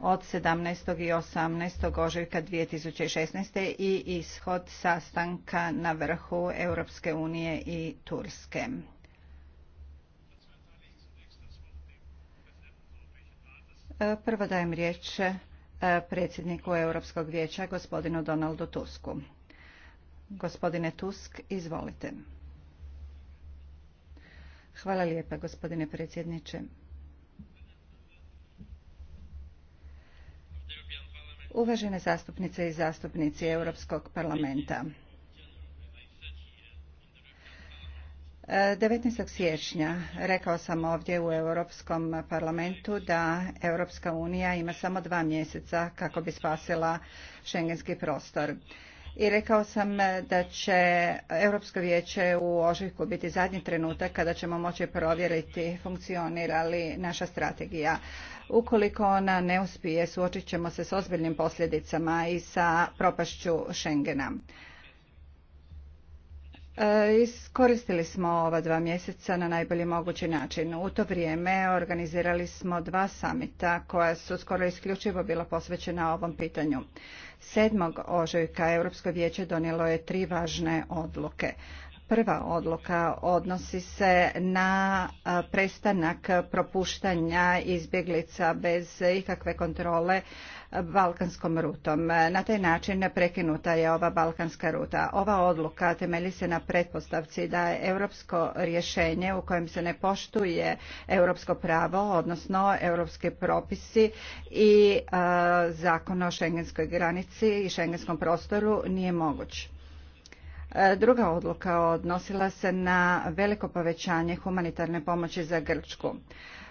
od 17. i 18. ožujka 2016. i ishod sastanka na vrhu Europske unije i Turske. Prvo dajem riječ e, predsjedniku Europskog vijeća, gospodinu Donaldu Tusku. Gospodine Tusk, izvolite. Hvala lijepa, gospodine predsjedniče. uvažene zastupnice i zastupnici Europskog parlamenta. 19. siječnja rekao sam ovdje u Europskom parlamentu da Europska unija ima samo dva mjeseca kako bi spasila šengenski prostor. I rekao sam da će Europsko vijeće u ožujku biti zadnji trenutak kada ćemo moći provjeriti funkcionira li naša strategija. Ukoliko ona ne uspije, suočit ćemo se s ozbiljnim posljedicama i sa propašću Schengena. E, iskoristili smo ova dva mjeseca na najbolji mogući način. U to vrijeme organizirali smo dva samita koja su skoro isključivo bila posvećena ovom pitanju. 7. ožujka Europsko vijeće donijelo je tri važne odluke. Prva odluka odnosi se na prestanak propuštanja izbjeglica bez ikakve kontrole balkanskom rutom. Na taj način prekinuta je ova balkanska ruta. Ova odluka temelji se na pretpostavci da je europsko rješenje u kojem se ne poštuje europsko pravo, odnosno europske propisi i zakon o šengenskoj granici i šengenskom prostoru nije moguće. Druga odluka odnosila se na veliko povećanje humanitarne pomoći za Grčku.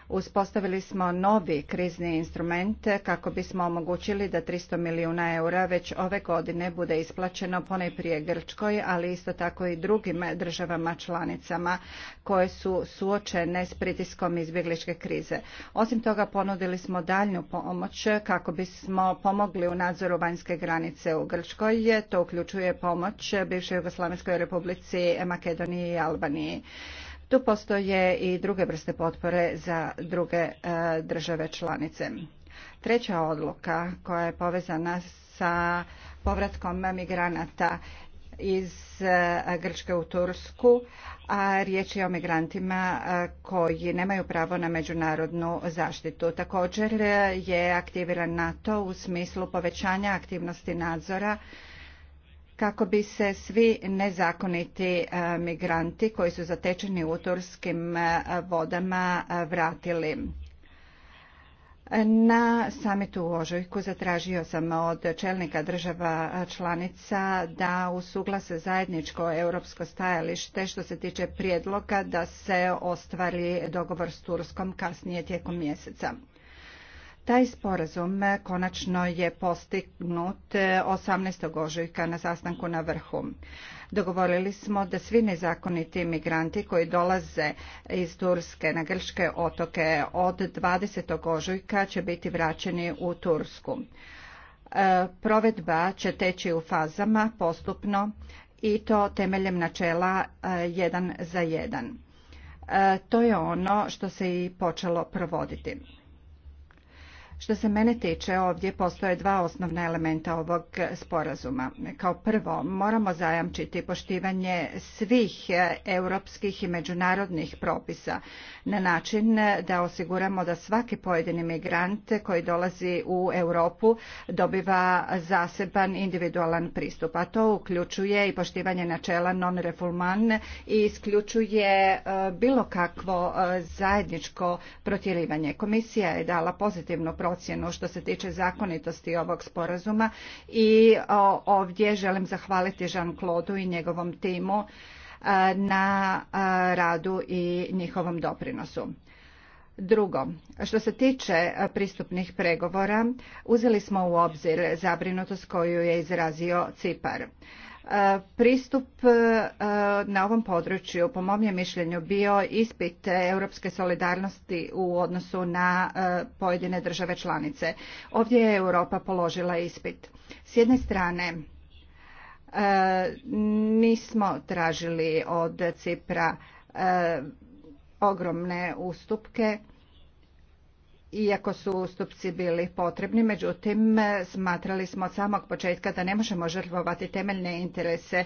Uspostavili smo novi krizni instrument kako bismo omogućili da 300 milijuna eura već ove godine bude isplaćeno ponajprije Grčkoj, ali isto tako i drugim državama članicama koje su suočene s pritiskom izbjegličke krize. Osim toga ponudili smo daljnju pomoć kako bismo pomogli u nadzoru vanjske granice u Grčkoj. To uključuje pomoć bivšoj Jugoslavenskoj republici Makedoniji i Albaniji. Tu postoje i druge vrste potpore za druge e, države članice. Treća odluka koja je povezana sa povratkom migranata iz e, Grčke u Tursku, a riječ je o migrantima e, koji nemaju pravo na međunarodnu zaštitu. Također je aktiviran NATO u smislu povećanja aktivnosti nadzora kako bi se svi nezakoniti e, migranti koji su zatečeni u turskim e, vodama e, vratili. Na samitu u Ožujku zatražio sam od čelnika država članica da usuglase zajedničko europsko stajalište što se tiče prijedloga da se ostvari dogovor s Turskom kasnije tijekom mjeseca. Taj sporazum konačno je postignut 18. E, ožujka na sastanku na vrhu. Dogovorili smo da svi nezakoniti migranti koji dolaze iz Turske na grčke otoke od 20. ožujka će biti vraćeni u Tursku. E, provedba će teći u fazama postupno i to temeljem načela e, jedan za jedan. To je ono što se i počelo provoditi. Što se mene tiče, ovdje postoje dva osnovna elementa ovog sporazuma. Kao prvo, moramo zajamčiti poštivanje svih europskih i međunarodnih propisa na način da osiguramo da svaki pojedini migrant koji dolazi u Europu dobiva zaseban individualan pristup, a to uključuje i poštivanje načela non-refulman i isključuje e, bilo kakvo e, zajedničko protjerivanje. Komisija je dala pozitivno ocjenu što se tiče zakonitosti ovog sporazuma i ovdje želim zahvaliti Jean-Claude i njegovom timu e, na e, radu i njihovom doprinosu. Drugo, što se tiče pristupnih pregovora, uzeli smo u obzir zabrinutost koju je izrazio Cipar. E, pristup e, na ovom području po mom je mišljenju bio ispit europske solidarnosti u odnosu na e, pojedine države članice. Ovdje je Europa položila ispit. S jedne strane nismo tražili od Cipra ogromne ustupke iako su ustupci bili potrebni, međutim smatrali smo od samog početka da ne možemo žrtvovati temeljne interese e,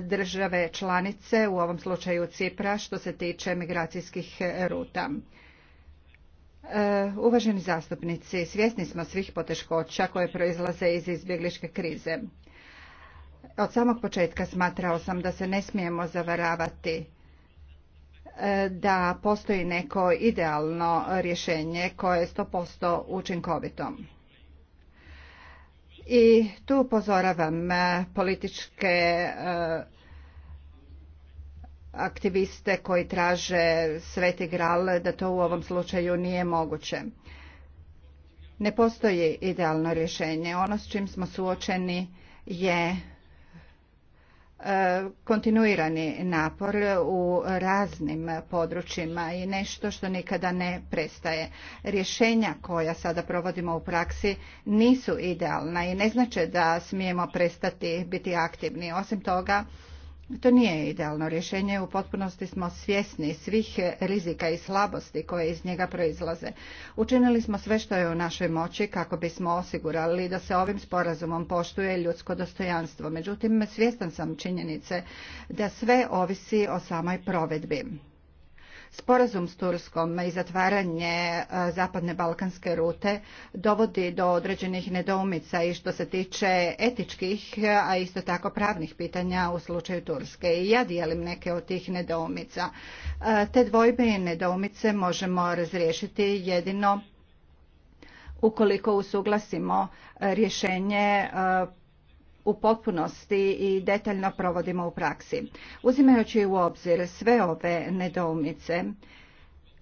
države članice, u ovom slučaju Cipra, što se tiče migracijskih ruta. E, uvaženi zastupnici, svjesni smo svih poteškoća koje proizlaze iz izbjegličke krize. Od samog početka smatrao sam da se ne smijemo zavaravati da postoji neko idealno rješenje koje je 100% učinkovito. I tu upozoravam političke eh, aktiviste koji traže sveti gral da to u ovom slučaju nije moguće. Ne postoji idealno rješenje. Ono s čim smo suočeni je E, kontinuirani napor u raznim područjima i nešto što nikada ne prestaje. Rješenja koja sada provodimo u praksi nisu idealna i ne znače da smijemo prestati biti aktivni. Osim toga, to nije idealno rješenje, u potpunosti smo svjesni svih rizika i slabosti koje iz njega proizlaze. Učinili smo sve što je u našoj moći kako bismo osigurali da se ovim sporazumom poštuje ljudsko dostojanstvo. Međutim, svjestan sam činjenice da sve ovisi o samoj provedbi. Sporazum s Turskom i zatvaranje e, zapadne balkanske rute dovodi do određenih nedoumica i što se tiče etičkih, e, a isto tako pravnih pitanja u slučaju Turske. I ja dijelim neke od tih nedoumica. E, te dvojbe i nedoumice možemo razriješiti jedino ukoliko usuglasimo rješenje u potpunosti i detaljno provodimo u praksi. Uzimajući u obzir sve ove nedoumice,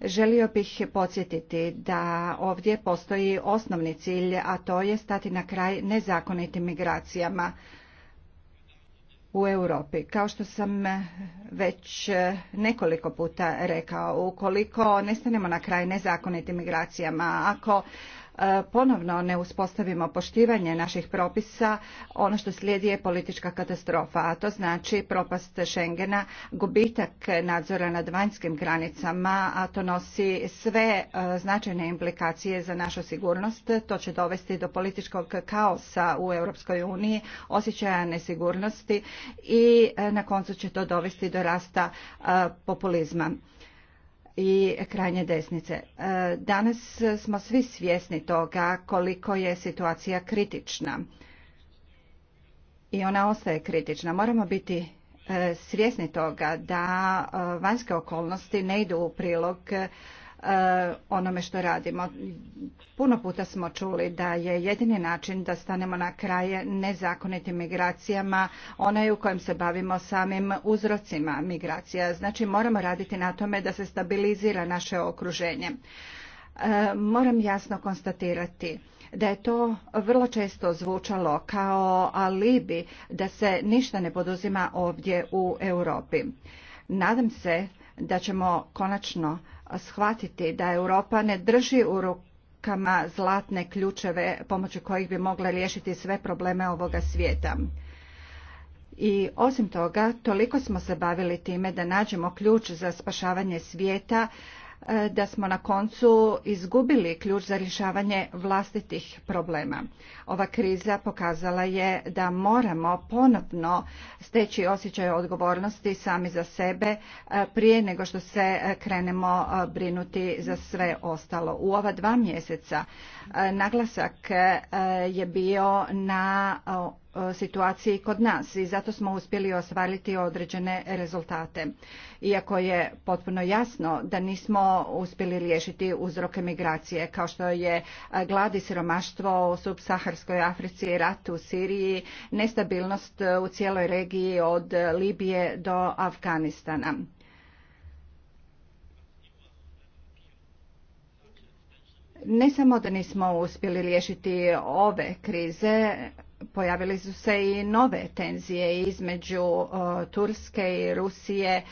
Želio bih podsjetiti da ovdje postoji osnovni cilj, a to je stati na kraj nezakonitim migracijama u Europi. Kao što sam već nekoliko puta rekao, ukoliko ne stanemo na kraj nezakonitim migracijama, ako ponovno ne uspostavimo poštivanje naših propisa, ono što slijedi je politička katastrofa, a to znači propast Schengena, gubitak nadzora nad vanjskim granicama, a to nosi sve e, značajne implikacije za našu sigurnost. To će dovesti do političkog kaosa u Europskoj uniji, osjećaja nesigurnosti i e, na koncu će to dovesti do rasta e, populizma i krajnje desnice. E, danas smo svi svjesni toga koliko je situacija kritična i ona ostaje kritična. Moramo biti e, svjesni toga da e, vanjske okolnosti ne idu u prilog E, onome što radimo. Puno puta smo čuli da je jedini način da stanemo na kraje nezakonitim migracijama onaj u kojem se bavimo samim uzrocima migracija. Znači moramo raditi na tome da se stabilizira naše okruženje. E, moram jasno konstatirati da je to vrlo često zvučalo kao alibi da se ništa ne poduzima ovdje u Europi. Nadam se da ćemo konačno shvatiti da Europa ne drži u rukama zlatne ključeve pomoću kojih bi mogla riješiti sve probleme ovoga svijeta. I osim toga, toliko smo se bavili time da nađemo ključ za spašavanje svijeta E, da smo na koncu izgubili ključ za rješavanje vlastitih problema. Ova kriza pokazala je da moramo ponovno steći osjećaj odgovornosti sami za sebe e, prije nego što se e, krenemo brinuti za sve ostalo. U ova dva mjeseca naglasak je bio na E, situaciji kod nas i zato smo uspjeli ostvariti određene rezultate. Iako je potpuno jasno da nismo uspjeli riješiti uzroke migracije, kao što je e, glad i siromaštvo u subsaharskoj Africi, rat u Siriji, nestabilnost u cijeloj regiji od Libije do Afganistana. Ne samo da nismo uspjeli riješiti ove krize, pojavile su se i nove tenzije između e, Turske i Rusije e,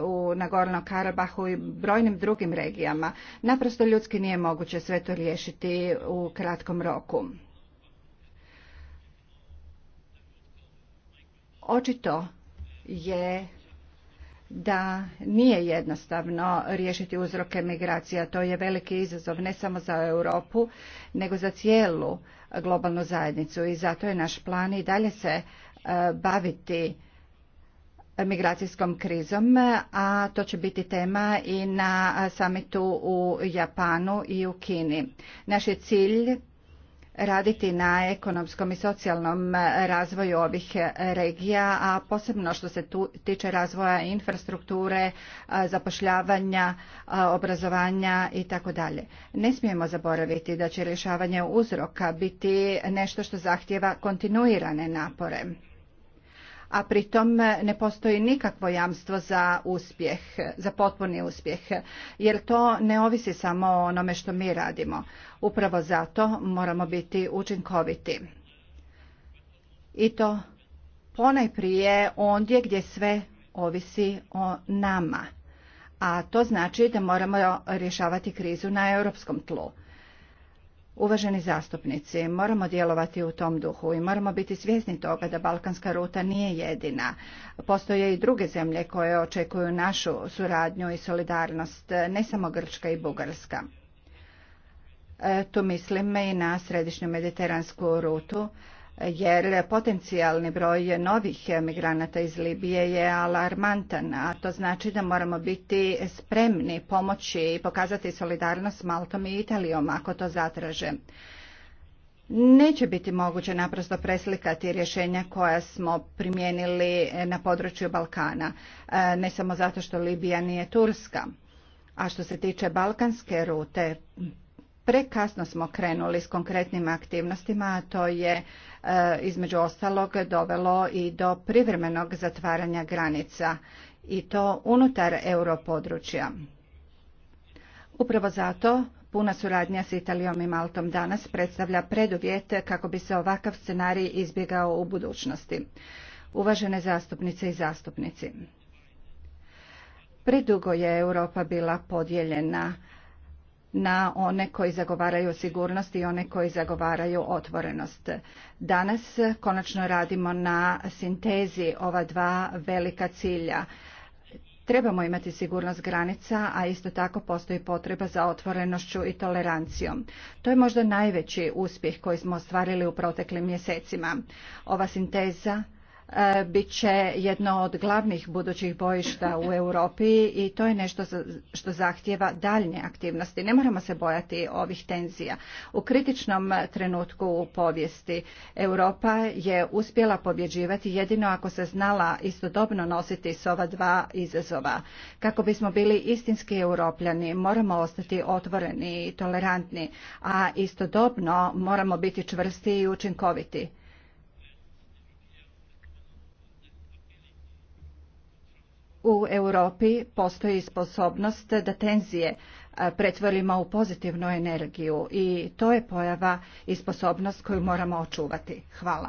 u Nagorno Karabahu i brojnim drugim regijama. Naprosto ljudski nije moguće sve to riješiti u kratkom roku. Očito je da nije jednostavno riješiti uzroke migracija. To je veliki izazov ne samo za Europu, nego za cijelu globalnu zajednicu i zato je naš plan i dalje se e, baviti migracijskom krizom, a to će biti tema i na samitu u Japanu i u Kini. Naš je cilj raditi na ekonomskom i socijalnom razvoju ovih regija, a posebno što se tu tiče razvoja infrastrukture, zapošljavanja, obrazovanja i tako dalje. Ne smijemo zaboraviti da će rješavanje uzroka biti nešto što zahtjeva kontinuirane napore a pritom ne postoji nikakvo jamstvo za uspjeh, za potpuni uspjeh, jer to ne ovisi samo o onome što mi radimo. Upravo zato moramo biti učinkoviti. I to ponajprije ondje gdje sve ovisi o nama. A to znači da moramo rješavati krizu na europskom tlu. Uvaženi zastupnici, moramo djelovati u tom duhu i moramo biti svjesni toga da Balkanska ruta nije jedina. Postoje i druge zemlje koje očekuju našu suradnju i solidarnost, ne samo Grčka i Bugarska. E, tu mislim i na središnju mediteransku rutu jer potencijalni broj novih migranata iz Libije je alarmantan, a to znači da moramo biti spremni pomoći i pokazati solidarnost s Maltom i Italijom ako to zatraže. Neće biti moguće naprosto preslikati rješenja koja smo primijenili na području Balkana, e, ne samo zato što Libija nije Turska. A što se tiče balkanske rute, Prekasno smo krenuli s konkretnim aktivnostima, a to je e, između ostalog dovelo i do privremenog zatvaranja granica i to unutar europodručja. Upravo zato puna suradnja s Italijom i Maltom danas predstavlja preduvjet kako bi se ovakav scenarij izbjegao u budućnosti. Uvažene zastupnice i zastupnici, predugo je Europa bila podijeljena na one koji zagovaraju sigurnost i one koji zagovaraju otvorenost. Danas konačno radimo na sintezi ova dva velika cilja. Trebamo imati sigurnost granica, a isto tako postoji potreba za otvorenošću i tolerancijom. To je možda najveći uspjeh koji smo ostvarili u proteklim mjesecima. Ova sinteza E, bit će jedno od glavnih budućih bojišta u Europi i to je nešto što zahtjeva daljnje aktivnosti. Ne moramo se bojati ovih tenzija. U kritičnom trenutku u povijesti Europa je uspjela pobjeđivati jedino ako se znala istodobno nositi s ova dva izazova. Kako bismo bili istinski europljani moramo ostati otvoreni i tolerantni, a istodobno moramo biti čvrsti i učinkoviti. U Europi postoji sposobnost da tenzije e, pretvorimo u pozitivnu energiju i to je pojava i sposobnost koju moramo očuvati. Hvala.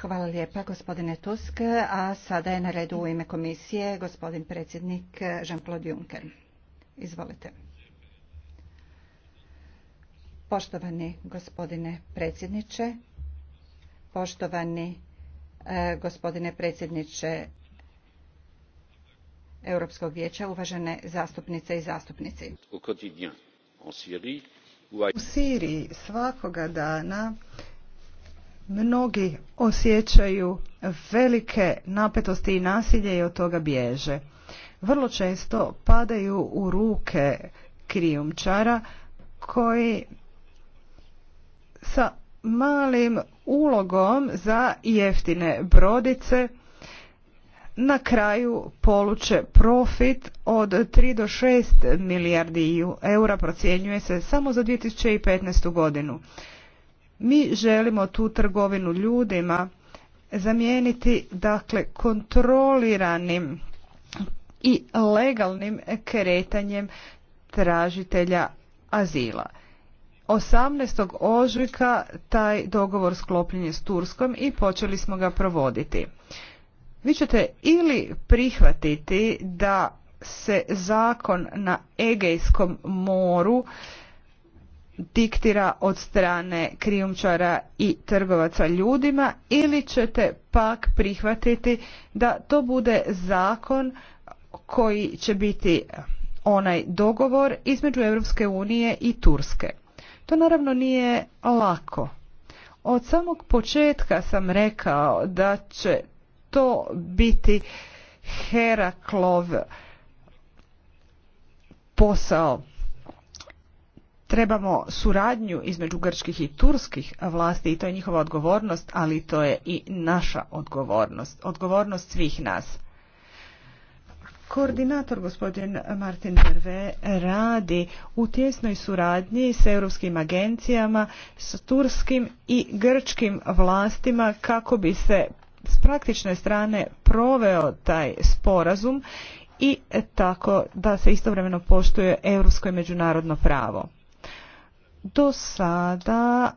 Hvala lijepa gospodine Tusk, a sada je na redu u ime komisije gospodin predsjednik Jean-Claude Juncker. Izvolite. Poštovani gospodine predsjedniče, Poštovani e, gospodine predsjedniče Europskog vijeća, uvažene zastupnice i zastupnici. U Siriji svakoga dana mnogi osjećaju velike napetosti i nasilje i od toga bježe. Vrlo često padaju u ruke krijumčara koji sa malim ulogom za jeftine brodice na kraju poluče profit od 3 do 6 milijardi eura procjenjuje se samo za 2015. godinu. Mi želimo tu trgovinu ljudima zamijeniti dakle kontroliranim i legalnim kretanjem tražitelja azila. 18. ožujka taj dogovor sklopljen je s Turskom i počeli smo ga provoditi. Vi ćete ili prihvatiti da se zakon na Egejskom moru diktira od strane krijumčara i trgovaca ljudima ili ćete pak prihvatiti da to bude zakon koji će biti onaj dogovor između Europske unije i Turske. To naravno nije lako. Od samog početka sam rekao da će to biti Heraklov posao. Trebamo suradnju između grčkih i turskih vlasti i to je njihova odgovornost, ali to je i naša odgovornost, odgovornost svih nas. Koordinator gospodin Martin Drve radi u tjesnoj suradnji s europskim agencijama, s turskim i grčkim vlastima kako bi se s praktične strane proveo taj sporazum i tako da se istovremeno poštuje europsko i međunarodno pravo. Do sada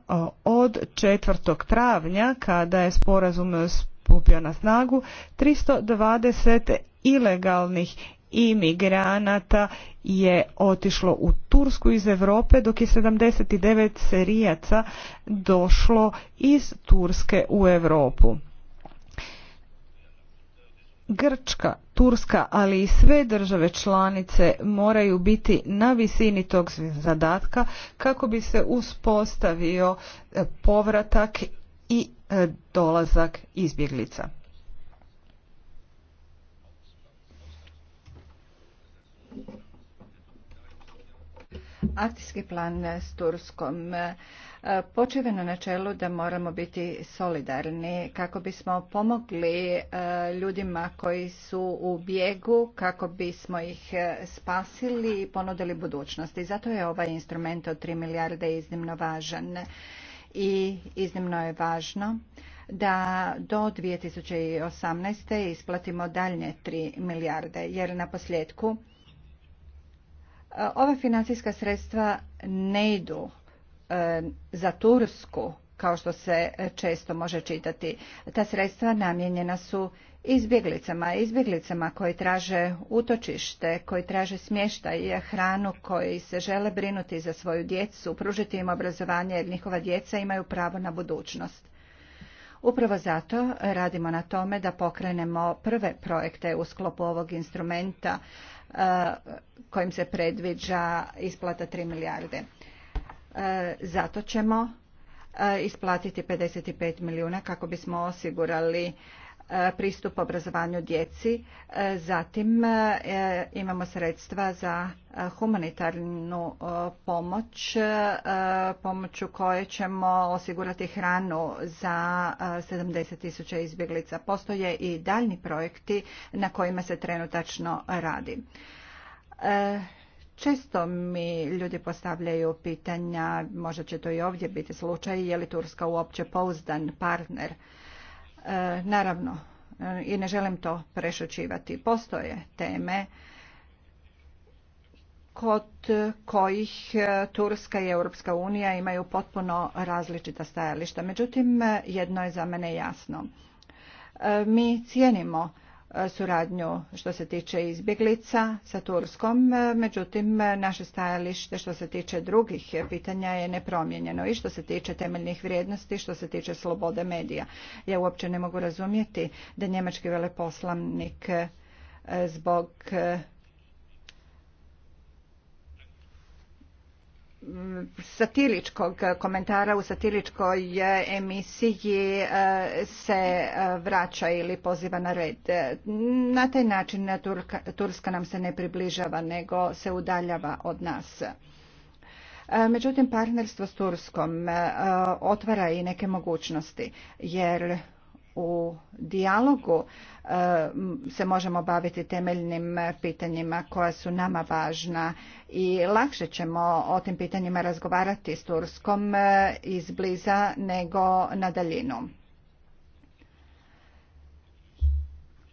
od 4. travnja kada je sporazum stupio na snagu 320 ilegalnih imigranata je otišlo u Tursku iz Europe dok je 79 serijaca došlo iz Turske u Europu. Grčka, Turska, ali i sve države članice moraju biti na visini tog zadatka kako bi se uspostavio povratak i e, dolazak izbjeglica. Akcijski plan s Turskom e, počeve na načelu da moramo biti solidarni kako bismo pomogli e, ljudima koji su u bijegu, kako bismo ih e, spasili i ponudili budućnosti. Zato je ovaj instrument od 3 milijarde iznimno važan i iznimno je važno da do 2018. isplatimo daljnje 3 milijarde, jer na posljedku E, ova financijska sredstva ne idu e, za Tursku, kao što se često može čitati. Ta sredstva namijenjena su izbjeglicama, izbjeglicama koji traže utočište, koji traže smještaj, hranu, koji se žele brinuti za svoju djecu, pružiti im obrazovanje jer njihova djeca imaju pravo na budućnost. Upravo zato radimo na tome da pokrenemo prve projekte u sklopu ovog instrumenta e, kojim se predviđa isplata 3 milijarde. E, zato ćemo e, isplatiti 55 milijuna kako bismo osigurali pristup obrazovanju djeci. Zatim e, imamo sredstva za e, humanitarnu e, pomoć, pomoću koje ćemo osigurati hranu za 70 tisuća izbjeglica. Postoje i daljni projekti na kojima se trenutačno radi. Često mi ljudi postavljaju pitanja, možda će to i ovdje biti slučaj, je li Turska uopće pouzdan partner? E, naravno, e, i ne želim to prešućivati. Postoje teme kod kojih e, Turska i Europska unija imaju potpuno različita stajališta. Međutim, jedno je za mene jasno. Mi cijenimo suradnju što se tiče izbjeglica sa Turskom, međutim naše stajalište što se tiče drugih pitanja je nepromijenjeno i što se tiče temeljnih vrijednosti, što se tiče slobode medija. Ja uopće ne mogu razumjeti da njemački veleposlanik eh, zbog eh, satiričkog komentara u satiričkoj e, emisiji e, se e, vraća ili poziva na red. Na taj način Turska nam se ne približava nego se udaljava od nas. Međutim, partnerstvo s Turskom otvara i neke mogućnosti jer u dijalogu e, se možemo baviti temeljnim pitanjima koja su nama važna i lakše ćemo o tim pitanjima razgovarati s Turskom e, izbliza nego na daljinu.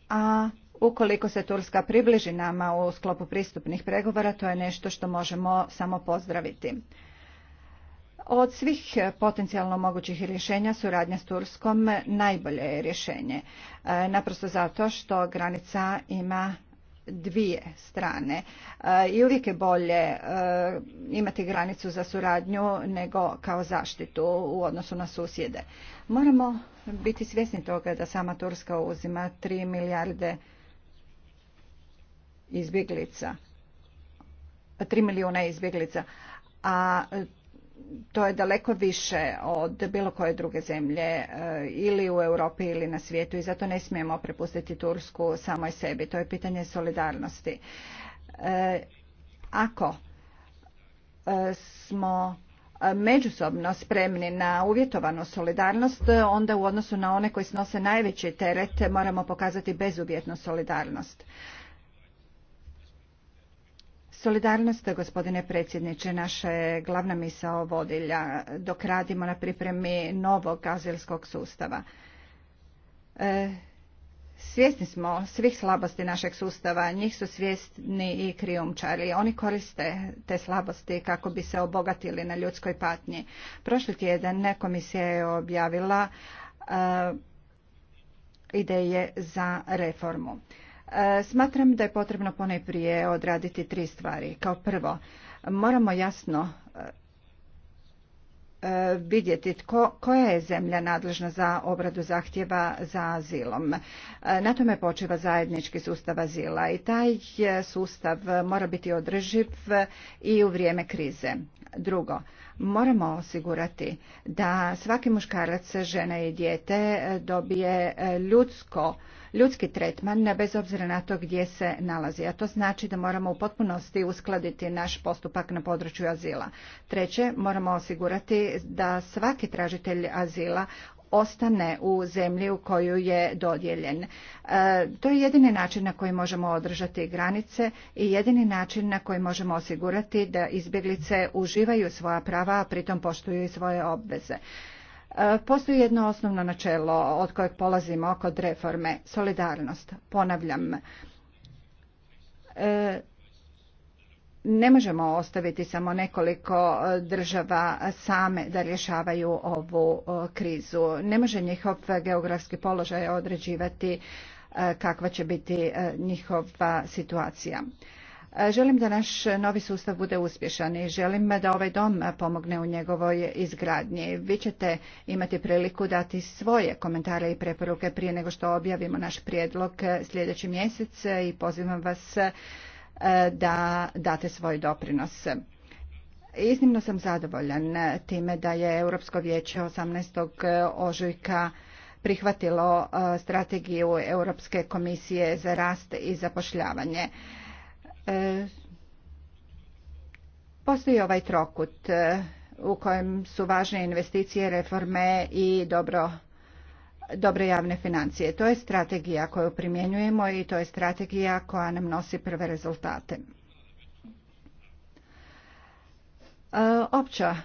A ukoliko se Turska približi nama u sklopu pristupnih pregovora, to je nešto što možemo samo pozdraviti. Od svih e, potencijalno mogućih rješenja suradnja s Turskom najbolje je rješenje. E, naprosto zato što granica ima dvije strane i e, uvijek je bolje imati granicu za suradnju nego kao zaštitu u odnosu na susjede. Moramo biti svjesni toga da sama Turska uzima 3 milijarde izbjeglica, 3 milijuna izbjeglica, a to je daleko više od bilo koje druge zemlje e, ili u Europi ili na svijetu i zato ne smijemo prepustiti Tursku samoj sebi. To je pitanje solidarnosti. E, ako e, smo međusobno spremni na uvjetovanu solidarnost, onda u odnosu na one koji snose najveći teret moramo pokazati bezuvjetnu solidarnost. Solidarnost, gospodine predsjedniče, naša je glavna misao vodilja dok radimo na pripremi novog azilskog sustava. E, svjesni smo svih slabosti našeg sustava, njih su svjesni i krijumčari. Oni koriste te slabosti kako bi se obogatili na ljudskoj patnji. Prošli tjedan komisija je objavila e, ideje za reformu. E, smatram da je potrebno ponajprije odraditi tri stvari. Kao prvo, moramo jasno e, vidjeti koja je zemlja nadležna za obradu zahtjeva za azilom. E, na tome počiva zajednički sustav azila i taj sustav mora biti održiv i u vrijeme krize. Drugo, Moramo osigurati da svaki muškarac, žena i dijete e, dobije e, ljudsko, ljudski tretman bez obzira na to gdje se nalazi. A to znači da moramo u potpunosti uskladiti naš postupak na području azila. Treće, moramo osigurati da svaki tražitelj azila ostane u zemlji u koju je dodijeljen. E, to je jedini način na koji možemo održati granice i jedini način na koji možemo osigurati da izbjeglice uživaju svoja prava, a pritom poštuju i svoje obveze. E, postoji jedno osnovno načelo od kojeg polazimo kod reforme, solidarnost. Ponavljam, e, ne možemo ostaviti samo nekoliko e, država same da rješavaju ovu e, krizu. Ne može njihov geografski položaj određivati e, kakva će biti njihova situacija. Želim da naš novi sustav bude uspješan i želim da ovaj dom pomogne u njegovoj izgradnji. Vi ćete imati priliku dati svoje komentare i preporuke prije nego što objavimo naš prijedlog sljedeći mjesec i pozivam vas E, da date svoj doprinos. Iznimno sam zadovoljan time da je Europsko vijeće 18. ožujka prihvatilo e, strategiju Europske komisije za rast i zapošljavanje. E, postoji ovaj trokut u kojem su važne investicije, reforme i dobro dobre javne financije. To je strategija koju primjenjujemo i to je strategija koja nam nosi prve rezultate. E, opća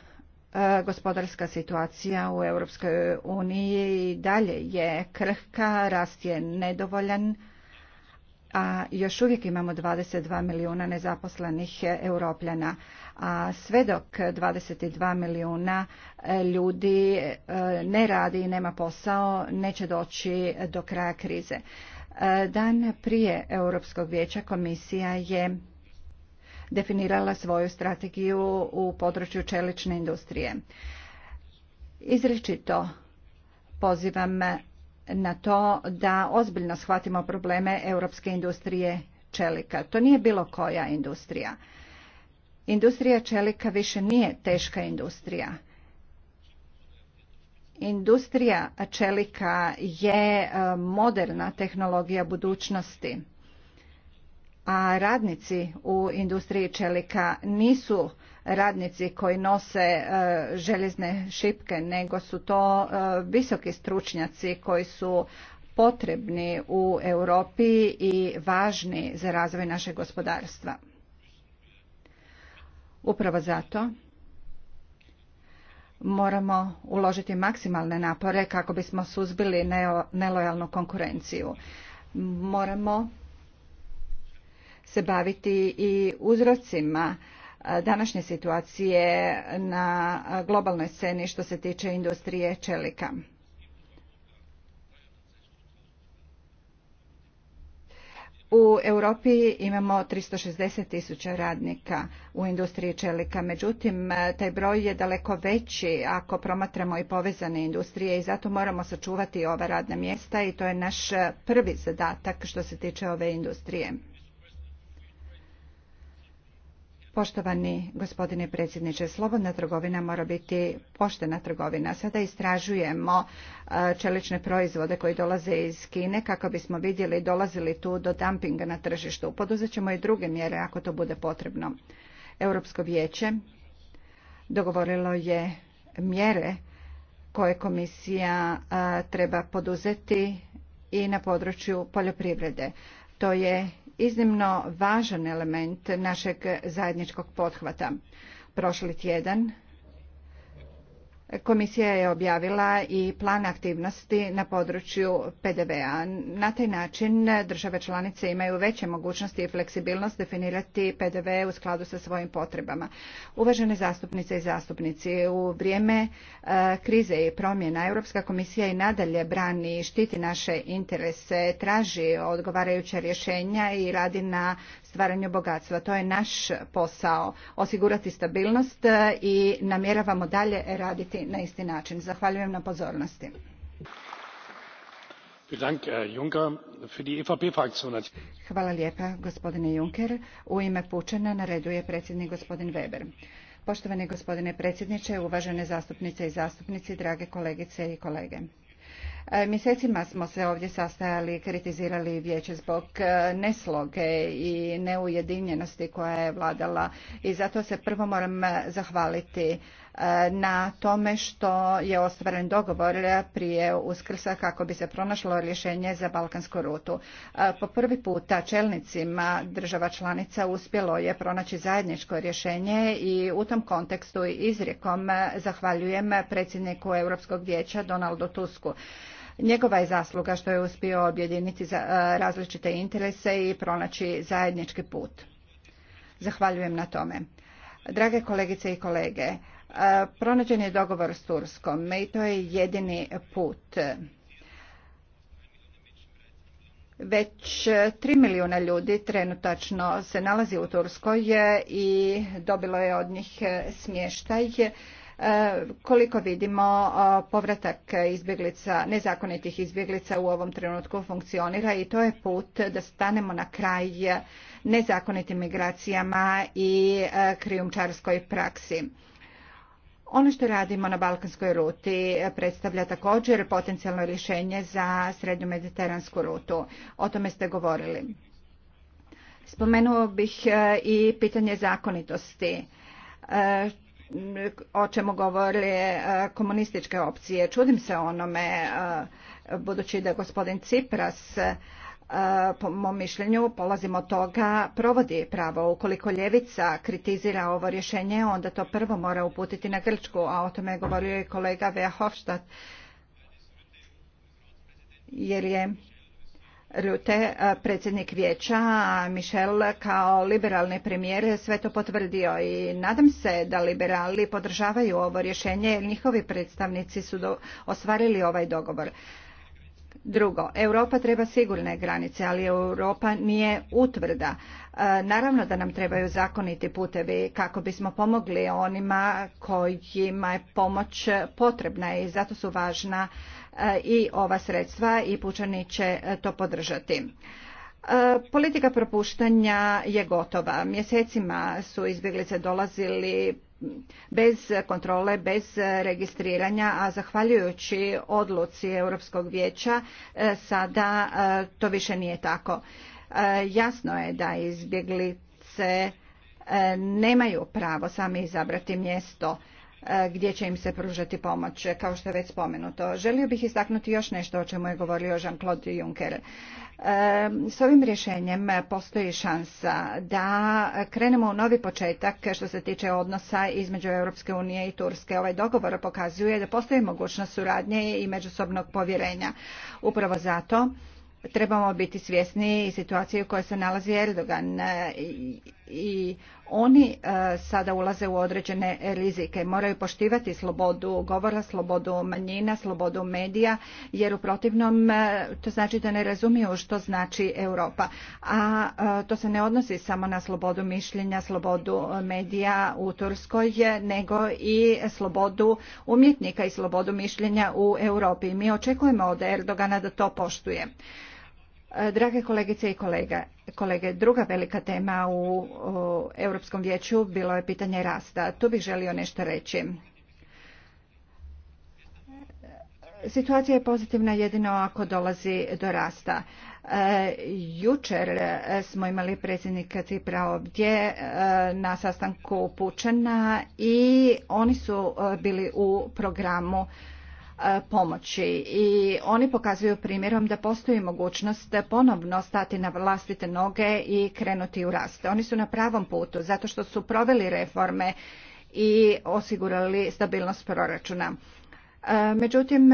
e, gospodarska situacija u Europskoj uniji dalje je krhka, rast je nedovoljan, a još uvijek imamo 22 milijuna nezaposlenih e, europljana, a sve dok 22 milijuna e, ljudi e, ne radi i nema posao, neće doći do kraja krize. Dan prije Europskog vijeća komisija je definirala svoju strategiju u području čelične industrije. Izričito pozivam na to da ozbiljno shvatimo probleme europske industrije čelika. To nije bilo koja industrija. Industrija čelika više nije teška industrija. Industrija čelika je e, moderna tehnologija budućnosti, a radnici u industriji čelika nisu radnici koji nose e, željezne šipke, nego su to e, visoki stručnjaci koji su potrebni u Europi i važni za razvoj našeg gospodarstva. Upravo zato moramo uložiti maksimalne napore kako bismo suzbili nelojalnu konkurenciju. Moramo se baviti i uzrocima današnje situacije na globalnoj sceni što se tiče industrije čelika. U Europi imamo 360 tisuća radnika u industriji čelika, međutim taj broj je daleko veći ako promatramo i povezane industrije i zato moramo sačuvati ova radna mjesta i to je naš prvi zadatak što se tiče ove industrije. Poštovani gospodine predsjedniče, slobodna trgovina mora biti poštena trgovina. Sada istražujemo e, čelične proizvode koji dolaze iz Kine kako bismo vidjeli dolazili tu do dumpinga na tržištu. Poduzet ćemo i druge mjere ako to bude potrebno. Europsko vijeće dogovorilo je mjere koje komisija e, treba poduzeti i na području poljoprivrede. To je iznimno važan element našeg zajedničkog pothvata. Prošli tjedan Komisija je objavila i plan aktivnosti na području PDV-a. Na taj način države članice imaju veće mogućnosti i fleksibilnost definirati PDV u skladu sa svojim potrebama. Uvažene zastupnice i zastupnici, u vrijeme e, krize i promjena Europska komisija i nadalje brani i štiti naše interese, traži odgovarajuća rješenja i radi na stvaranju bogatstva. To je naš posao, osigurati stabilnost e, i namjeravamo dalje raditi na isti način. Zahvaljujem na pozornosti. Hvala lijepa gospodine Juncker. U ime Pučana na redu je predsjednik gospodin Weber. Poštovani gospodine predsjedniče, uvažene zastupnice i zastupnici, drage kolegice i kolege. E, mjesecima smo se ovdje sastajali, i kritizirali vijeće zbog e, nesloge i neujedinjenosti koja je vladala i zato se prvo moram e, zahvaliti na tome što je ostvaren dogovor prije uskrsa kako bi se pronašlo rješenje za balkansku rutu. Po prvi puta čelnicima država članica uspjelo je pronaći zajedničko rješenje i u tom kontekstu izrijekom zahvaljujem predsjedniku Europskog vijeća Donaldu Tusku. Njegova je zasluga što je uspio objediniti e, različite interese i pronaći zajednički put. Zahvaljujem na tome. Drage kolegice i kolege, e, pronađen je dogovor s Turskom i to je jedini put. Već tri milijuna ljudi trenutačno se nalazi u Turskoj e, i dobilo je od njih smještaj koliko vidimo, povratak izbjeglica, nezakonitih izbjeglica u ovom trenutku funkcionira i to je put da stanemo na kraj nezakonitim migracijama i e, krijumčarskoj praksi. Ono što radimo na balkanskoj ruti predstavlja također potencijalno rješenje za srednju mediteransku rutu. O tome ste govorili. Spomenuo bih e, i pitanje zakonitosti e, o čemu govorile e, komunističke opcije. Čudim se onome, e, budući da gospodin Cipras e, po mom mišljenju polazim od toga provodi pravo. Ukoliko ljevica kritizira ovo rješenje, onda to prvo mora uputiti na Grčku, a o tome je govorio i kolega Vea Hofstadt, jer je Rute, e, predsjednik vijeća, a Michel kao liberalni premijer sve to potvrdio i nadam se da liberali podržavaju ovo rješenje jer njihovi predstavnici su osvarili ostvarili ovaj dogovor. Drugo, Europa treba sigurne granice, ali Europa nije utvrda. E, naravno da nam trebaju zakoniti putevi kako bismo pomogli onima kojima je pomoć potrebna i zato su važna E, i ova sredstva i pučani će e, to podržati. E, politika propuštanja je gotova. Mjesecima su izbjeglice dolazili bez kontrole, bez registriranja, a zahvaljujući odluci Europskog vijeća sada to više nije tako. Jasno je da izbjeglice nemaju pravo sami izabrati mjesto E, gdje će im se pružati pomoć, e, kao što je već spomenuto. Želio bih istaknuti još nešto o čemu je govorio Jean-Claude Juncker. E, s ovim rješenjem postoji šansa da krenemo u novi početak što se tiče odnosa između Europske unije i Turske. Ovaj dogovor pokazuje da postoji mogućnost suradnje i međusobnog povjerenja. Upravo zato trebamo biti svjesni situacije u kojoj se nalazi Erdogan i oni e, sada ulaze u određene rizike, moraju poštivati slobodu govora, slobodu manjina, slobodu medija, jer u protivnom e, to znači da ne razumiju što znači Europa. A e, to se ne odnosi samo na slobodu mišljenja, slobodu medija u Turskoj, nego i slobodu umjetnika i slobodu mišljenja u Europi. Mi očekujemo od Erdogana da to poštuje. E, drage kolegice i kolega, kolege, druga velika tema u Europskom vijeću bilo je pitanje rasta. Tu bih želio nešto reći. Situacija je pozitivna jedino ako dolazi do rasta. E, jučer e, smo imali predsjednika Cipra ovdje na sastanku pučena i oni su bili u programu E, pomoći i oni pokazuju primjerom da postoji mogućnost ponovno stati na vlastite noge i krenuti u rast. Oni su na pravom putu zato što su proveli reforme i osigurali stabilnost proračuna. E, međutim,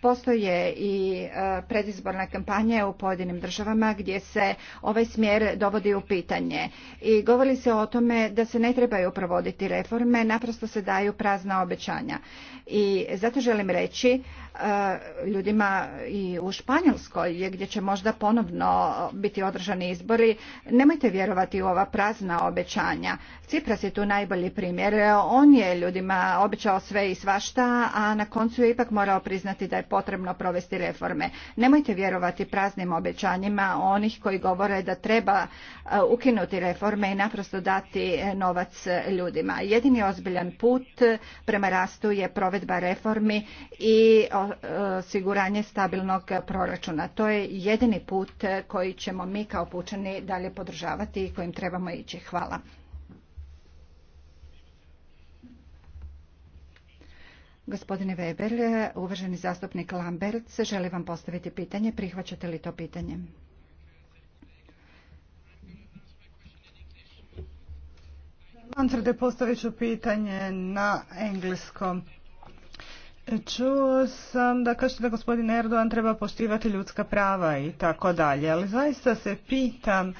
Postoje i e, predizborne kampanje u pojedinim državama gdje se ovaj smjer dovodi u pitanje i govori se o tome da se ne trebaju provoditi reforme, naprosto se daju prazna obećanja. I zato želim reći e, ljudima i u Španjolskoj gdje će možda ponovno biti održani izbori, nemojte vjerovati u ova prazna obećanja. Cipras je tu najbolji primjer. On je ljudima obećao sve i svašta, a na koncu je ipak morao priznati da je potrebno provesti reforme. Nemojte vjerovati praznim obećanjima onih koji govore da treba e, ukinuti reforme i naprosto dati e, novac e, ljudima. Jedini ozbiljan put prema rastu je provedba reformi i osiguranje stabilnog proračuna. To je jedini put koji ćemo mi kao pučani dalje podržavati i kojim trebamo ići. Hvala. Gospodine Weber, uvaženi zastupnik Lambert, želi vam postaviti pitanje. Prihvaćate li to pitanje? Manfrede, postavit ću pitanje na engleskom. Čuo sam da kažete da gospodin Erdogan treba poštivati ljudska prava i tako dalje, ali zaista se pitam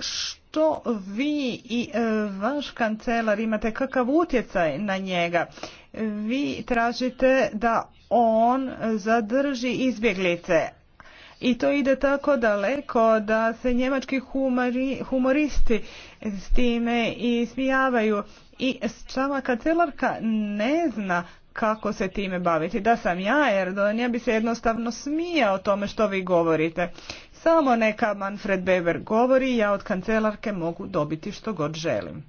što vi i e, vaš kancelar imate kakav utjecaj na njega vi tražite da on zadrži izbjeglice. I to ide tako daleko da se njemački humoristi s time i smijavaju. I sama kancelarka ne zna kako se time baviti. Da sam ja Erdogan, ja bi se jednostavno smijao o tome što vi govorite. Samo neka Manfred Bever govori, ja od kancelarke mogu dobiti što god želim.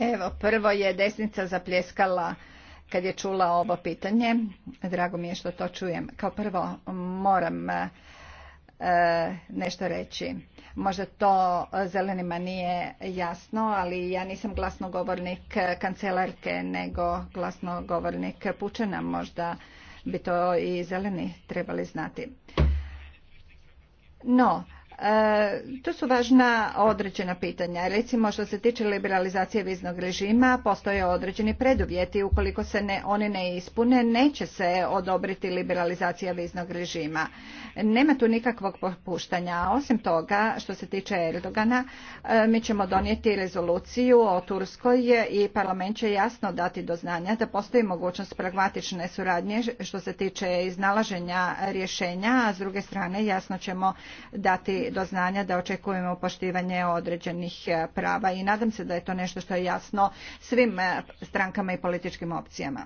Evo, prvo je desnica zapljeskala kad je čula ovo pitanje. Drago mi je što to čujem. Kao prvo moram e, nešto reći. Možda to zelenima nije jasno, ali ja nisam glasnogovornik kancelarke, nego glasnogovornik Pučena. Možda bi to i zeleni trebali znati. No, E, to su važna određena pitanja. Recimo što se tiče liberalizacije viznog režima postoje određeni preduvjeti. Ukoliko se ne, oni ne ispune neće se odobriti liberalizacija viznog režima. Nema tu nikakvog popuštanja. Osim toga što se tiče Erdogana e, mi ćemo donijeti rezoluciju o Turskoj i parlament će jasno dati do znanja da postoji mogućnost pragmatične suradnje što se tiče iznalaženja rješenja, a s druge strane jasno ćemo dati do znanja da očekujemo poštivanje određenih e, prava i nadam se da je to nešto što je jasno svim e, strankama i političkim opcijama.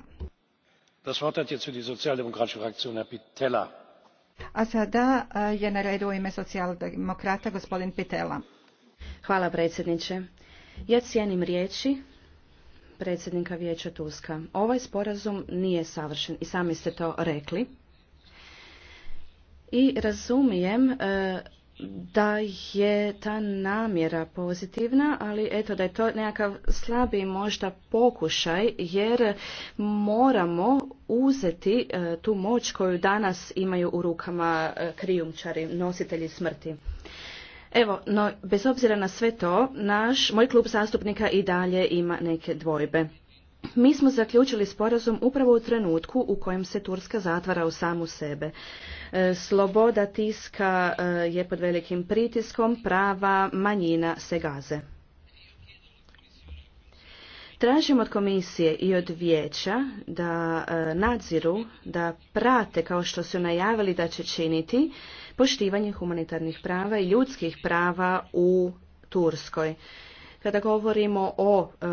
A sada e, je na redu u ime socijaldemokrata gospodin Pitela. Hvala predsjedniče. Ja cijenim riječi predsjednika Vijeća Tuska. Ovaj sporazum nije savršen i sami ste to rekli. I razumijem da je ta namjera pozitivna, ali eto da je to nekakav slabi možda pokušaj jer moramo uzeti e, tu moć koju danas imaju u rukama e, krijumčari, nositelji smrti. Evo, no bez obzira na sve to, naš, moj klub zastupnika i dalje ima neke dvojbe. Mi smo zaključili sporazum upravo u trenutku u kojem se Turska zatvara u samu sebe. E, sloboda tiska e, je pod velikim pritiskom, prava manjina se gaze. Tražim od komisije i od vijeća da e, nadziru, da prate kao što su najavili da će činiti poštivanje humanitarnih prava i ljudskih prava u Turskoj. Kada govorimo o e,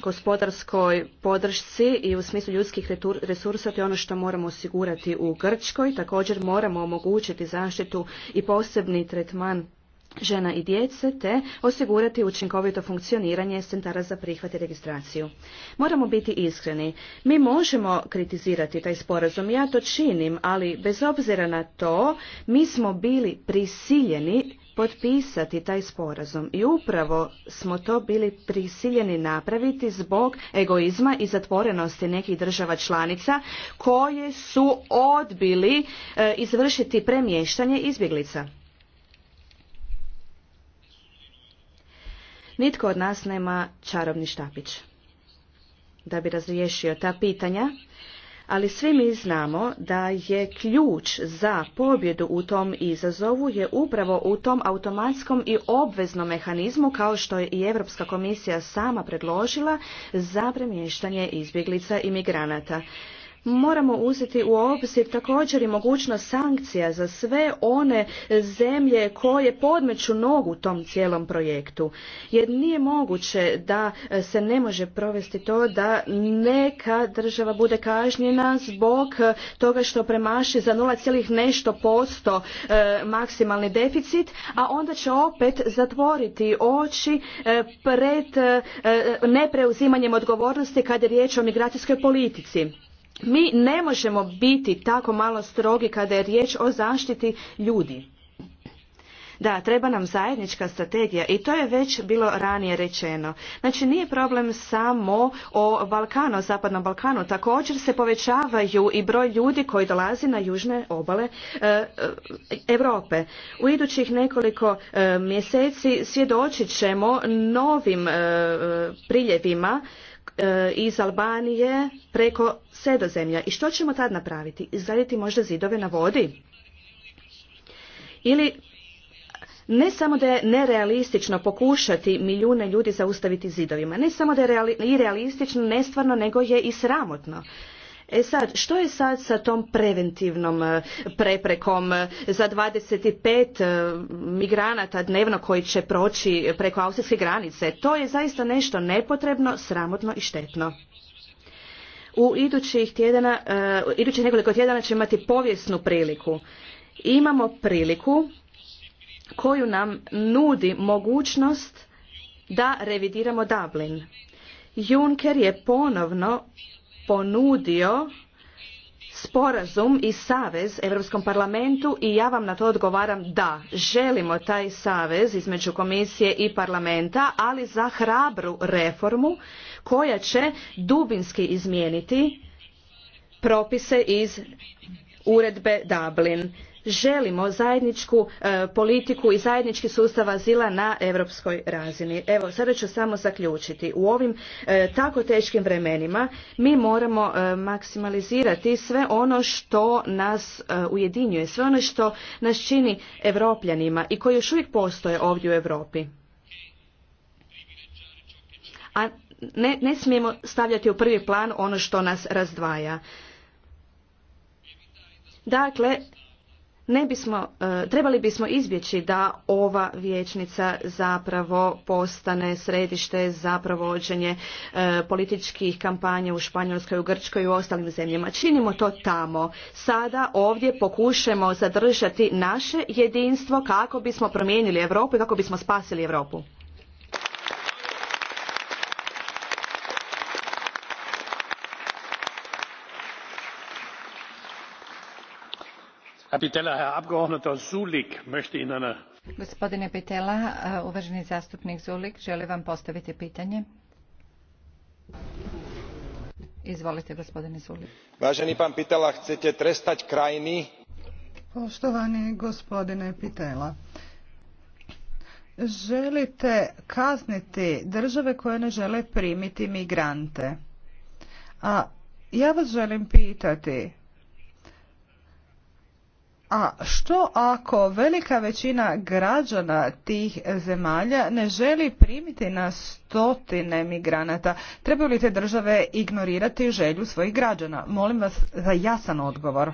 gospodarskoj podršci i u smislu ljudskih resursa, to je ono što moramo osigurati u Grčkoj. Također moramo omogućiti zaštitu i posebni tretman žena i djece te osigurati učinkovito funkcioniranje centara za prihvat i registraciju. Moramo biti iskreni. Mi možemo kritizirati taj sporazum, ja to činim, ali bez obzira na to mi smo bili prisiljeni potpisati taj sporazum i upravo smo to bili prisiljeni napraviti zbog egoizma i zatvorenosti nekih država članica koje su odbili e, izvršiti premještanje izbjeglica. Nitko od nas nema čarobni štapić da bi razriješio ta pitanja ali svi mi znamo da je ključ za pobjedu u tom izazovu je upravo u tom automatskom i obveznom mehanizmu kao što je i Europska komisija sama predložila za premještanje izbjeglica i migranata moramo uzeti u obzir također i mogućnost sankcija za sve one zemlje koje podmeću nogu tom cijelom projektu. Jer nije moguće da se ne može provesti to da neka država bude kažnjena zbog toga što premaši za 0, nešto posto e, maksimalni deficit, a onda će opet zatvoriti oči e, pred e, nepreuzimanjem odgovornosti kad je riječ o migracijskoj politici mi ne možemo biti tako malo strogi kada je riječ o zaštiti ljudi. Da, treba nam zajednička strategija i to je već bilo ranije rečeno. Znači nije problem samo o Balkanu, Zapadnom Balkanu, također se povećavaju i broj ljudi koji dolazi na južne obale e, e, Europe. U idućih nekoliko e, mjeseci svjedočit ćemo novim priljevima E, iz Albanije preko sredozemlja. I što ćemo tad napraviti? Izgraditi možda zidove na vodi? Ili ne samo da je nerealistično pokušati milijune ljudi zaustaviti zidovima, ne samo da je i realistično nestvarno, nego je i sramotno. E sad, što je sad sa tom preventivnom e, preprekom e, za 25 e, migranata dnevno koji će proći preko austrijske granice? To je zaista nešto nepotrebno, sramotno i štetno. U idućih tjedana, u idućih nekoliko tjedana će imati povijesnu priliku. Imamo priliku koju nam nudi mogućnost da revidiramo Dublin. Juncker je ponovno ponudio sporazum i savez europskom parlamentu i ja vam na to odgovaram da želimo taj savez između komisije i parlamenta ali za hrabru reformu koja će dubinski izmijeniti propise iz uredbe dublin želimo zajedničku e, politiku i zajednički sustav azila na europskoj razini. Evo, sada ću samo zaključiti. U ovim e, tako teškim vremenima mi moramo e, maksimalizirati sve ono što nas ujedinjuje, sve ono što nas čini evropljanima i koji još uvijek postoje ovdje u Europi. A ne, ne smijemo stavljati u prvi plan ono što nas razdvaja. Dakle, ne bismo, e, trebali bismo izbjeći da ova vijećnica zapravo postane središte za provođenje e, političkih kampanja u Španjolskoj, u Grčkoj i u ostalim zemljama. Činimo to tamo. Sada ovdje pokušamo zadržati naše jedinstvo kako bismo promijenili Europu i kako bismo spasili Europu. Gospodine Pitela, eh, uvaženi zastupnik Zulik želi vam postaviti pitanje. Izvolite, gospodine Zulik. Vážený pan Pitela, chcete trestać krajiny? Poštovani gospodine Pitela, želite kazniti države koje ne žele primiti migrante. A ja vas želim pitati, a što ako velika većina građana tih zemalja ne želi primiti na stotine migranata? Trebaju li te države ignorirati želju svojih građana? Molim vas za jasan odgovor.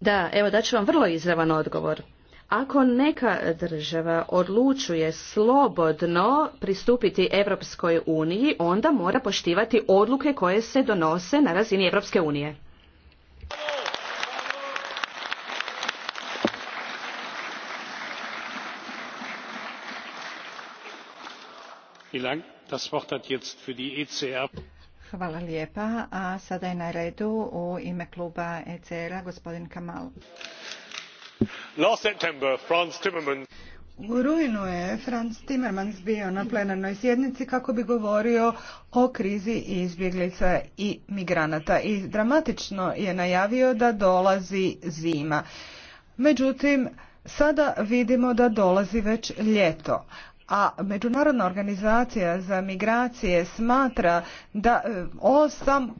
Da, evo ću vam vrlo izravan odgovor. Ako neka država odlučuje slobodno pristupiti Europskoj uniji, onda mora poštivati odluke koje se donose na razini Europske unije. E Hvala lijepa. A sada je na redu u ime kluba ecr gospodin Kamal. U rujnu je Franz Timmermans bio na plenarnoj sjednici kako bi govorio o krizi izbjeglica i migranata i dramatično je najavio da dolazi zima. Međutim, sada vidimo da dolazi već ljeto, a Međunarodna organizacija za migracije smatra da e, osam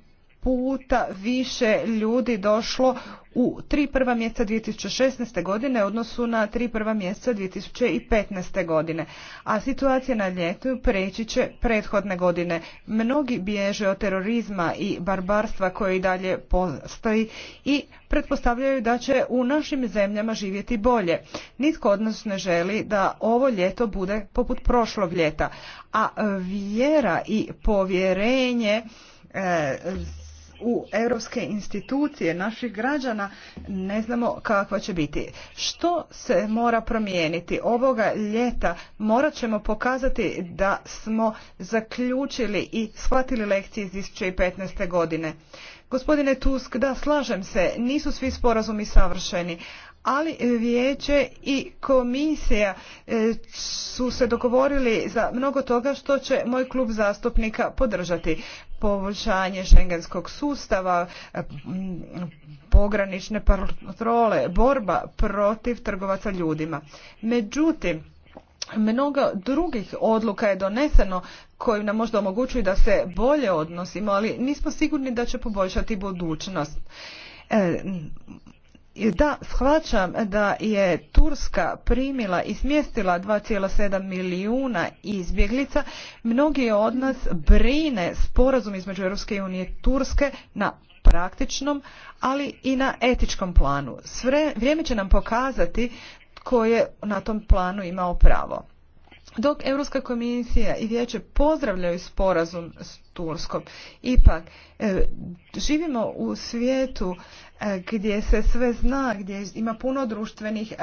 puta više ljudi došlo u tri prva mjeseca 2016. godine odnosu na tri prva mjeseca 2015. godine. A situacija na ljetu preći će prethodne godine. Mnogi bježe od terorizma i barbarstva koje i dalje postoji i pretpostavljaju da će u našim zemljama živjeti bolje. Nitko od nas ne želi da ovo ljeto bude poput prošlog ljeta. A vjera i povjerenje e, u europske institucije naših građana ne znamo kakva će biti. Što se mora promijeniti? Ovoga ljeta morat ćemo pokazati da smo zaključili i shvatili lekcije iz 2015. godine. Gospodine Tusk, da, slažem se, nisu svi sporazumi savršeni, ali vijeće i komisija e, su se dogovorili za mnogo toga što će moj klub zastupnika podržati poboljšanje šengenskog sustava e, pogranične patrole borba protiv trgovaca ljudima međutim mnogo drugih odluka je doneseno koji nam možda omogućuju da se bolje odnosimo ali nismo sigurni da će poboljšati budućnost e, da, shvaćam da je Turska primila i smjestila 2,7 milijuna izbjeglica. Mnogi od nas brine sporazum između Europske unije i Turske na praktičnom, ali i na etičkom planu. vrijeme će nam pokazati tko je na tom planu imao pravo. Dok Europska komisija i vijeće pozdravljaju sporazum s Turskom, ipak e, živimo u svijetu e, gdje se sve zna, gdje ima puno društvenih e,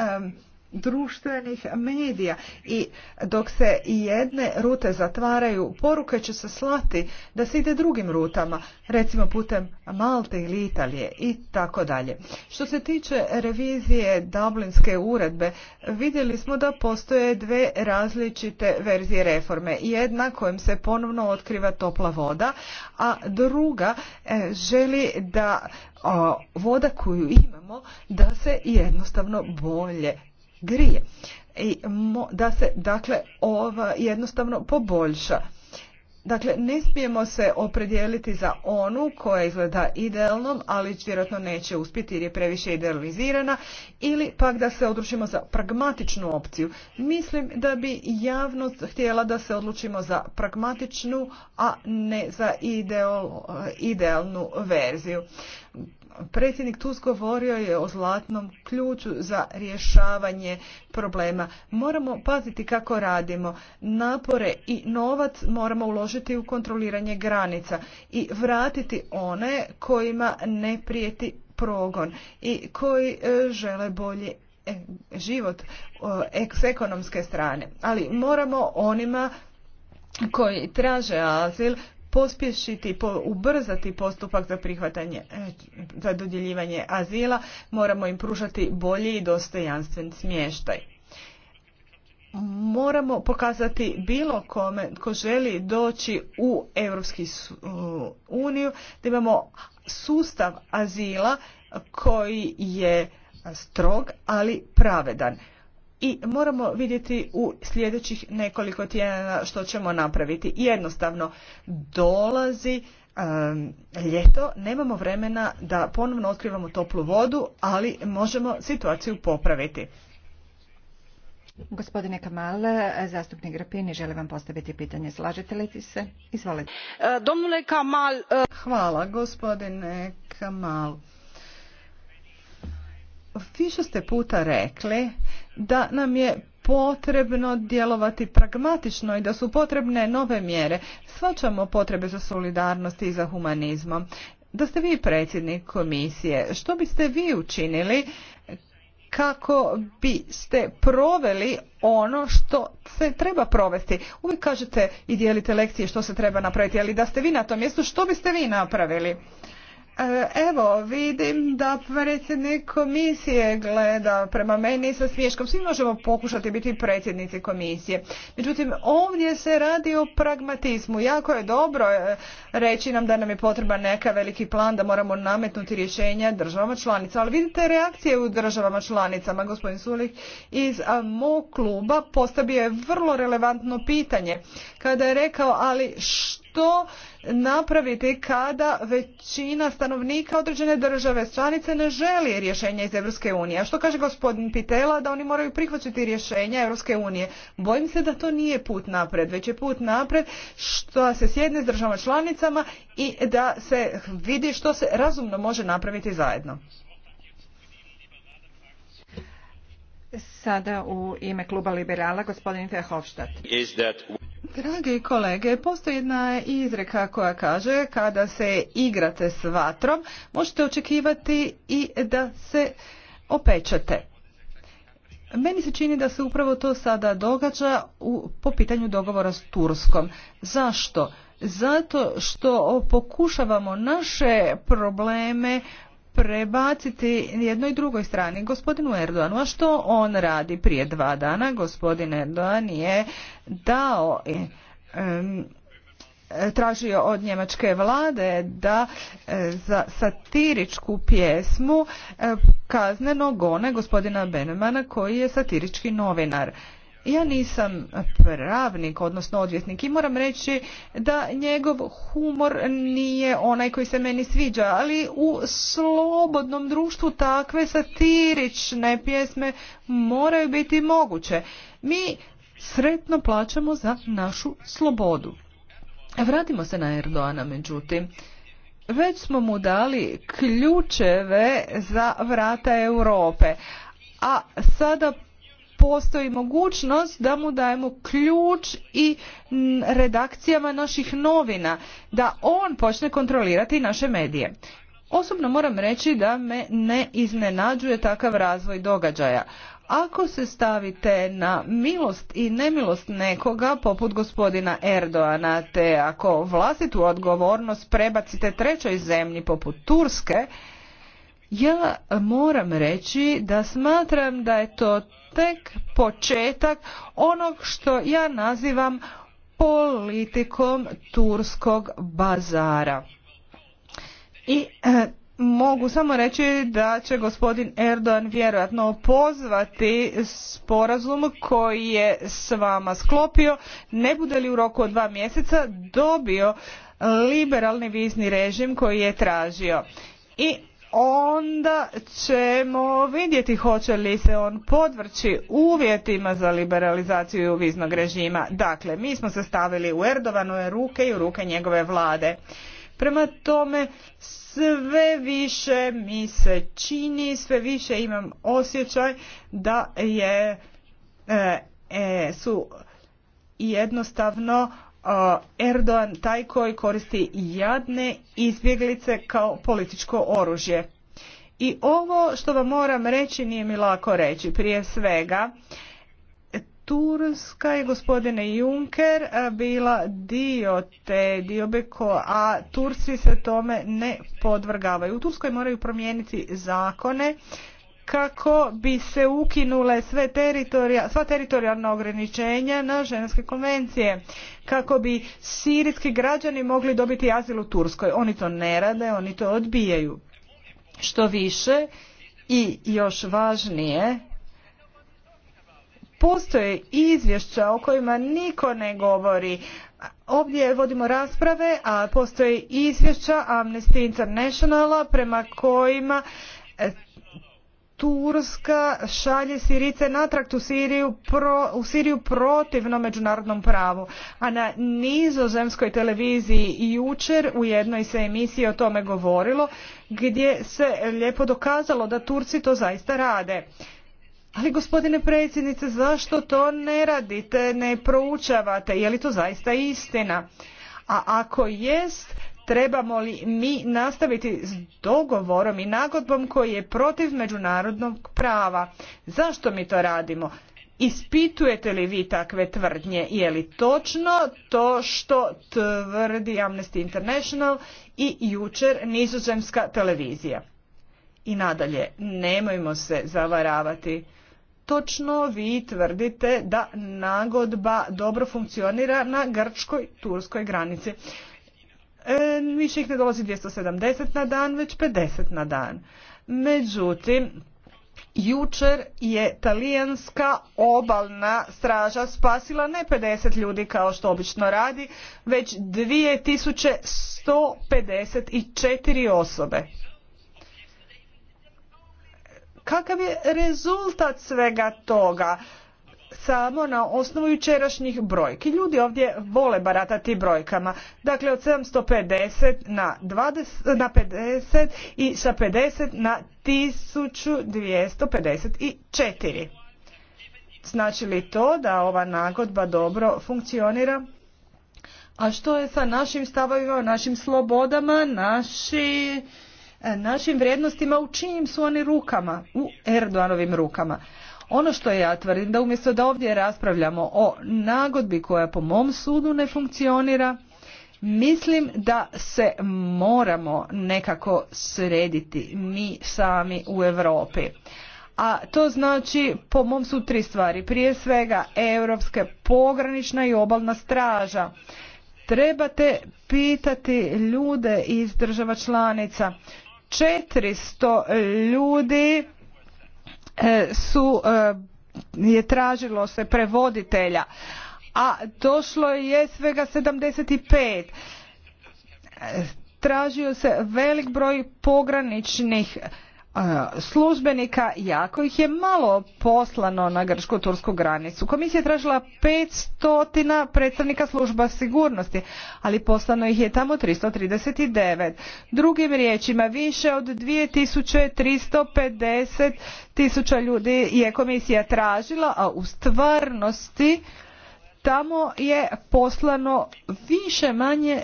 društvenih medija i dok se i jedne rute zatvaraju poruke će se slati da se ide drugim rutama recimo putem Malte ili Italije i tako dalje. Što se tiče revizije Dublinske uredbe vidjeli smo da postoje dve različite verzije reforme. Jedna kojom se ponovno otkriva topla voda a druga e, želi da voda koju imamo da se jednostavno bolje grije i da se dakle ova jednostavno poboljša. Dakle, ne smijemo se opredijeliti za onu koja izgleda idealnom, ali vjerojatno neće uspjeti jer je previše idealizirana, ili pak da se odlučimo za pragmatičnu opciju. Mislim da bi javnost htjela da se odlučimo za pragmatičnu, a ne za idealnu verziju. Predsjednik Tusk govorio je o zlatnom ključu za rješavanje problema. Moramo paziti kako radimo. Napore i novac moramo uložiti u kontroliranje granica i vratiti one kojima ne prijeti progon i koji e, žele bolji e, život s ekonomske strane. Ali moramo onima koji traže azil pospješiti, ubrzati postupak za prihvatanje, e, za dodjeljivanje azila, moramo im pružati bolji i dostojanstven smještaj. Moramo pokazati bilo kome tko želi doći u Europski uniju da imamo sustav azila koji je strog, ali pravedan i moramo vidjeti u sljedećih nekoliko tjedana što ćemo napraviti. Jednostavno, dolazi ljeto, nemamo vremena da ponovno otkrivamo toplu vodu, ali možemo situaciju popraviti. Gospodine Kamal, zastupnik Grapini, želim vam postaviti pitanje. Slažete li se? Izvolite. E, domnule Kamal... E, Hvala, gospodine Kamal. Više ste puta rekli da nam je potrebno djelovati pragmatično i da su potrebne nove mjere. Svačamo potrebe za solidarnost i za humanizmom. Da ste vi predsjednik komisije, što biste vi učinili kako biste proveli ono što se treba provesti. Uvijek kažete i dijelite lekcije što se treba napraviti, ali da ste vi na tom mjestu, što biste vi napravili? E, evo, vidim da predsjednik komisije gleda prema meni sa smiješkom. Svi možemo pokušati biti predsjednici komisije. Međutim, ovdje se radi o pragmatizmu. Jako je dobro e, reći nam da nam je potreban neka veliki plan, da moramo nametnuti rješenja državama članica. Ali vidite reakcije u državama članicama. Gospodin Sulik iz mog kluba postavio je vrlo relevantno pitanje. Kada je rekao, ali što napraviti kada većina stanovnika određene države članice ne želi rješenja iz Europske unije. A što kaže gospodin Pitela da oni moraju prihvaćati rješenja Europske unije? Bojim se da to nije put napred, već je put napred što se sjedne s državama članicama i da se vidi što se razumno može napraviti zajedno. Sada u ime kluba liberala gospodin Verhofstadt. Dragi kolege, postoji jedna izreka koja kaže kada se igrate s vatrom, možete očekivati i da se opečete. Meni se čini da se upravo to sada događa u, po pitanju dogovora s Turskom. Zašto? Zato što pokušavamo naše probleme prebaciti jednoj drugoj strani, gospodinu Erdoganu. A što on radi prije dva dana? Gospodin Erdogan je dao um, tražio od njemačke vlade da e, za satiričku pjesmu e, kazneno gone gospodina Benemana koji je satirički novinar. Ja nisam pravnik, odnosno odvjetnik i moram reći da njegov humor nije onaj koji se meni sviđa, ali u slobodnom društvu takve satirične pjesme moraju biti moguće. Mi sretno plaćamo za našu slobodu. Vratimo se na Erdoana, međutim. Već smo mu dali ključeve za vrata Europe, a sada postoji mogućnost da mu dajemo ključ i redakcijama naših novina, da on počne kontrolirati naše medije. Osobno moram reći da me ne iznenađuje takav razvoj događaja. Ako se stavite na milost i nemilost nekoga, poput gospodina Erdoana, te ako vlastitu odgovornost prebacite trećoj zemlji poput Turske, ja moram reći da smatram da je to tek početak onog što ja nazivam politikom turskog bazara. I eh, mogu samo reći da će gospodin Erdogan vjerojatno pozvati sporazum koji je s vama sklopio, ne bude li u roku od dva mjeseca dobio liberalni vizni režim koji je tražio. I onda ćemo vidjeti hoće li se on podvrći uvjetima za liberalizaciju viznog režima. Dakle, mi smo se stavili u erdovanove ruke i u ruke njegove vlade. Prema tome, sve više mi se čini, sve više imam osjećaj da je, e, e su jednostavno Erdogan taj koji koristi jadne izbjeglice kao političko oružje. I ovo što vam moram reći nije mi lako reći. Prije svega, Turska je gospodine Juncker bila dio te diobeko, a Turci se tome ne podvrgavaju. U Turskoj moraju promijeniti zakone kako bi se ukinule sve sva teritorijalna ograničenja na ženske konvencije, kako bi sirijski građani mogli dobiti azil u Turskoj. Oni to ne rade, oni to odbijaju. Što više i još važnije, postoje izvješća o kojima niko ne govori. Ovdje vodimo rasprave, a postoje izvješća Amnesty Internationala prema kojima Turska šalje Sirice natrag u Siriju, u Siriju protivno međunarodnom pravu. A na nizozemskoj televiziji jučer u jednoj se emisiji o tome govorilo gdje se lijepo dokazalo da Turci to zaista rade. Ali gospodine predsjednice, zašto to ne radite, ne proučavate? Je li to zaista istina? A ako jest, trebamo li mi nastaviti s dogovorom i nagodbom koji je protiv međunarodnog prava. Zašto mi to radimo? Ispitujete li vi takve tvrdnje? Je li točno to što tvrdi Amnesty International i jučer nizozemska televizija? I nadalje, nemojmo se zavaravati. Točno vi tvrdite da nagodba dobro funkcionira na grčkoj-turskoj granici e, više ih ne dolazi 270 na dan, već 50 na dan. Međutim, Jučer je talijanska obalna straža spasila ne 50 ljudi kao što obično radi, već 2154 osobe. Kakav je rezultat svega toga? samo na osnovu jučerašnjih brojki. Ljudi ovdje vole baratati brojkama. Dakle, od 750 na, na 50 i sa 50 na 1254. Znači li to da ova nagodba dobro funkcionira? A što je sa našim stavovima, našim slobodama, naši, e, našim vrijednostima, u čijim su oni rukama? U Erdoanovim rukama. Ono što ja tvrdim da umjesto da ovdje raspravljamo o nagodbi koja po mom sudu ne funkcionira, mislim da se moramo nekako srediti mi sami u Europi. A to znači po mom su tri stvari. Prije svega europske pogranična i obalna straža. Trebate pitati ljude iz država članica. 400 ljudi E, su e, je tražilo se prevoditelja a došlo je svega 75 e, tražio se velik broj pograničnih službenika, jako ih je malo poslano na grčko-tursku granicu. Komisija je tražila 500 predstavnika služba sigurnosti, ali poslano ih je tamo devet Drugim riječima, više od pedeset tisuća ljudi je komisija tražila, a u stvarnosti tamo je poslano više manje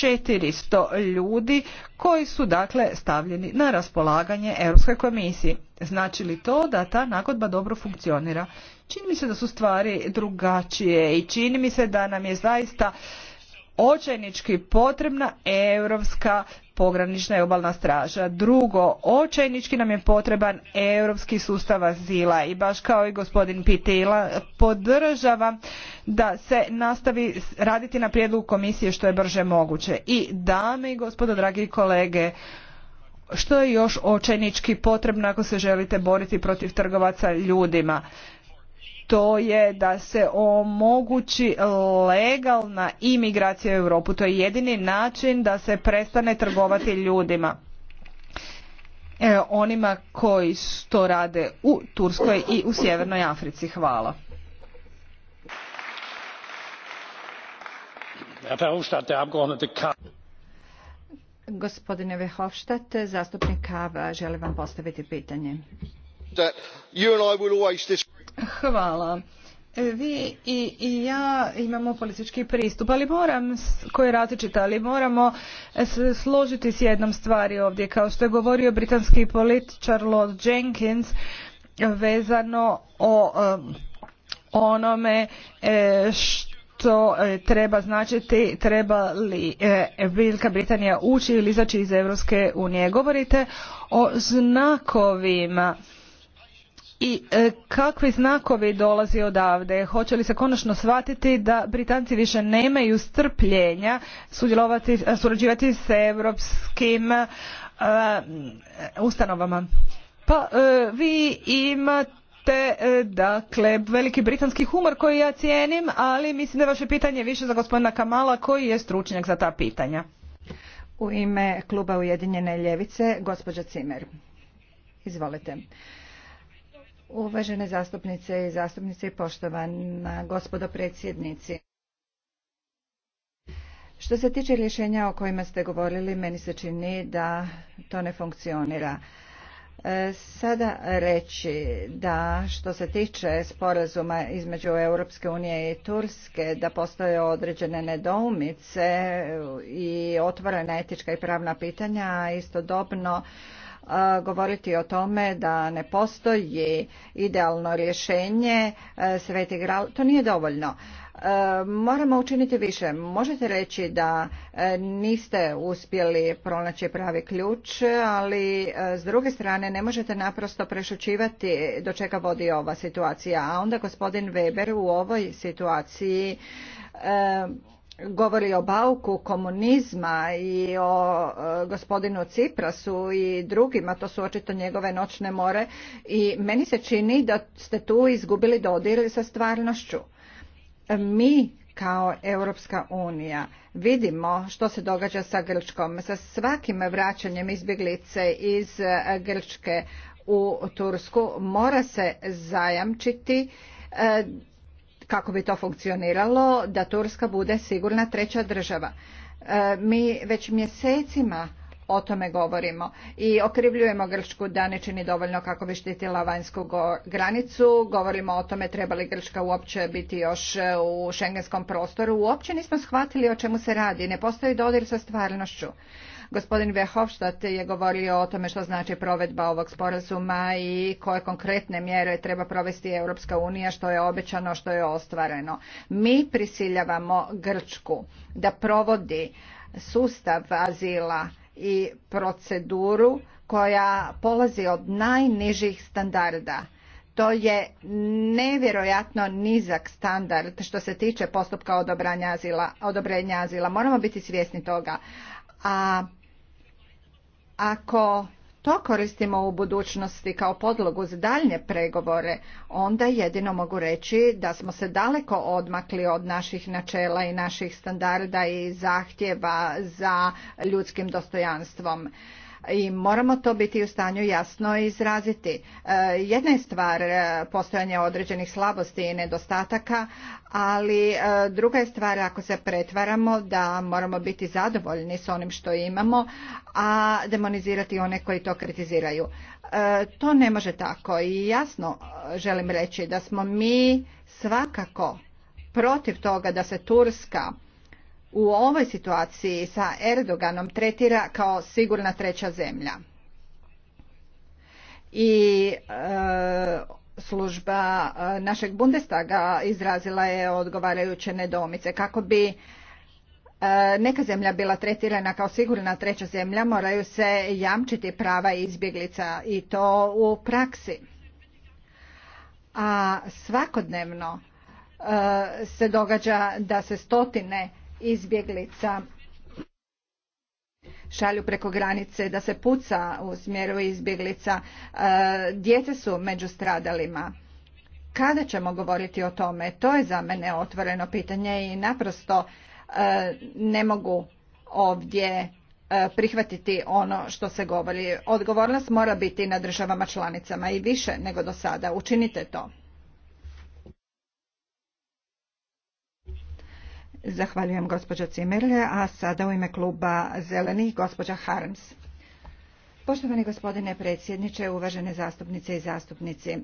400 ljudi koji su dakle stavljeni na raspolaganje Europskoj komisiji. Znači li to da ta nagodba dobro funkcionira? Čini mi se da su stvari drugačije i čini mi se da nam je zaista očajnički potrebna europska pogranična i obalna straža. Drugo, očajnički nam je potreban europski sustav azila i baš kao i gospodin Pitila podržava da se nastavi raditi na prijedlogu komisije što je brže moguće. I dame i gospodo, dragi kolege, što je još očajnički potrebno ako se želite boriti protiv trgovaca ljudima? to je da se omogući legalna imigracija u Europu. To je jedini način da se prestane trgovati ljudima. E, onima koji to rade u Turskoj i u Sjevernoj Africi. Hvala. Gospodine Verhofstadt, zastupnik Kava želi vam postaviti pitanje. Hvala. E, vi i ja imamo politički pristup, ali moram, koji je različit, ali moramo se složiti s jednom stvari ovdje. Kao što je govorio britanski političar Lord Jenkins vezano o e, onome e, što treba značiti treba li Velika Britanija ući ili izaći iz Europske unije. Govorite o znakovima i e, kakvi znakovi dolazi odavde hoće li se konačno shvatiti da britanci više nemaju strpljenja e, surađivati s europskim e, ustanovama pa vi imate dakle veliki britanski humor koji ja cijenim ali mislim da je vaše pitanje više za gospodina Kamala koji je stručnjak za ta pitanja u ime kluba Ujedinjene ljevice gospođa Cimer izvolite Uvažene zastupnice i zastupnici, poštovana gospodo predsjednici. Što se tiče rješenja o kojima ste govorili, meni se čini da to ne funkcionira. E, sada reći da što se tiče sporazuma između Europske unije i Turske da postoje određene nedoumice i otvorena etička i pravna pitanja, a istodobno govoriti o tome da ne postoji idealno rješenje e, sveti gral, to nije dovoljno. E, moramo učiniti više. Možete reći da e, niste uspjeli pronaći pravi ključ, ali s druge strane ne možete naprosto prešućivati do čega vodi ova situacija. A onda gospodin Weber u ovoj situaciji govori o bauku komunizma i o e, gospodinu Ciprasu i drugima, to su očito njegove noćne more i meni se čini da ste tu izgubili dodir sa stvarnošću. Mi kao Europska unija vidimo što se događa sa Grčkom, sa svakim vraćanjem izbjeglice iz Grčke u Tursku mora se zajamčiti e, kako bi to funkcioniralo da Turska bude sigurna treća država. E, mi već mjesecima o tome govorimo i okrivljujemo Grčku da ne čini dovoljno kako bi štitila vanjsku granicu, govorimo o tome treba li Grčka uopće biti još e, u šengenskom prostoru, uopće nismo shvatili o čemu se radi, ne postoji dodir sa stvarnošću. Gospodin Verhofstadt je govorio o tome što znači provedba ovog sporazuma i koje konkretne mjere treba provesti Europska unija, što je obećano, što je ostvareno. Mi prisiljavamo Grčku da provodi sustav azila i proceduru koja polazi od najnižih standarda. To je nevjerojatno nizak standard što se tiče postupka odobranja odobrenja azila. Moramo biti svjesni toga. A ako to koristimo u budućnosti kao podlogu za daljnje pregovore, onda jedino mogu reći da smo se daleko odmakli od naših načela i naših standarda i zahtjeva za ljudskim dostojanstvom i moramo to biti u stanju jasno izraziti. E, jedna je stvar e, postojanje određenih slabosti i nedostataka, ali e, druga je stvar ako se pretvaramo da moramo biti zadovoljni s onim što imamo, a demonizirati one koji to kritiziraju. To ne može tako i jasno želim reći da smo mi svakako protiv toga da se Turska u ovoj situaciji sa Erdoganom tretira kao sigurna treća zemlja. I e, služba e, našeg Bundestaga izrazila je odgovarajuće nedomice. Kako bi e, neka zemlja bila tretirana kao sigurna treća zemlja, moraju se jamčiti prava izbjeglica i to u praksi. A svakodnevno e, se događa da se stotine izbjeglica šalju preko granice, da se puca u smjeru izbjeglica. E, Djece su među stradalima. Kada ćemo govoriti o tome? To je za mene otvoreno pitanje i naprosto e, ne mogu ovdje e, prihvatiti ono što se govori. Odgovornost mora biti na državama članicama i više nego do sada. Učinite to. Zahvaljujem gospođo Cimerle, a sada u ime kluba Zeleni gospođa Harms. Poštovani gospodine predsjedniče, uvažene zastupnice i zastupnici,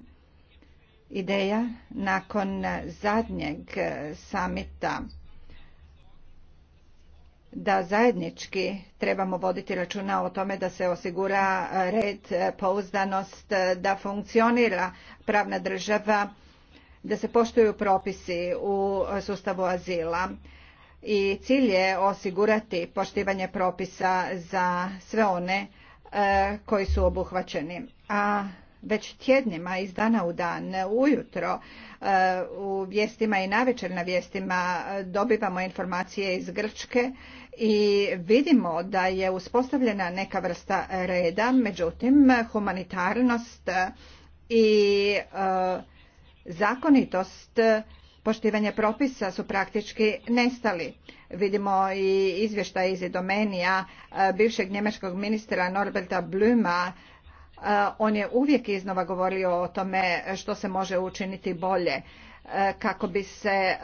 ideja nakon zadnjeg samita da zajednički trebamo voditi računa o tome da se osigura red, pouzdanost, da funkcionira pravna država da se poštuju propisi u sustavu azila i cilj je osigurati poštivanje propisa za sve one e, koji su obuhvaćeni. A već tjednima iz dana u dan ujutro e, u vijestima i navečer na vijestima e, dobivamo informacije iz Grčke i vidimo da je uspostavljena neka vrsta reda, međutim humanitarnost i zakonitost e, poštivanja propisa su praktički nestali. Vidimo i izvještaj iz Idomenija e, bivšeg njemačkog ministra Norberta Bluma. E, on je uvijek iznova govorio o tome što se može učiniti bolje kako bi se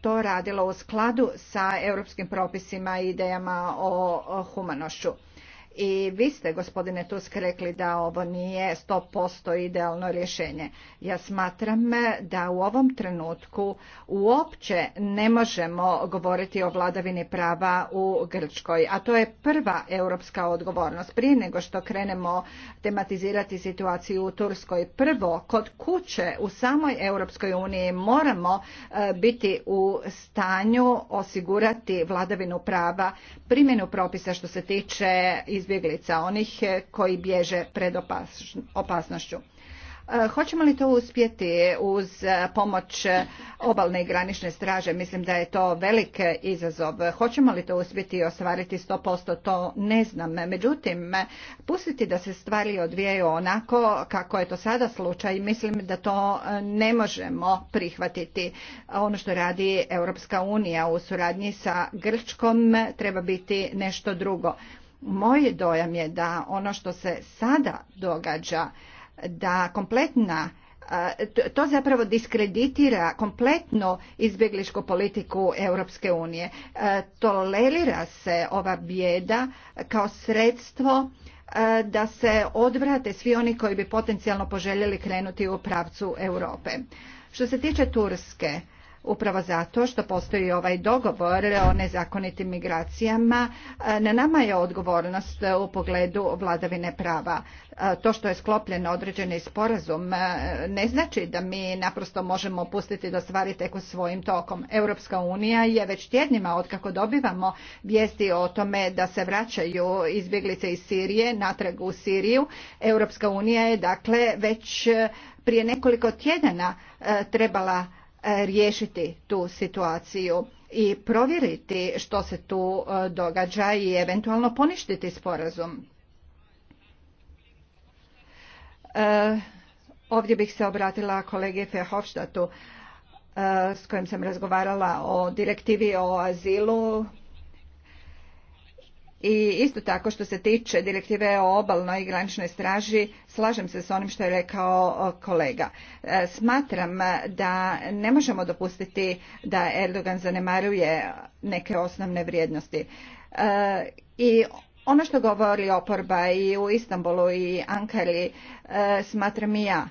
to radilo u skladu sa europskim propisima i idejama o humanošću. I vi ste, gospodine Tusk, rekli da ovo nije 100% idealno rješenje. Ja smatram da u ovom trenutku uopće ne možemo govoriti o vladavini prava u Grčkoj, a to je prva europska odgovornost. Prije nego što krenemo tematizirati situaciju u Turskoj, prvo kod kuće u samoj Europskoj uniji moramo e, biti u stanju osigurati vladavinu prava, primjenu propisa što se tiče izbjeglica, onih e, koji bježe pred opasnošću. E, hoćemo li to uspjeti uz e, pomoć obalne i granične straže? Mislim da je to velik izazov. Hoćemo li to uspjeti i ostvariti 100%? To ne znam. Međutim, pustiti da se stvari odvijaju onako kako je to sada slučaj, mislim da to ne možemo prihvatiti. Ono što radi Europska unija u suradnji sa Grčkom treba biti nešto drugo. Moj dojam je da ono što se sada događa, da kompletna eh, to zapravo diskreditira kompletno izbjegličku politiku Europske unije. Eh, tolerira se ova bijeda kao sredstvo eh, da se odvrate svi oni koji bi potencijalno poželjeli krenuti u pravcu Europe. Što se tiče Turske, upravo zato što postoji ovaj dogovor o nezakonitim migracijama. E, na nama je odgovornost u pogledu vladavine prava. E, to što je sklopljen određeni sporazum e, ne znači da mi naprosto možemo pustiti da stvari teku svojim tokom. Europska unija je već tjednima otkako dobivamo vijesti o tome da se vraćaju izbjeglice iz Sirije natrag u Siriju. Europska unija je dakle već prije nekoliko tjedana trebala E, riješiti tu situaciju i provjeriti što se tu e, događa i eventualno poništiti sporazum. E, ovdje bih se obratila kolegi Fehofštatu s kojim sam razgovarala o direktivi o azilu i isto tako što se tiče direktive o obalnoj i graničnoj straži, slažem se s onim što je rekao kolega. E, smatram e, da ne možemo dopustiti da Erdogan zanemaruje neke osnovne vrijednosti. E, I ono što govori oporba i u Istanbulu i Ankari smatram i ja.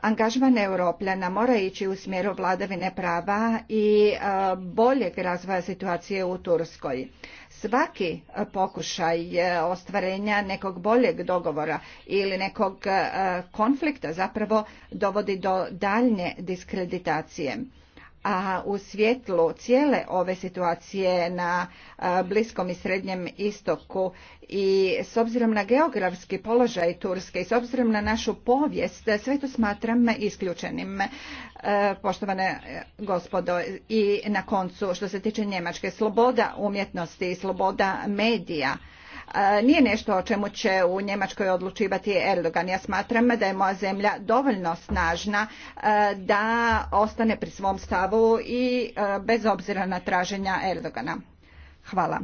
Angažman Europljana mora ići u smjeru vladavine prava i boljeg razvoja situacije u Turskoj svaki e, pokušaj e, ostvarenja nekog boljeg dogovora ili nekog e, konflikta zapravo dovodi do daljnje diskreditacije a u svjetlu cijele ove situacije na Bliskom i Srednjem istoku i s obzirom na geografski položaj Turske i s obzirom na našu povijest, sve to smatram isključenim, poštovane gospodo. I na koncu, što se tiče Njemačke, sloboda umjetnosti i sloboda medija nije nešto o čemu će u Njemačkoj odlučivati Erdogan. Ja smatram da je moja zemlja dovoljno snažna e, da ostane pri svom stavu i e, bez obzira na traženja Erdogana. Hvala.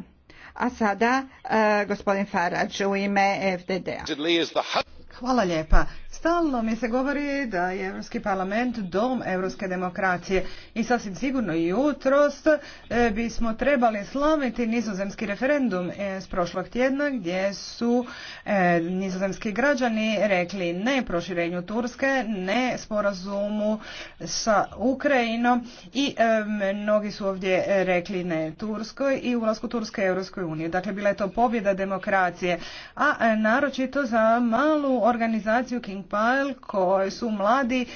A sada e, gospodin Farage u ime fdd Hvala lijepa. Stalno mi se govori da je Europski parlament dom europske demokracije i sasvim sigurno jutros e, bismo trebali slaviti nizozemski referendum e, s prošlog tjedna gdje su e, nizozemski građani rekli ne proširenju Turske, ne sporazumu sa Ukrajinom i mnogi su ovdje rekli ne Turskoj i ulasku Turske u Evropskoj uniji. Dakle, bila je to pobjeda demokracije, a naročito za malu organizaciju King Mobile koji su mladi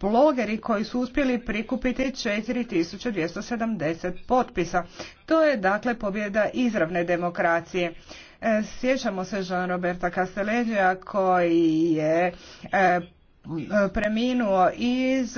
blogeri koji su uspjeli prikupiti 4270 potpisa. To je dakle pobjeda izravne demokracije. E, sjećamo se žan Roberta Castelleđa koji je e, preminuo iz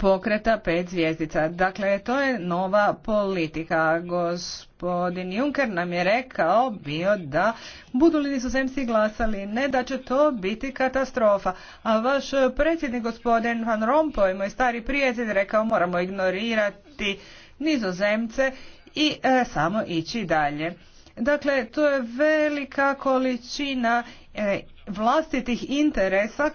pokreta pet zvjezdica Dakle, to je nova politika. Gospodin Juncker nam je rekao bio da budu li nizozemci glasali, ne da će to biti katastrofa. A vaš predsjednik gospodin Van Rompuy, moj stari prijatelj, rekao moramo ignorirati nizozemce i e, samo ići dalje. Dakle, to je velika količina e, vlastitih interesa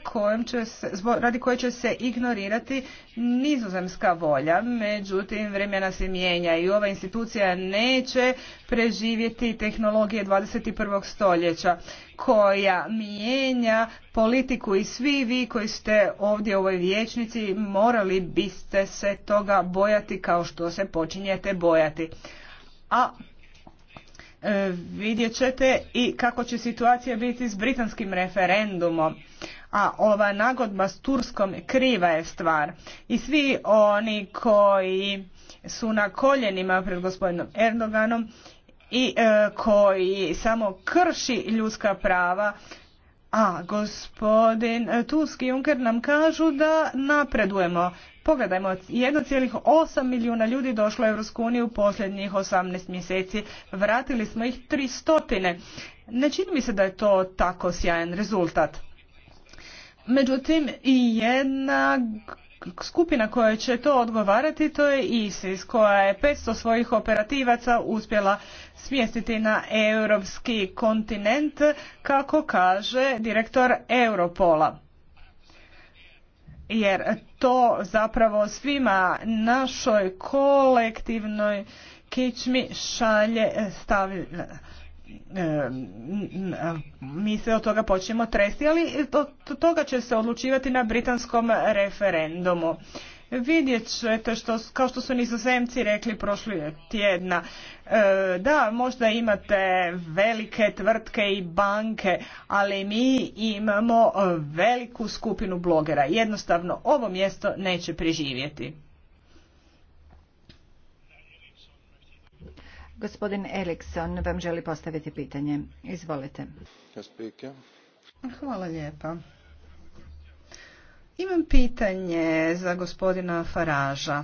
radi koje će se ignorirati nizozemska volja. Međutim, vremena se mijenja i ova institucija neće preživjeti tehnologije 21. stoljeća koja mijenja politiku i svi vi koji ste ovdje u ovoj vječnici morali biste se toga bojati kao što se počinjete bojati. A E, vidjet ćete i kako će situacija biti s britanskim referendumom. A ova nagodba s Turskom kriva je stvar. I svi oni koji su na koljenima pred gospodinom Erdoganom i e, koji samo krši ljudska prava, a gospodin Tusk i Juncker nam kažu da napredujemo. Pogledajmo, 1,8 milijuna ljudi došlo u Europsku uniju u posljednjih 18 mjeseci. Vratili smo ih stotine. Ne čini mi se da je to tako sjajan rezultat. Međutim, i jedna skupina koja će to odgovarati to je ISIS koja je 500 svojih operativaca uspjela smjestiti na europski kontinent kako kaže direktor Europola jer to zapravo svima našoj kolektivnoj kičmi šalje e, mi se od toga počnemo tresti, ali od toga će se odlučivati na britanskom referendumu. Vidjet ćete što, kao što su nizozemci rekli prošli tjedna. E, da, možda imate velike tvrtke i banke, ali mi imamo e, veliku skupinu blogera. Jednostavno ovo mjesto neće preživjeti. Gospodin Erikson vam želi postaviti pitanje. Izvolite. Hvala lijepa. Imam pitanje za gospodina Faraža.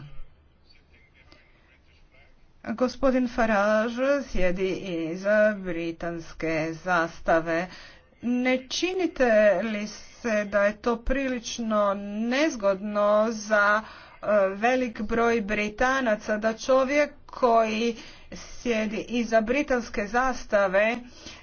Gospodin Faraž sjedi iza britanske zastave. Ne činite li se da je to prilično nezgodno za e, velik broj Britanaca da čovjek koji sjedi iza britanske zastave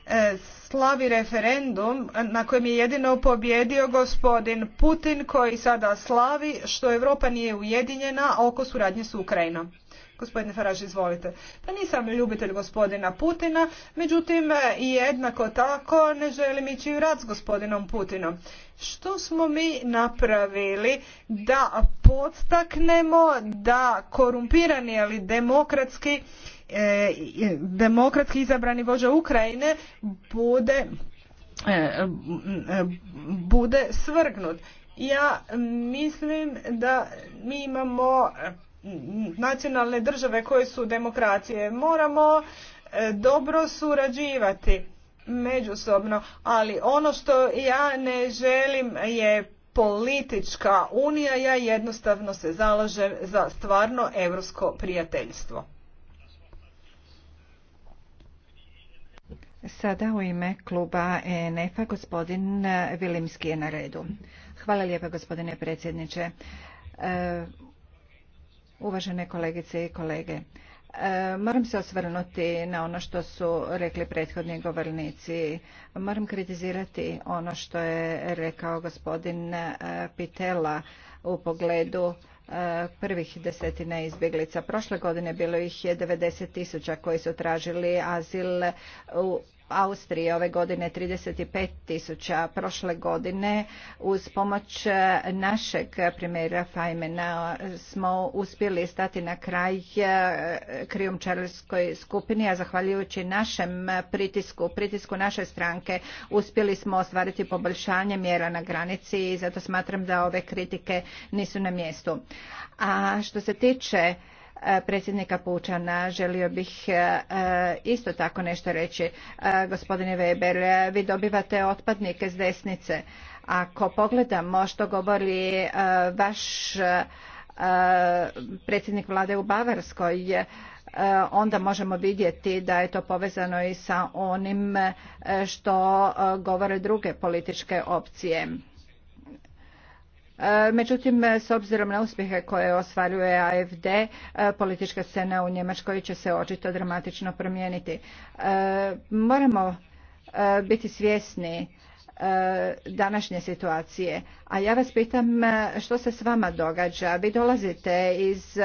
e, slavi referendum na kojem je jedino pobjedio gospodin Putin koji sada slavi što Europa nije ujedinjena oko suradnje s Ukrajinom. Gospodine Farage, izvolite. Pa nisam ljubitelj gospodina Putina, međutim e, jednako tako ne želim ići u rad s gospodinom Putinom. Što smo mi napravili da podstaknemo da korumpirani ali demokratski E, demokratski izabrani vođa Ukrajine bude e, bude svrgnut. Ja mislim da mi imamo nacionalne države koje su demokracije. Moramo e, dobro surađivati međusobno, ali ono što ja ne želim je politička unija, ja jednostavno se zalažem za stvarno europsko prijateljstvo. Sada u ime kluba ENF-a gospodin Vilimski je na redu. Hvala lijepa gospodine predsjedniče. E, uvažene kolegice i kolege. E, moram se osvrnuti na ono što su rekli prethodni govornici. Moram kritizirati ono što je rekao gospodin e, Pitela u pogledu prvih desetina izbjeglica. Prošle godine bilo ih je 90 tisuća koji su tražili azil u Austrije ove godine 35 tisuća, prošle godine uz pomoć e, našeg premijera Fajmena e, smo uspjeli stati na kraj e, krijumčarskoj skupini, a zahvaljujući našem pritisku, pritisku naše stranke, uspjeli smo ostvariti poboljšanje mjera na granici i zato smatram da ove kritike nisu na mjestu. A što se tiče predsjednika Pučana želio bih e, e, isto tako nešto reći. E, gospodine Weber, vi dobivate otpadnike s desnice. Ako pogledamo što govori vaš predsjednik vlade u Bavarskoj, onda možemo vidjeti da je to povezano i sa onim što govore druge političke opcije. Međutim, s obzirom na uspjehe koje ostvaruje AFD, politička scena u Njemačkoj će se očito dramatično promijeniti. E, moramo e, biti svjesni E, današnje situacije. A ja vas pitam e, što se s vama događa. Vi dolazite iz e,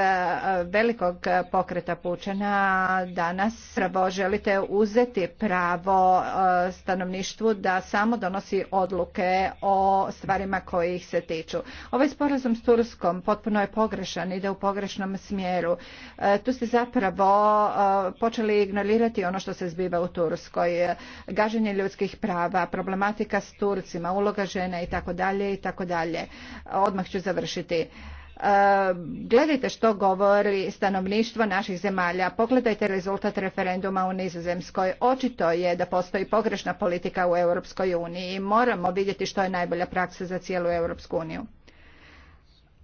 velikog pokreta Pučana danas. Prvo želite uzeti pravo stanovništvu da samo donosi odluke o stvarima koje ih se tiču. Ovaj sporazum s Turskom potpuno je pogrešan, ide u pogrešnom smjeru. Tu ste zapravo počeli ignorirati ono što se zbiva u Turskoj. Gaženje ljudskih prava, problematika s Turcima, uloga žene i tako dalje i tako dalje. Odmah ću završiti. E, gledajte što govori stanovništvo naših zemalja. Pogledajte rezultat referenduma u Nizozemskoj. Očito je da postoji pogrešna politika u Europskoj uniji i moramo vidjeti što je najbolja praksa za cijelu Europsku uniju.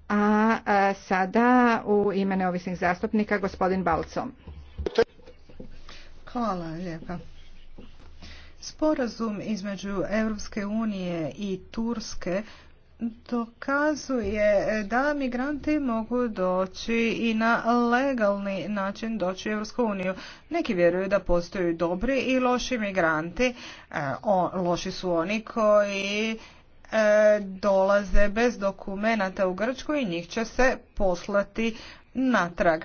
A, e, sada u ime neovisnih zastupnika gospodin Balco. Hvala lijepa. Sporazum između Europske unije i Turske dokazuje da migranti mogu doći i na legalni način doći u Europsku uniju. Neki vjeruju da postoji dobri i loši migranti. E, o, loši su oni koji e, dolaze bez dokumenata u Grčku i njih će se poslati natrag.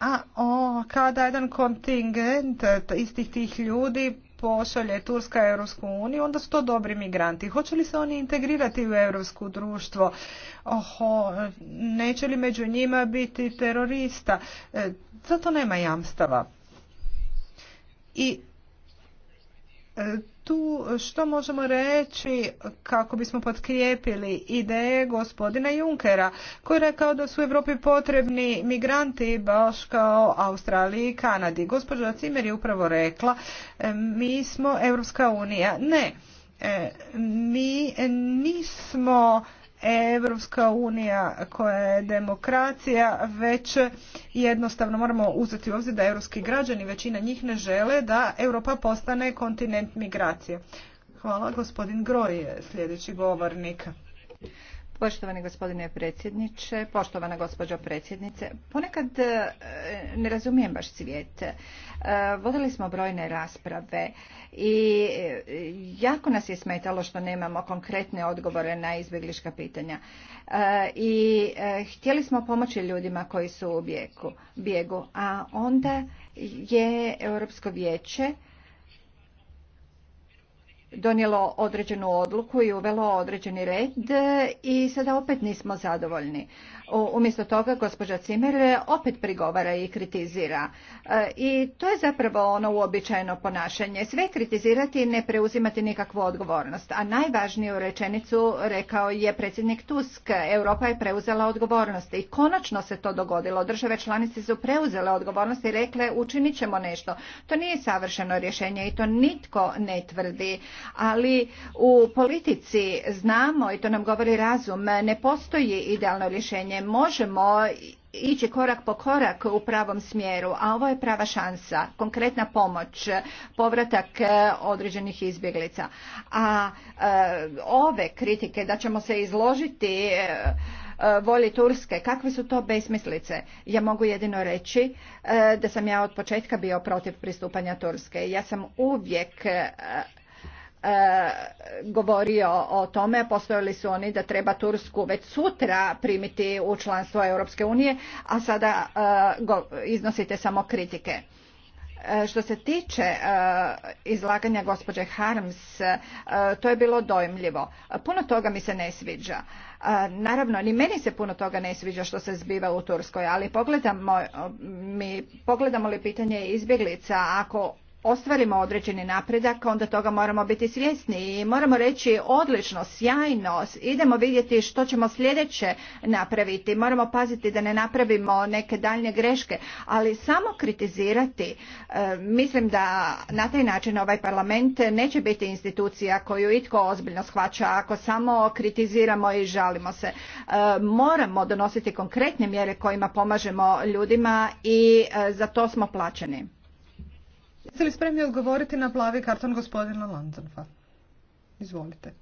A o, kada jedan kontingent istih tih ljudi pošalje Turska Europsku uniju, onda su to dobri migranti. Hoće li se oni integrirati u europsko društvo? Oho, neće li među njima biti terorista? E, zato nema jamstava. I e, tu što možemo reći kako bismo potkrijepili ideje gospodina Junkera koji je rekao da su u Europi potrebni migranti baš kao Australiji i Kanadi. Gospođa Cimer je upravo rekla e, mi smo Europska unija. Ne, e, mi nismo Evropska unija koja je demokracija, već jednostavno moramo uzeti u obzir da europski građani, većina njih ne žele da Europa postane kontinent migracije. Hvala, gospodin Groj je sljedeći govornik. Poštovani gospodine predsjedniče, poštovana gospođo predsjednice, ponekad e, ne razumijem baš svijet. E, vodili smo brojne rasprave i e, jako nas je smetalo što nemamo konkretne odgovore na izbjeglička pitanja. I htjeli smo pomoći ljudima koji su u bijegu, a onda je Europsko vijeće donijelo određenu odluku i uvelo određeni red i sada opet nismo zadovoljni. Umjesto toga gospođa Cimer opet prigovara i kritizira. E, I to je zapravo ono uobičajeno ponašanje. Sve kritizirati ne preuzimati nikakvu odgovornost. A najvažniju rečenicu rekao je predsjednik Tusk. Europa je preuzela odgovornost. I konačno se to dogodilo. Države članice su preuzele odgovornost i rekle učinit ćemo nešto. To nije savršeno rješenje i to nitko ne tvrdi. Ali u politici znamo i to nam govori razum ne postoji idealno rješenje možemo ići korak po korak u pravom smjeru, a ovo je prava šansa, konkretna pomoć, povratak e, određenih izbjeglica. A e, ove kritike da ćemo se izložiti e, voli Turske, kakve su to besmislice? Ja mogu jedino reći da sam ja od početka bio protiv pristupanja Turske. Ja sam uvijek E, govorio o tome, postojali su oni da treba Tursku već sutra primiti u članstvo Europske unije, a sada e, iznosite samo kritike. E, što se tiče izlaganja gospođe Harms, to je bilo dojmljivo. Puno toga mi se ne sviđa. Naravno, ni meni se puno toga ne sviđa što se zbiva u Turskoj, ali pogledamo, mi, pogledamo li pitanje izbjeglica, ako ostvarimo određeni napredak, onda toga moramo biti svjesni i moramo reći odlično, sjajno, idemo vidjeti što ćemo sljedeće napraviti, moramo paziti da ne napravimo neke daljnje greške, ali samo kritizirati, e, mislim da na taj način ovaj parlament neće biti institucija koju itko ozbiljno shvaća ako samo kritiziramo i žalimo se. E, moramo donositi konkretne mjere kojima pomažemo ljudima i e, za to smo plaćeni. Jeste li spremni odgovoriti na plavi karton gospodina Lanzanfa? Izvolite.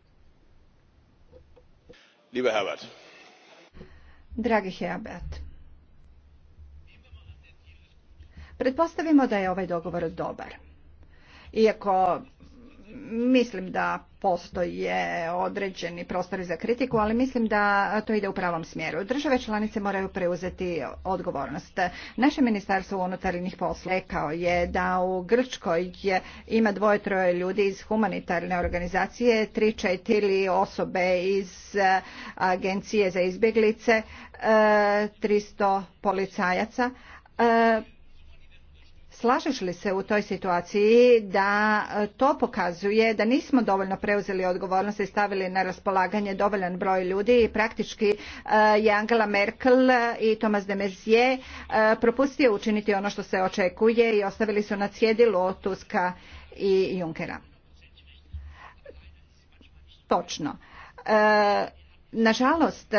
Liebe Herbert. Dragi Herbert. Pretpostavimo da je ovaj dogovor dobar. Iako mislim da postoje određeni prostori za kritiku, ali mislim da to ide u pravom smjeru. Države članice moraju preuzeti odgovornost. Naše ministarstvo unutarnjih posla rekao je da u Grčkoj ima dvoje troje ljudi iz humanitarne organizacije, tri četiri osobe iz agencije za izbjeglice, 300 e, policajaca. E, Slažeš li se u toj situaciji da e, to pokazuje da nismo dovoljno preuzeli odgovornost i stavili na raspolaganje dovoljan broj ljudi i praktički e, je Angela Merkel i Thomas de Mezije e, propustio učiniti ono što se očekuje i ostavili su na cjedilu Tuska i Junkera. Točno. Nažalost,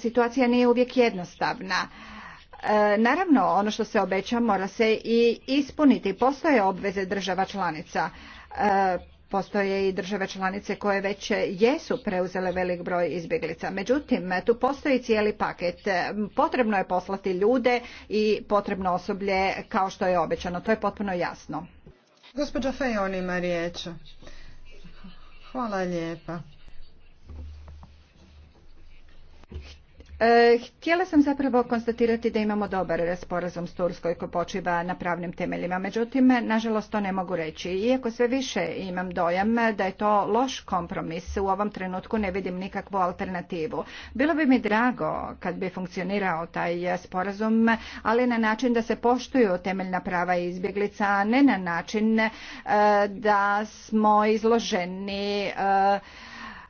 situacija nije uvijek jednostavna E, naravno, ono što se obeća mora se i ispuniti. Postoje obveze država članica. E, postoje i države članice koje već jesu preuzele velik broj izbjeglica. Međutim, tu postoji cijeli paket. E, potrebno je poslati ljude i potrebno osoblje kao što je obećano. To je potpuno jasno. Gospođa Fejon ima riječ. Hvala lijepa. E, htjela sam zapravo konstatirati da imamo dobar sporazum s Turskoj koji počiva na pravnim temeljima, međutim, nažalost to ne mogu reći. Iako sve više imam dojam da je to loš kompromis, u ovom trenutku ne vidim nikakvu alternativu. Bilo bi mi drago kad bi funkcionirao taj sporazum, ali na način da se poštuju temeljna prava izbjeglica, a ne na način e, da smo izloženi e,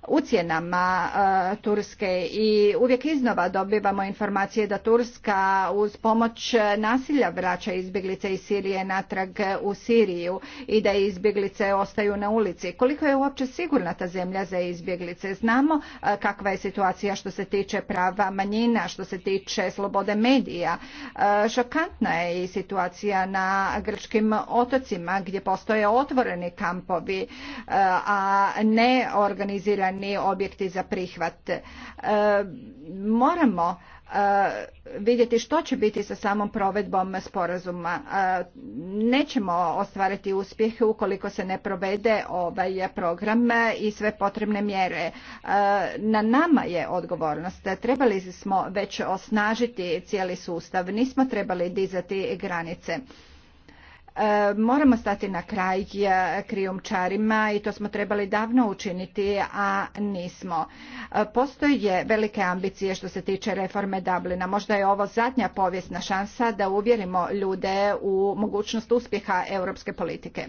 ucjenama e, Turske i uvijek iznova dobivamo informacije da Turska uz pomoć nasilja vraća izbjeglice iz Sirije natrag u Siriju i da izbjeglice ostaju na ulici. Koliko je uopće sigurna ta zemlja za izbjeglice? Znamo e, kakva je situacija što se tiče prava manjina, što se tiče slobode medija. E, šokantna je i situacija na grčkim otocima gdje postoje otvoreni kampovi, a ne organizirani instalirani objekti za prihvat. E, moramo e, vidjeti što će biti sa samom provedbom sporazuma. E, nećemo ostvariti uspjeh ukoliko se ne provede ovaj program i sve potrebne mjere. Na nama je odgovornost. Trebali smo već osnažiti cijeli sustav, nismo trebali dizati granice. E, moramo stati na kraj e, krijumčarima i to smo trebali davno učiniti, a nismo. E, postoje velike ambicije što se tiče reforme Dublina. Možda je ovo zadnja povijesna šansa da uvjerimo ljude u mogućnost uspjeha europske politike.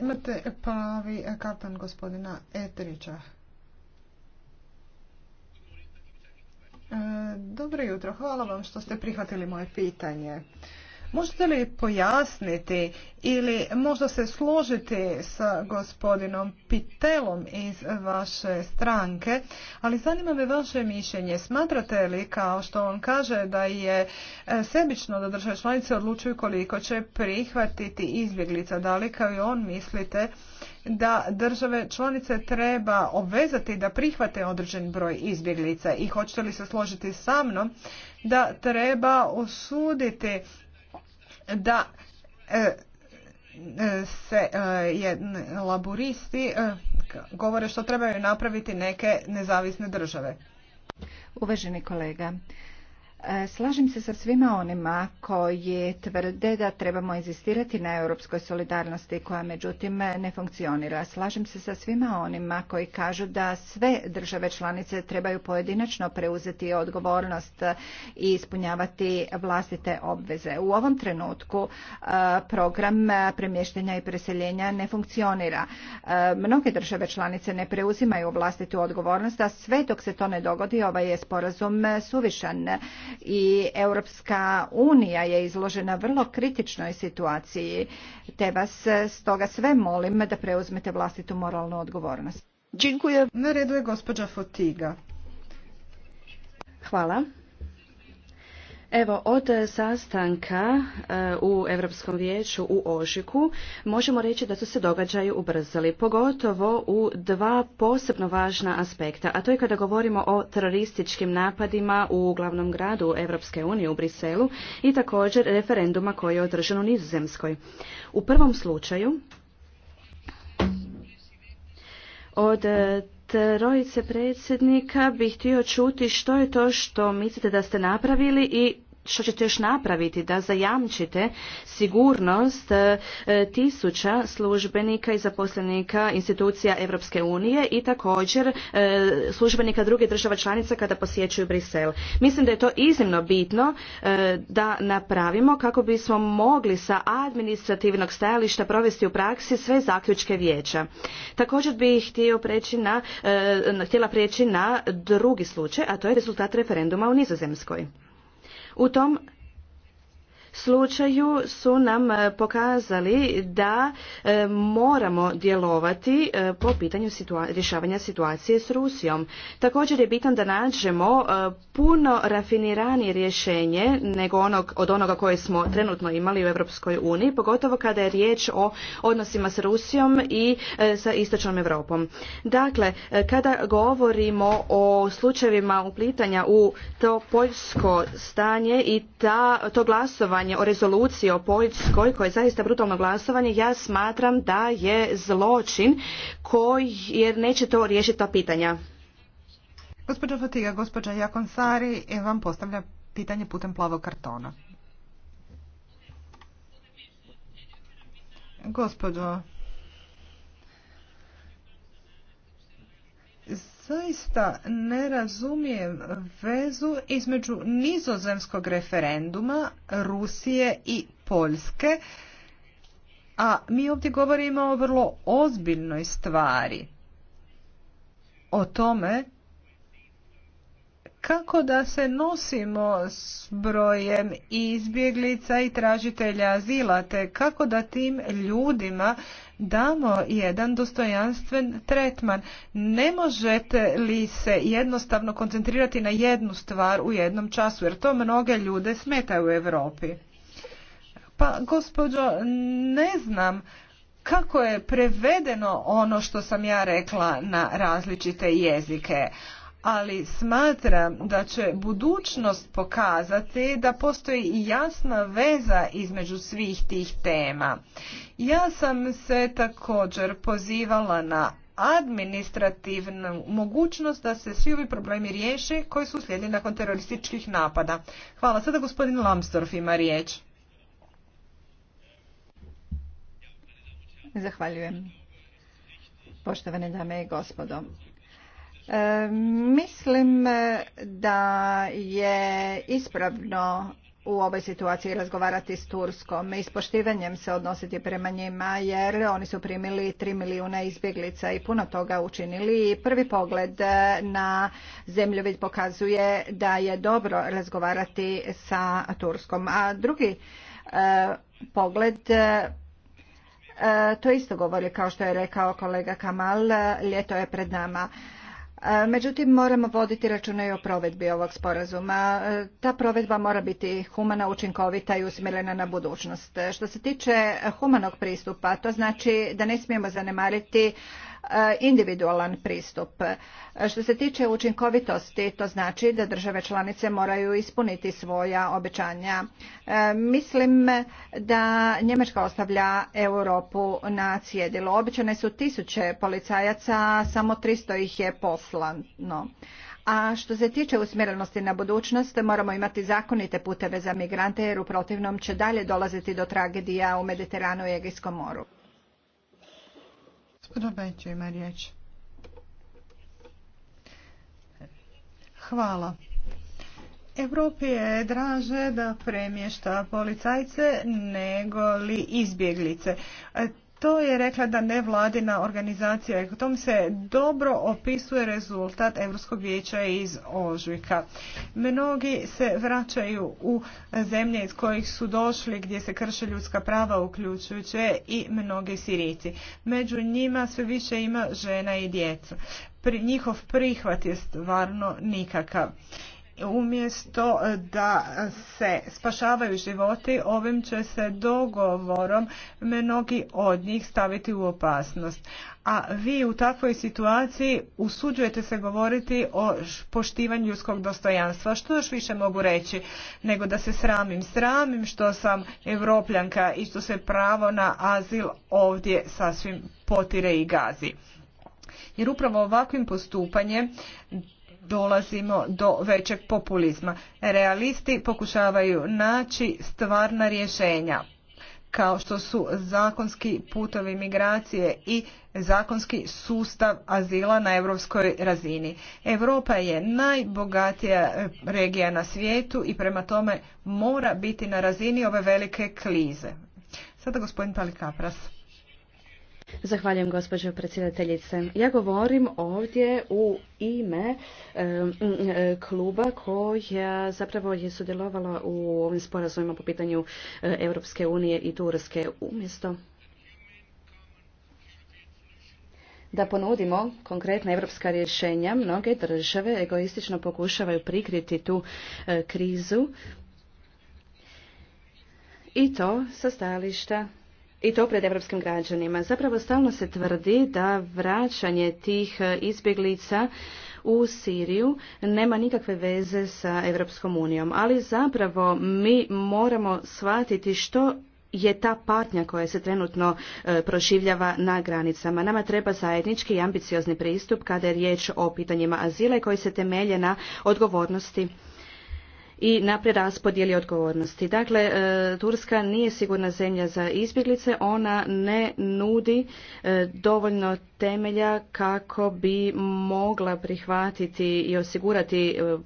Imate gospodina Dobro jutro, hvala vam što ste prihvatili moje pitanje. Možete li pojasniti ili možda se složiti sa gospodinom Pitelom iz vaše stranke, ali zanima me vaše mišljenje. Smatrate li kao što on kaže da je e, sebično da države članice odlučuju koliko će prihvatiti izbjeglica? Da li kao i on mislite da države članice treba obvezati da prihvate određen broj izbjeglica i hoćete li se složiti sa mnom da treba osuditi da e, e, se e, laburisti govore što trebaju napraviti neke nezavisne države. Uvaženi kolega, E, slažem se sa svima onima koji tvrde da trebamo inzistirati na europskoj solidarnosti koja međutim ne funkcionira. Slažem se sa svima onima koji kažu da sve države članice trebaju pojedinačno preuzeti odgovornost i ispunjavati vlastite obveze. U ovom trenutku e, program premještenja i preseljenja ne funkcionira. E, mnoge države članice ne preuzimaju vlastitu odgovornost, a sve dok se to ne dogodi ovaj je sporazum suvišan i Europska unija je izložena vrlo kritičnoj situaciji, te vas e, stoga sve molim da preuzmete vlastitu moralnu odgovornost. Dziękuję. Na redu je gospođa Fotiga. Hvala. Evo, od sastanka e, u Europskom vijeću u Ožiku možemo reći da su se događaji ubrzali, pogotovo u dva posebno važna aspekta, a to je kada govorimo o terorističkim napadima u glavnom gradu Europske unije u Briselu i također referenduma koji je održan u Nizozemskoj. U prvom slučaju od trojice predsjednika bih htio čuti što je to što mislite da ste napravili i što ćete još napraviti da zajamčite sigurnost e, tisuća službenika i zaposlenika institucija Europske unije i također e, službenika druge država članica kada posjećuju Brisel. Mislim da je to iznimno bitno e, da napravimo kako bismo mogli sa administrativnog stajališta provesti u praksi sve zaključke vijeća. Također bih htio preći na, htjela prijeći na drugi slučaj, a to je rezultat referenduma u Nizozemskoj. U tom slučaju su nam e, pokazali da e, moramo djelovati e, po pitanju rješavanja situacije s Rusijom. Također je bitno da nađemo puno rafiniranije rješenje nego onog, od onoga koje smo trenutno imali u Europskoj uniji, pogotovo kada je riječ o odnosima s Rusijom i sa istočnom Europom. Dakle, kada govorimo o slučajevima uplitanja u to poljsko stanje i ta, to glasovanje o rezoluciji o Poljskoj, koje je zaista brutalno glasovanje, ja smatram da je zločin koji, jer neće to riješiti ta pitanja. Gospođa Fatiga, gospođa Jakonsari e, vam postavlja pitanje putem plavog kartona. Gospođo zaista ne razumijem vezu između nizozemskog referenduma Rusije i Poljske, a mi ovdje govorimo o vrlo ozbiljnoj stvari. O tome kako da se nosimo s brojem izbjeglica i tražitelja azila, te kako da tim ljudima damo jedan dostojanstven tretman. Ne možete li se jednostavno koncentrirati na jednu stvar u jednom času, jer to mnoge ljude smeta u Europi. Pa, gospođo, ne znam kako je prevedeno ono što sam ja rekla na različite jezike, ali smatram da će budućnost pokazati da postoji jasna veza između svih tih tema. Ja sam se također pozivala na administrativnu mogućnost da se svi ovi problemi riješe koji su uslijedili nakon terorističkih napada. Hvala. Sada gospodin Lamstorf ima riječ. Zahvaljujem. Poštovane dame i gospodo, E, mislim e, da je ispravno u ovoj situaciji razgovarati s Turskom i s poštivanjem se odnositi prema njima jer oni su primili 3 milijuna izbjeglica i puno toga učinili i prvi pogled e, na zemljovid pokazuje da je dobro razgovarati sa Turskom. A drugi pogled to isto govori kao što je rekao kolega Kamal, ljeto je pred nama. Međutim, moramo voditi računa i o provedbi ovog sporazuma. Ta provedba mora biti humana, učinkovita i usmjerena na budućnost. Što se tiče humanog pristupa, to znači da ne smijemo zanemariti E, individualan pristup. Što se tiče učinkovitosti, to znači da države članice moraju ispuniti svoja obećanja. E, mislim da Njemačka ostavlja Europu na cjedilo. Običane su tisuće policajaca, samo 300 ih je poslano. A što se tiče usmjerenosti na budućnost, moramo imati zakonite puteve za migrante jer u protivnom će dalje dolaziti do tragedija u Mediteranu i Egijskom moru. Gospodin Beću ima riječ. Hvala. Europi je draže da premješta policajce nego li izbjeglice. To je rekla da nevladina organizacija i tom se dobro opisuje rezultat Europskog vijeća iz Ožujka. Mnogi se vraćaju u zemlje iz kojih su došli gdje se krše ljudska prava uključujući i mnogi sirici. Među njima sve više ima žena i djeca. Njihov prihvat je stvarno nikakav umjesto e, da se spašavaju životi, ovim će se dogovorom mnogi od njih staviti u opasnost. A vi u takvoj situaciji usuđujete se govoriti o poštivanju ljudskog dostojanstva. Što još više mogu reći nego da se sramim? Sramim što sam evropljanka i što se pravo na azil ovdje sasvim potire i gazi. Jer upravo ovakvim postupanjem dolazimo do većeg populizma. Realisti pokušavaju naći stvarna rješenja kao što su zakonski putovi migracije i zakonski sustav azila na europskoj razini. Europa je najbogatija regija na svijetu i prema tome mora biti na razini ove velike klize. Sada gospodin Palikapras. Zahvaljujem gospođo predsjedateljice. Ja govorim ovdje u ime e, kluba koja zapravo je sudjelovala u ovim sporazumima po pitanju e, Europske unije i Turske umjesto da ponudimo konkretna europska rješenja, mnoge države egoistično pokušavaju prikriti tu e, krizu i to sa stajališta i to pred evropskim građanima. Zapravo stalno se tvrdi da vraćanje tih e, izbjeglica u Siriju nema nikakve veze sa Evropskom unijom, ali zapravo mi moramo shvatiti što je ta patnja koja se trenutno e, proživljava na granicama. Nama treba zajednički i ambiciozni pristup kada je riječ o pitanjima azila i koji se temelje na odgovornosti i na preraspodjeli odgovornosti. Dakle, e, Turska nije sigurna zemlja za izbjeglice, ona ne nudi e, dovoljno temelja kako bi mogla prihvatiti i osigurati e,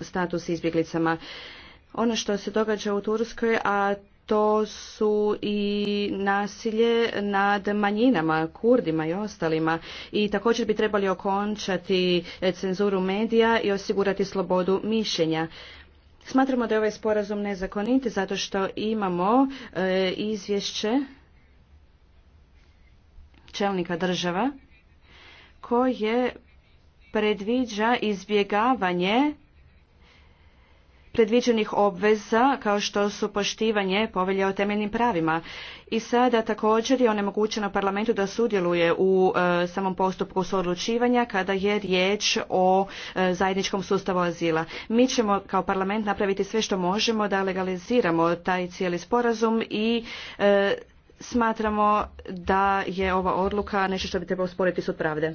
status izbjeglicama. Ono što se događa u Turskoj, a to su i nasilje nad manjinama, kurdima i ostalima. I također bi trebali okončati cenzuru medija i osigurati slobodu mišljenja. Smatramo da je ovaj sporazum nezakonit zato što imamo e, izvješće čelnika država koje predviđa izbjegavanje predviđenih obveza kao što su poštivanje povelje o temeljnim pravima. I sada također je onemogućeno parlamentu da sudjeluje u e, samom postupku suodlučivanja kada je riječ o e, zajedničkom sustavu azila. Mi ćemo kao parlament napraviti sve što možemo da legaliziramo taj cijeli sporazum i e, smatramo da je ova odluka nešto što bi trebalo sporiti sud pravde.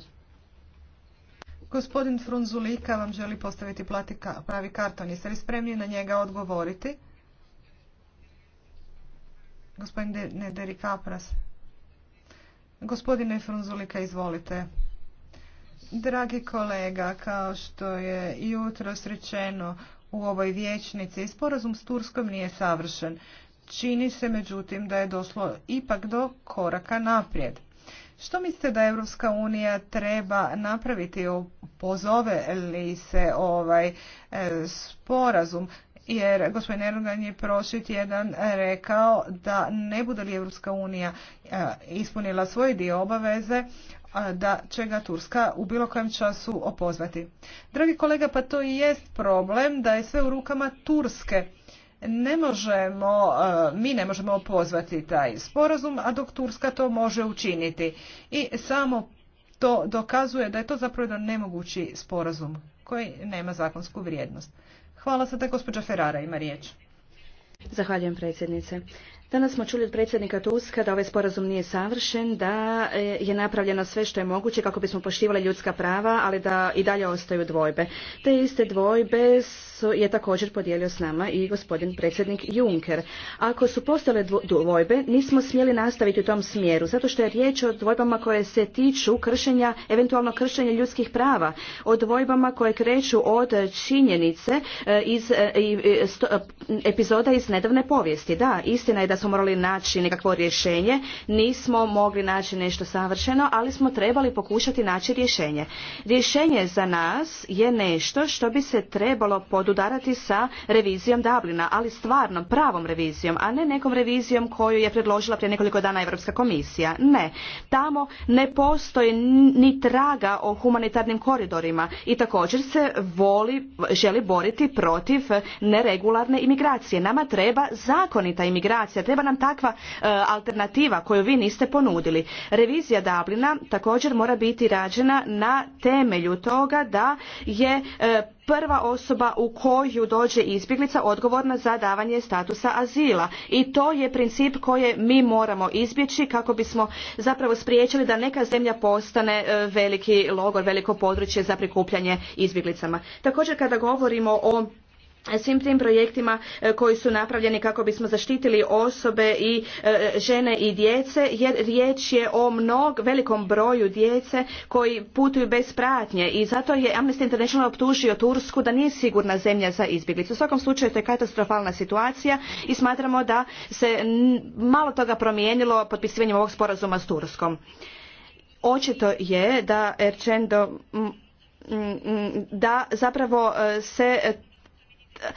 Gospodin Frunzulika vam želi postaviti pravi karton. Jeste li spremni na njega odgovoriti? Gospodin Nederi Kapras. Gospodine Frunzulika, izvolite. Dragi kolega, kao što je jutro srećeno u ovoj vječnici, sporazum s Turskom nije savršen. Čini se međutim da je došlo ipak do koraka naprijed. Što mislite da Europska unija treba napraviti? Pozove li se ovaj e, sporazum? Jer gospodin Erdogan je prošli tjedan rekao da ne bude li Europska unija e, ispunila svoj dio obaveze, da će ga Turska u bilo kojem času opozvati. Dragi kolega, pa to i jest problem da je sve u rukama Turske ne možemo, e, mi ne možemo pozvati taj sporazum, a dok Turska to može učiniti. I samo to dokazuje da je to zapravo jedan nemogući sporazum koji nema zakonsku vrijednost. Hvala sada gospođa Ferrara ima riječ. Zahvaljujem predsjednice. Danas smo čuli od predsjednika Tuska da ovaj sporazum nije savršen, da e, je napravljeno sve što je moguće kako bismo poštivali ljudska prava, ali da i dalje ostaju dvojbe. Te iste dvojbe je također podijelio s nama i gospodin predsjednik Juncker. Ako su postale dvojbe, nismo smjeli nastaviti u tom smjeru, zato što je riječ o dvojbama koje se tiču kršenja, eventualno kršenja ljudskih prava, o dvojbama koje kreću od činjenice e, iz e, e, epizoda iz nedavne povijesti. Da, istina je da smo morali naći nekakvo rješenje, nismo mogli naći nešto savršeno, ali smo trebali pokušati naći rješenje. Rješenje za nas je nešto što bi se trebalo pod podudarati sa revizijom Dublina, ali stvarnom, pravom revizijom, a ne nekom revizijom koju je predložila prije nekoliko dana Europska komisija. Ne. Tamo ne postoji ni traga o humanitarnim koridorima i također se voli, želi boriti protiv neregularne imigracije. Nama treba zakonita imigracija, treba nam takva e, alternativa koju vi niste ponudili. Revizija Dublina također mora biti rađena na temelju toga da je e, prva osoba u koju dođe izbjeglica odgovorna za davanje statusa azila i to je princip koje mi moramo izbjeći kako bismo zapravo spriječili da neka zemlja postane e, veliki logor veliko područje za prikupljanje izbjeglicama također kada govorimo o svim tim projektima e, koji su napravljeni kako bismo zaštitili osobe i e, žene i djece jer riječ je o mnog velikom broju djece koji putuju bez pratnje i zato je Amnesty International optužio Tursku da nije sigurna zemlja za izbjeglice. U svakom slučaju to je katastrofalna situacija i smatramo da se malo toga promijenilo potpisivanjem ovog sporazuma s Turskom. Očito je da Erčendo da zapravo e, se E,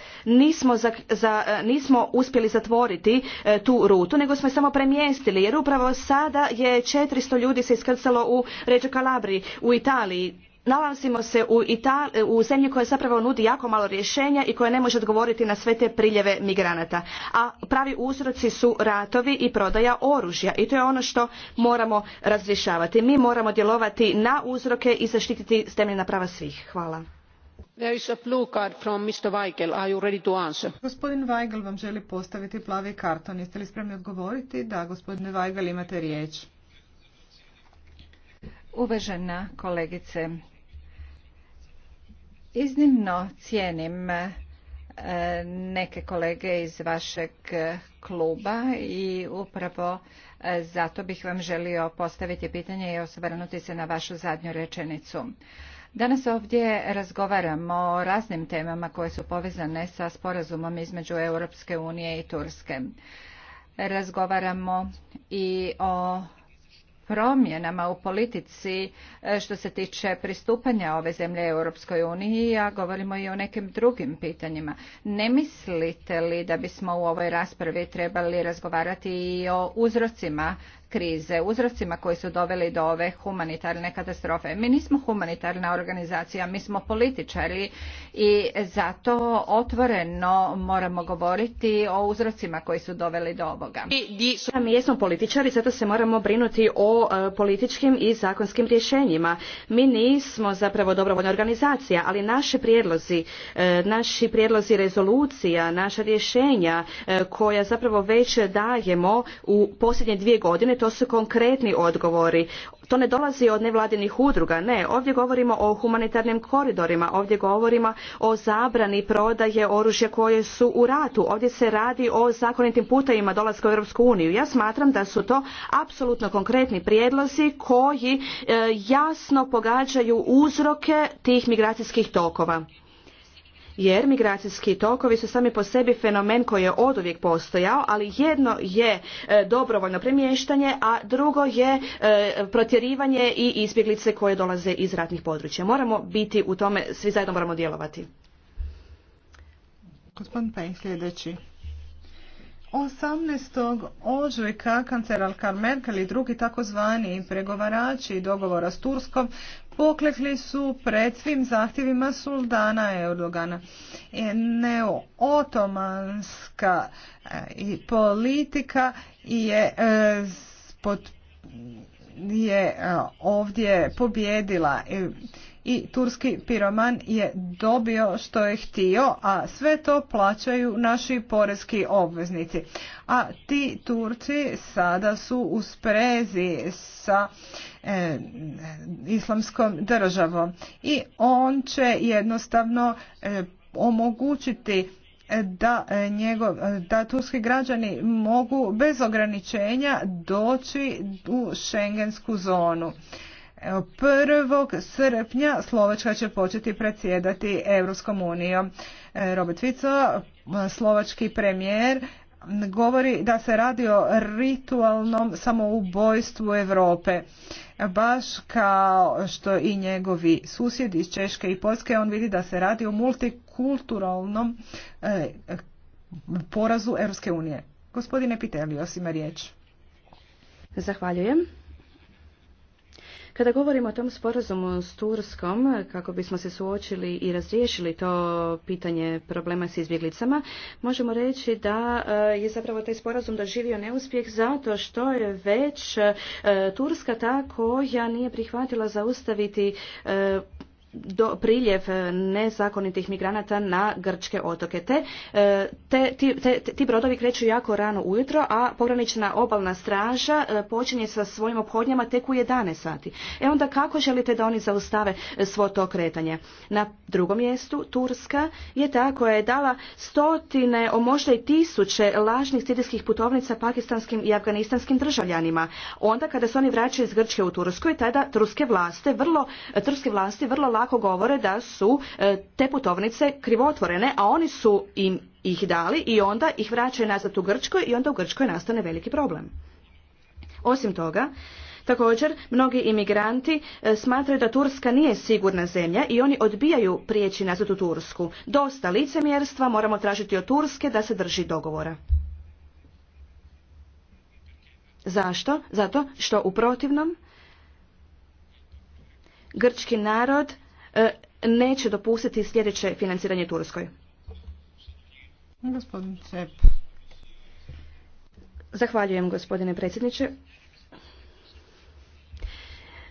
nismo, uspjeli zatvoriti e, tu rutu, nego smo je samo premjestili, jer upravo sada je 400 ljudi se iskrcalo u Reggio Kalabri, u Italiji. Nalazimo se u, u zemlji koja zapravo nudi jako malo rješenja i koja ne može odgovoriti na sve te priljeve migranata. A pravi uzroci su ratovi i prodaja oružja i to je ono što moramo razrješavati. Mi moramo djelovati na uzroke i zaštititi temeljna prava svih. Hvala. Gospodin Weigel vam želi postaviti plavi karton. Jeste li spremni odgovoriti? Da, gospodine Weigel, imate riječ. Uvežena kolegice, iznimno cijenim e, neke kolege iz vašeg kluba i upravo e, zato bih vam želio postaviti pitanje i osvrnuti se na vašu zadnju rečenicu. Danas ovdje razgovaramo o raznim temama koje su povezane sa sporazumom između Europske unije i Turske. Razgovaramo i o promjenama u politici e, što se tiče pristupanja ove zemlje Europskoj uniji, a govorimo i o nekim drugim pitanjima. Ne mislite li da bismo u ovoj raspravi trebali razgovarati i o uzrocima krize, uzrocima koji su doveli do ove humanitarne katastrofe. Mi nismo humanitarna organizacija, mi smo političari i zato otvoreno moramo govoriti o uzrocima koji su doveli do ovoga. Mi jesmo političari, zato se moramo brinuti o e, političkim i zakonskim rješenjima. Mi nismo zapravo dobrovoljna organizacija, ali naši prijedlozi, e, naši prijedlozi rezolucija, naša rješenja e, koja zapravo već dajemo u posljednje dvije godine to su konkretni odgovori. To ne dolazi od nevladinih udruga, ne. Ovdje govorimo o humanitarnim koridorima, ovdje govorimo o zabrani prodaje oružja koje su u ratu. Ovdje se radi o zakonitim putevima dolaska u Europsku uniju. Ja smatram da su to apsolutno konkretni prijedlozi koji e, jasno pogađaju uzroke tih migracijskih tokova jer migracijski tokovi su sami po sebi fenomen koji je oduvijek postojao, ali jedno je e, dobrovoljno premještanje, a drugo je e, protjerivanje i izbjeglice koje dolaze iz ratnih područja. Moramo biti u tome, svi zajedno moramo djelovati. Gospodin Pajin, sljedeći. 18. ožujka kancelarka Merkel i drugi takozvani pregovarači dogovora s Turskom poklekli su pred svim zahtjevima Suldana Erdogana. E, neootomanska e, politika je e, pod je ovdje pobjedila i turski piroman je dobio što je htio, a sve to plaćaju naši porezki obveznici. A ti Turci sada su u sprezi sa E, islamskom državom i on će jednostavno e, omogućiti e, da, njegov, da turski građani mogu bez ograničenja doći u šengensku zonu. 1. srpnja Slovačka će početi predsjedati Europskom unijom. Robert Fico, slovački premijer, govori da se radi o ritualnom samoubojstvu Europe. Baš kao što i njegovi susjedi iz Češke i Polske, on vidi da se radi o multikulturalnom eh, porazu Europske unije. Gospodine Pitelios osima riječ. Zahvaljujem. Kada govorimo o tom sporazumu s Turskom, kako bismo se suočili i razriješili to pitanje problema s izbjeglicama, možemo reći da e, je zapravo taj sporazum doživio neuspjeh zato što je već e, Turska ta koja nije prihvatila zaustaviti e, do priljev e, nezakonitih migranata na grčke otoke. E, te, ti brodovi kreću jako rano ujutro, a pogranična obalna straža e, počinje sa svojim obhodnjama tek u 11 sati. E onda kako želite da oni zaustave svo to kretanje? Na drugom mjestu Turska je ta koja je dala stotine, o možda i tisuće lažnih sirijskih putovnica pakistanskim i afganistanskim državljanima. Onda kada se oni vraćaju iz Grčke u Turskoj, tada turske vlasti vrlo, turske vlasti vrlo lako tako govore da su e, te putovnice krivotvorene, a oni su im ih dali i onda ih vraćaju nazad u Grčkoj i onda u Grčkoj nastane veliki problem. Osim toga, Također, mnogi imigranti e, smatraju da Turska nije sigurna zemlja i oni odbijaju prijeći nazad u Tursku. Dosta licemjerstva moramo tražiti od Turske da se drži dogovora. Zašto? Zato što u protivnom grčki narod E, neće dopustiti sljedeće financiranje Turskoj. Zahvaljujem gospodine predsjedniče.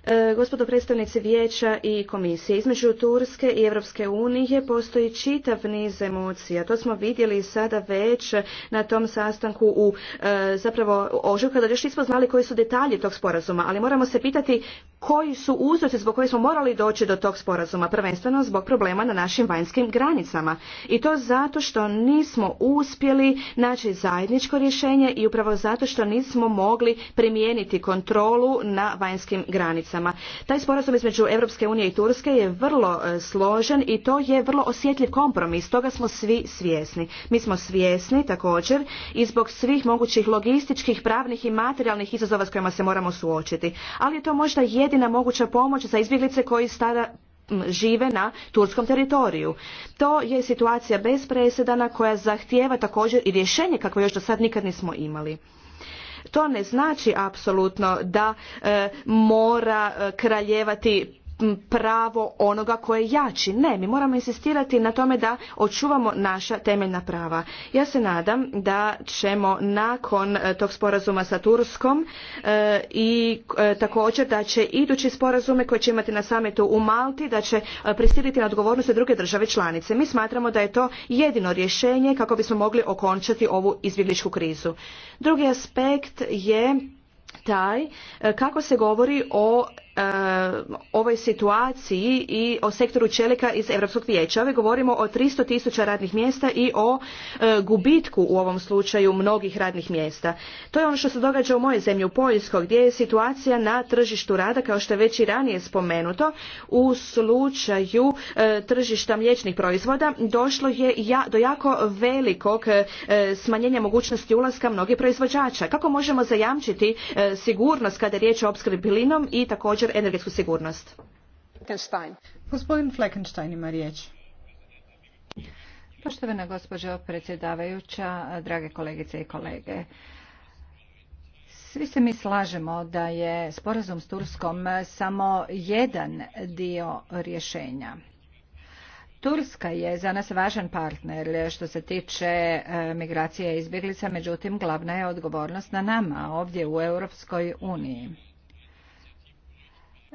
E, gospodo predstavnici vijeća i komisije između turske i europske unije postoji čitav niz emocija to smo vidjeli sada već na tom sastanku u e, zapravo ožujku kada još nismo znali koji su detalji tog sporazuma ali moramo se pitati koji su uzroci zbog kojih smo morali doći do tog sporazuma prvenstveno zbog problema na našim vanjskim granicama i to zato što nismo uspjeli naći zajedničko rješenje i upravo zato što nismo mogli primijeniti kontrolu na vanjskim granicama članicama. Taj sporazum između Europske unije i Turske je vrlo e, složen i to je vrlo osjetljiv kompromis, toga smo svi svjesni. Mi smo svjesni također i zbog svih mogućih logističkih, pravnih i materijalnih izazova s kojima se moramo suočiti. Ali je to možda jedina moguća pomoć za izbjeglice koji stada žive na turskom teritoriju. To je situacija bez presedana koja zahtijeva također i rješenje kakvo još do sad nikad nismo imali. To ne znači apsolutno da e, mora e, kraljevati pravo onoga koje je jači. Ne, mi moramo insistirati na tome da očuvamo naša temeljna prava. Ja se nadam da ćemo nakon e, tog sporazuma sa Turskom e, i e, također da će idući sporazume koje će imati na samitu u Malti da će prisiliti na odgovornost druge države članice. Mi smatramo da je to jedino rješenje kako bismo mogli okončati ovu izbjegličku krizu. Drugi aspekt je taj kako se govori o ovoj situaciji i o sektoru čelika iz Europskog vijeća. Ove govorimo o tristo tisuća radnih mjesta i o e, gubitku u ovom slučaju mnogih radnih mjesta. To je ono što se događa u mojoj zemlji, u Poljskoj, gdje je situacija na tržištu rada, kao što je već i ranije spomenuto, u slučaju e, tržišta mliječnih proizvoda došlo je do jako velikog e, smanjenja mogućnosti ulaska mnogih proizvođača. Kako možemo zajamčiti sigurnost kada je riječ o opskrbi plinom i također također energetsku sigurnost. Gospodin Fleckenstein ima riječ. Poštovana gospođo predsjedavajuća, drage kolegice i kolege. Svi se mi slažemo da je sporazum s Turskom samo jedan dio rješenja. Turska je za nas važan partner što se tiče e, migracije i izbjeglica, međutim glavna je odgovornost na nama ovdje u Europskoj uniji.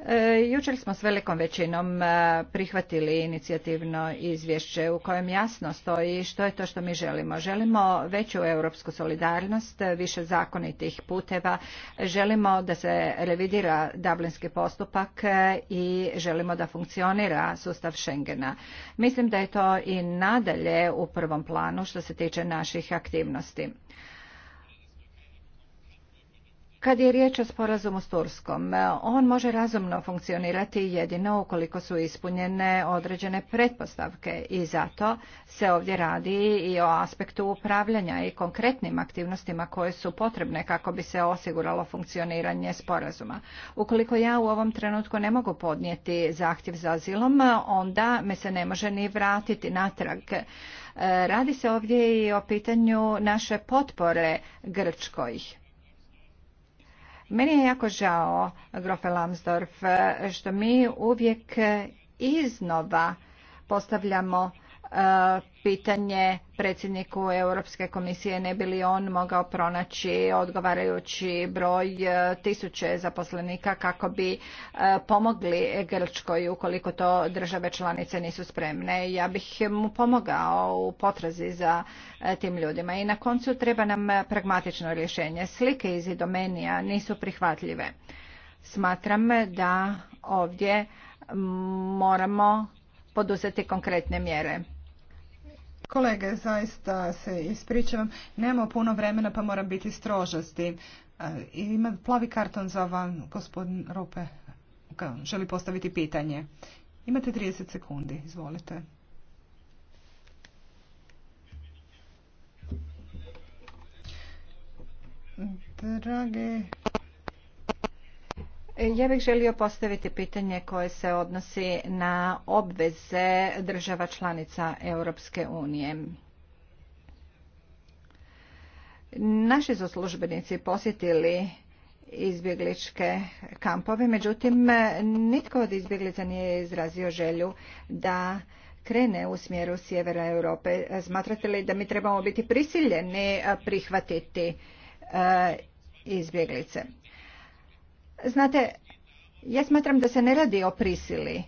E, jučer smo s velikom većinom e, prihvatili inicijativno izvješće u kojem jasno stoji što je to što mi želimo. Želimo veću europsku solidarnost, više zakonitih puteva, želimo da se revidira dublinski postupak e, i želimo da funkcionira sustav Schengena. Mislim da je to i nadalje u prvom planu što se tiče naših aktivnosti. Kad je riječ o sporazumu s Turskom, e, on može razumno funkcionirati jedino ukoliko su ispunjene određene pretpostavke i zato se ovdje radi i o aspektu upravljanja i konkretnim aktivnostima koje su potrebne kako bi se osiguralo funkcioniranje sporazuma. Ukoliko ja u ovom trenutku ne mogu podnijeti zahtjev za azilom, onda me se ne može ni vratiti natrag. E, radi se ovdje i o pitanju naše potpore Grčkoj. Meni je jako žao, Grofe Lambsdorff, što mi uvijek iznova postavljamo pitanje predsjedniku Europske komisije ne bi li on mogao pronaći odgovarajući broj e, tisuće zaposlenika kako bi e, pomogli Grčkoj ukoliko to države članice nisu spremne. Ja bih mu pomogao u potrazi za e, tim ljudima. I na koncu treba nam pragmatično rješenje. Slike iz idomenija nisu prihvatljive. Smatram da ovdje moramo poduzeti konkretne mjere. Kolege, zaista se ispričavam, nemamo puno vremena pa moram biti stroža s tim. E, ima plavi karton za van, gospodin Rope, želi postaviti pitanje. Imate 30 sekundi, izvolite. Drage E, ja bih želio postaviti pitanje koje se odnosi na obveze država članica Europske unije. Naši su službenici posjetili izbjegličke kampove, međutim nitko od izbjeglica nije izrazio želju da krene u smjeru sjevera Europe. Smatrate li da mi trebamo biti prisiljeni prihvatiti e, izbjeglice? Znate, ja smatram da se ne radi o prisili.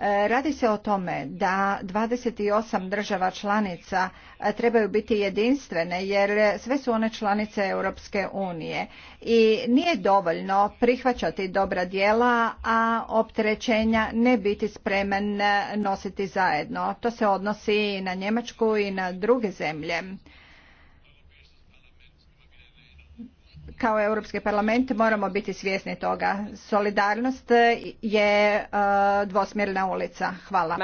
E, radi se o tome da 28 država članica e, trebaju biti jedinstvene jer sve su one članice Europske unije i nije dovoljno prihvaćati dobra djela, a opterećenja ne biti spremen e, nositi zajedno. To se odnosi i na Njemačku i na druge zemlje. kao Europski parlament moramo biti svjesni toga. Solidarnost je e, dvosmjerna ulica. Hvala.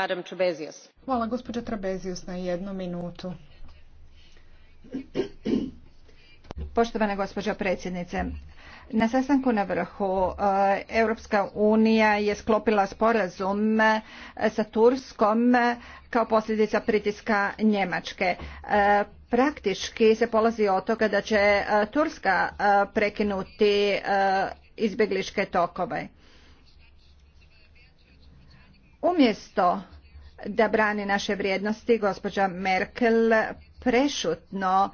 Hvala gospođa Trabezius na jednu minutu. Poštovana gospođo predsjednice, na sastanku na vrhu e, Europska unija je sklopila sporazum e, sa Turskom kao posljedica pritiska Njemačke. Praktički se polazi od toga da će e, Turska e, prekinuti e, izbjegličke tokove. Umjesto da brani naše vrijednosti, gospođa Merkel prešutno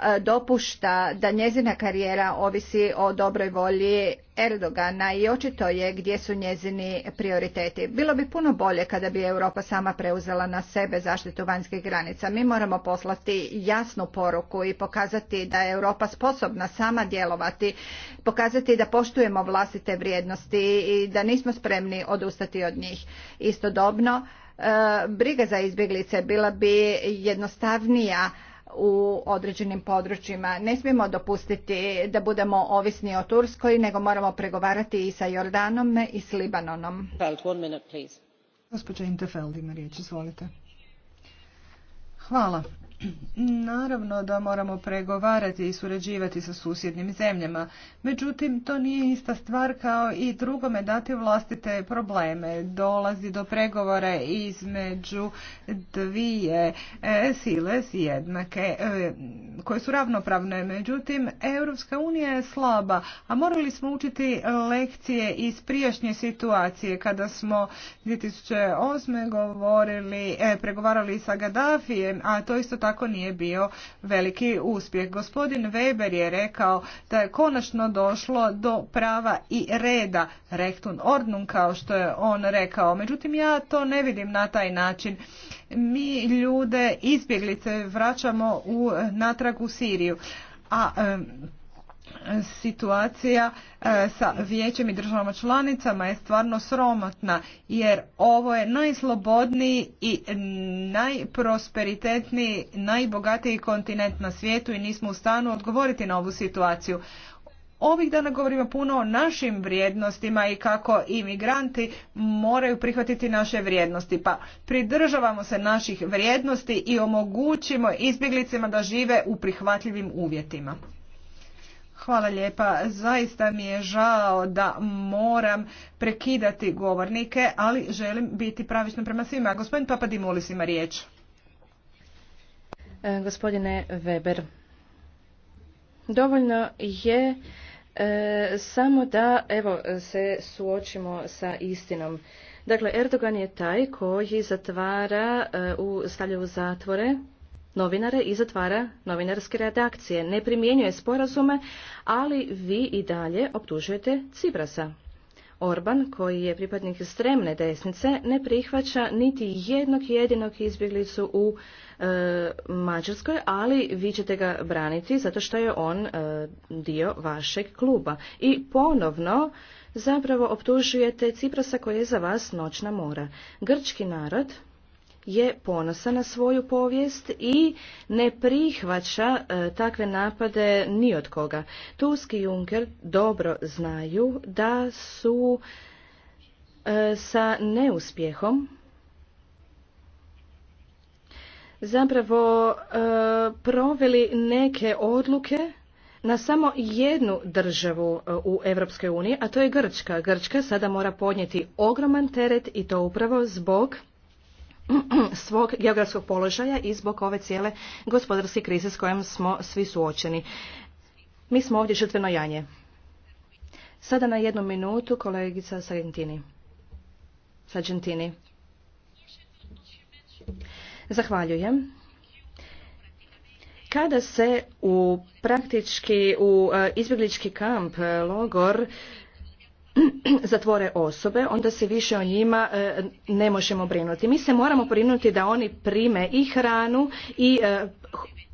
E, dopušta da njezina karijera ovisi o dobroj volji Erdogana i očito je gdje su njezini prioriteti. Bilo bi puno bolje kada bi Europa sama preuzela na sebe zaštitu vanjskih granica. Mi moramo poslati jasnu poruku i pokazati da je Europa sposobna sama djelovati, pokazati da poštujemo vlastite vrijednosti i da nismo spremni odustati od njih. Istodobno, e, briga za izbjeglice bila bi jednostavnija u određenim područjima. Ne smijemo dopustiti da budemo ovisni o Turskoj, nego moramo pregovarati i sa Jordanom i s Libanonom. Hvala. Naravno da moramo pregovarati i surađivati sa susjednim zemljama. Međutim, to nije ista stvar kao i drugome dati vlastite probleme. Dolazi do pregovora između dvije e, sile jednake e, koje su ravnopravne. Međutim, Europska unija je slaba, a morali smo učiti lekcije iz prijašnje situacije kada smo 2008. govorili, e, pregovarali sa Gaddafijem, a to isto tako tako nije bio veliki uspjeh. Gospodin Weber je rekao da je konačno došlo do prava i reda rektun ordnum kao što je on rekao. Međutim, ja to ne vidim na taj način. Mi ljude izbjeglice vraćamo u natrag u Siriju. A situacija e, sa vijećem i državama članicama je stvarno sromotna jer ovo je najslobodniji i najprosperitetniji, najbogatiji kontinent na svijetu i nismo u stanu odgovoriti na ovu situaciju. Ovih dana govorimo puno o našim vrijednostima i kako imigranti moraju prihvatiti naše vrijednosti. Pa pridržavamo se naših vrijednosti i omogućimo izbjeglicima da žive u prihvatljivim uvjetima. Hvala lijepa. Zaista mi je žao da moram prekidati govornike, ali želim biti pravična prema svima. Gospodin Papadimulis ima riječ. E, gospodine Weber, dovoljno je e, samo da evo se suočimo sa istinom. Dakle, Erdogan je taj koji zatvara e, u stavlja u zatvore novinare i zatvara novinarske redakcije, ne primjenjuje sporazume, ali vi i dalje optužujete Ciprasa. Orban, koji je pripadnik stremne desnice, ne prihvaća niti jednog jedinog izbjeglicu u e, Mađarskoj, ali vi ćete ga braniti zato što je on e, dio vašeg kluba. I ponovno zapravo optužujete Ciprasa koji je za vas noćna mora. Grčki narod je ponosa na svoju povijest i ne prihvaća e, takve napade ni od koga. Tuski i Juncker dobro znaju da su e, sa neuspjehom zapravo e, proveli neke odluke na samo jednu državu u EU, uniji, a to je Grčka. Grčka sada mora podnijeti ogroman teret i to upravo zbog svog geografskog položaja i zbog ove cijele gospodarske krize s kojom smo svi suočeni. Mi smo ovdje žrtveno janje. Sada na jednu minutu kolegica Sargentini. Sargentini. Zahvaljujem. Kada se u praktički u e, izbjeglički kamp e, logor zatvore osobe, onda se više o njima e, ne možemo brinuti. Mi se moramo brinuti da oni prime i hranu i e,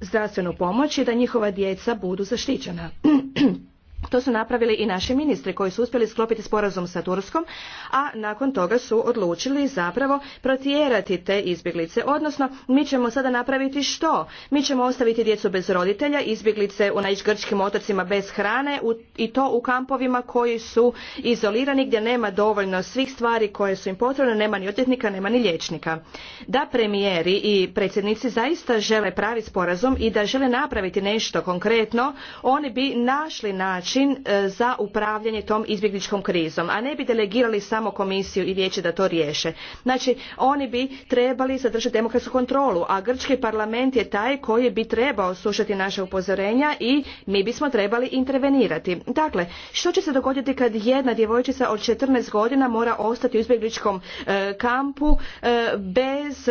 zdravstvenu pomoć i da njihova djeca budu zaštićena. To su napravili i naši ministri koji su uspjeli sklopiti sporazum sa Turskom, a nakon toga su odlučili zapravo protjerati te izbjeglice. Odnosno, mi ćemo sada napraviti što? Mi ćemo ostaviti djecu bez roditelja, izbjeglice u najgrčkim otocima bez hrane i to u kampovima koji su izolirani gdje nema dovoljno svih stvari koje su im potrebne, nema ni odvjetnika, nema ni liječnika. Da premijeri i predsjednici zaista žele pravi sporazum i da žele napraviti nešto konkretno, oni bi našli način čin e, za upravljanje tom izbjegličkom krizom, a ne bi delegirali samo komisiju i vijeće da to riješe. Znači, oni bi trebali zadržati demokratsku kontrolu, a grčki parlament je taj koji bi trebao slušati naša upozorenja i mi bismo trebali intervenirati. Dakle, što će se dogoditi kad jedna djevojčica od 14 godina mora ostati u izbjegličkom e, kampu e, bez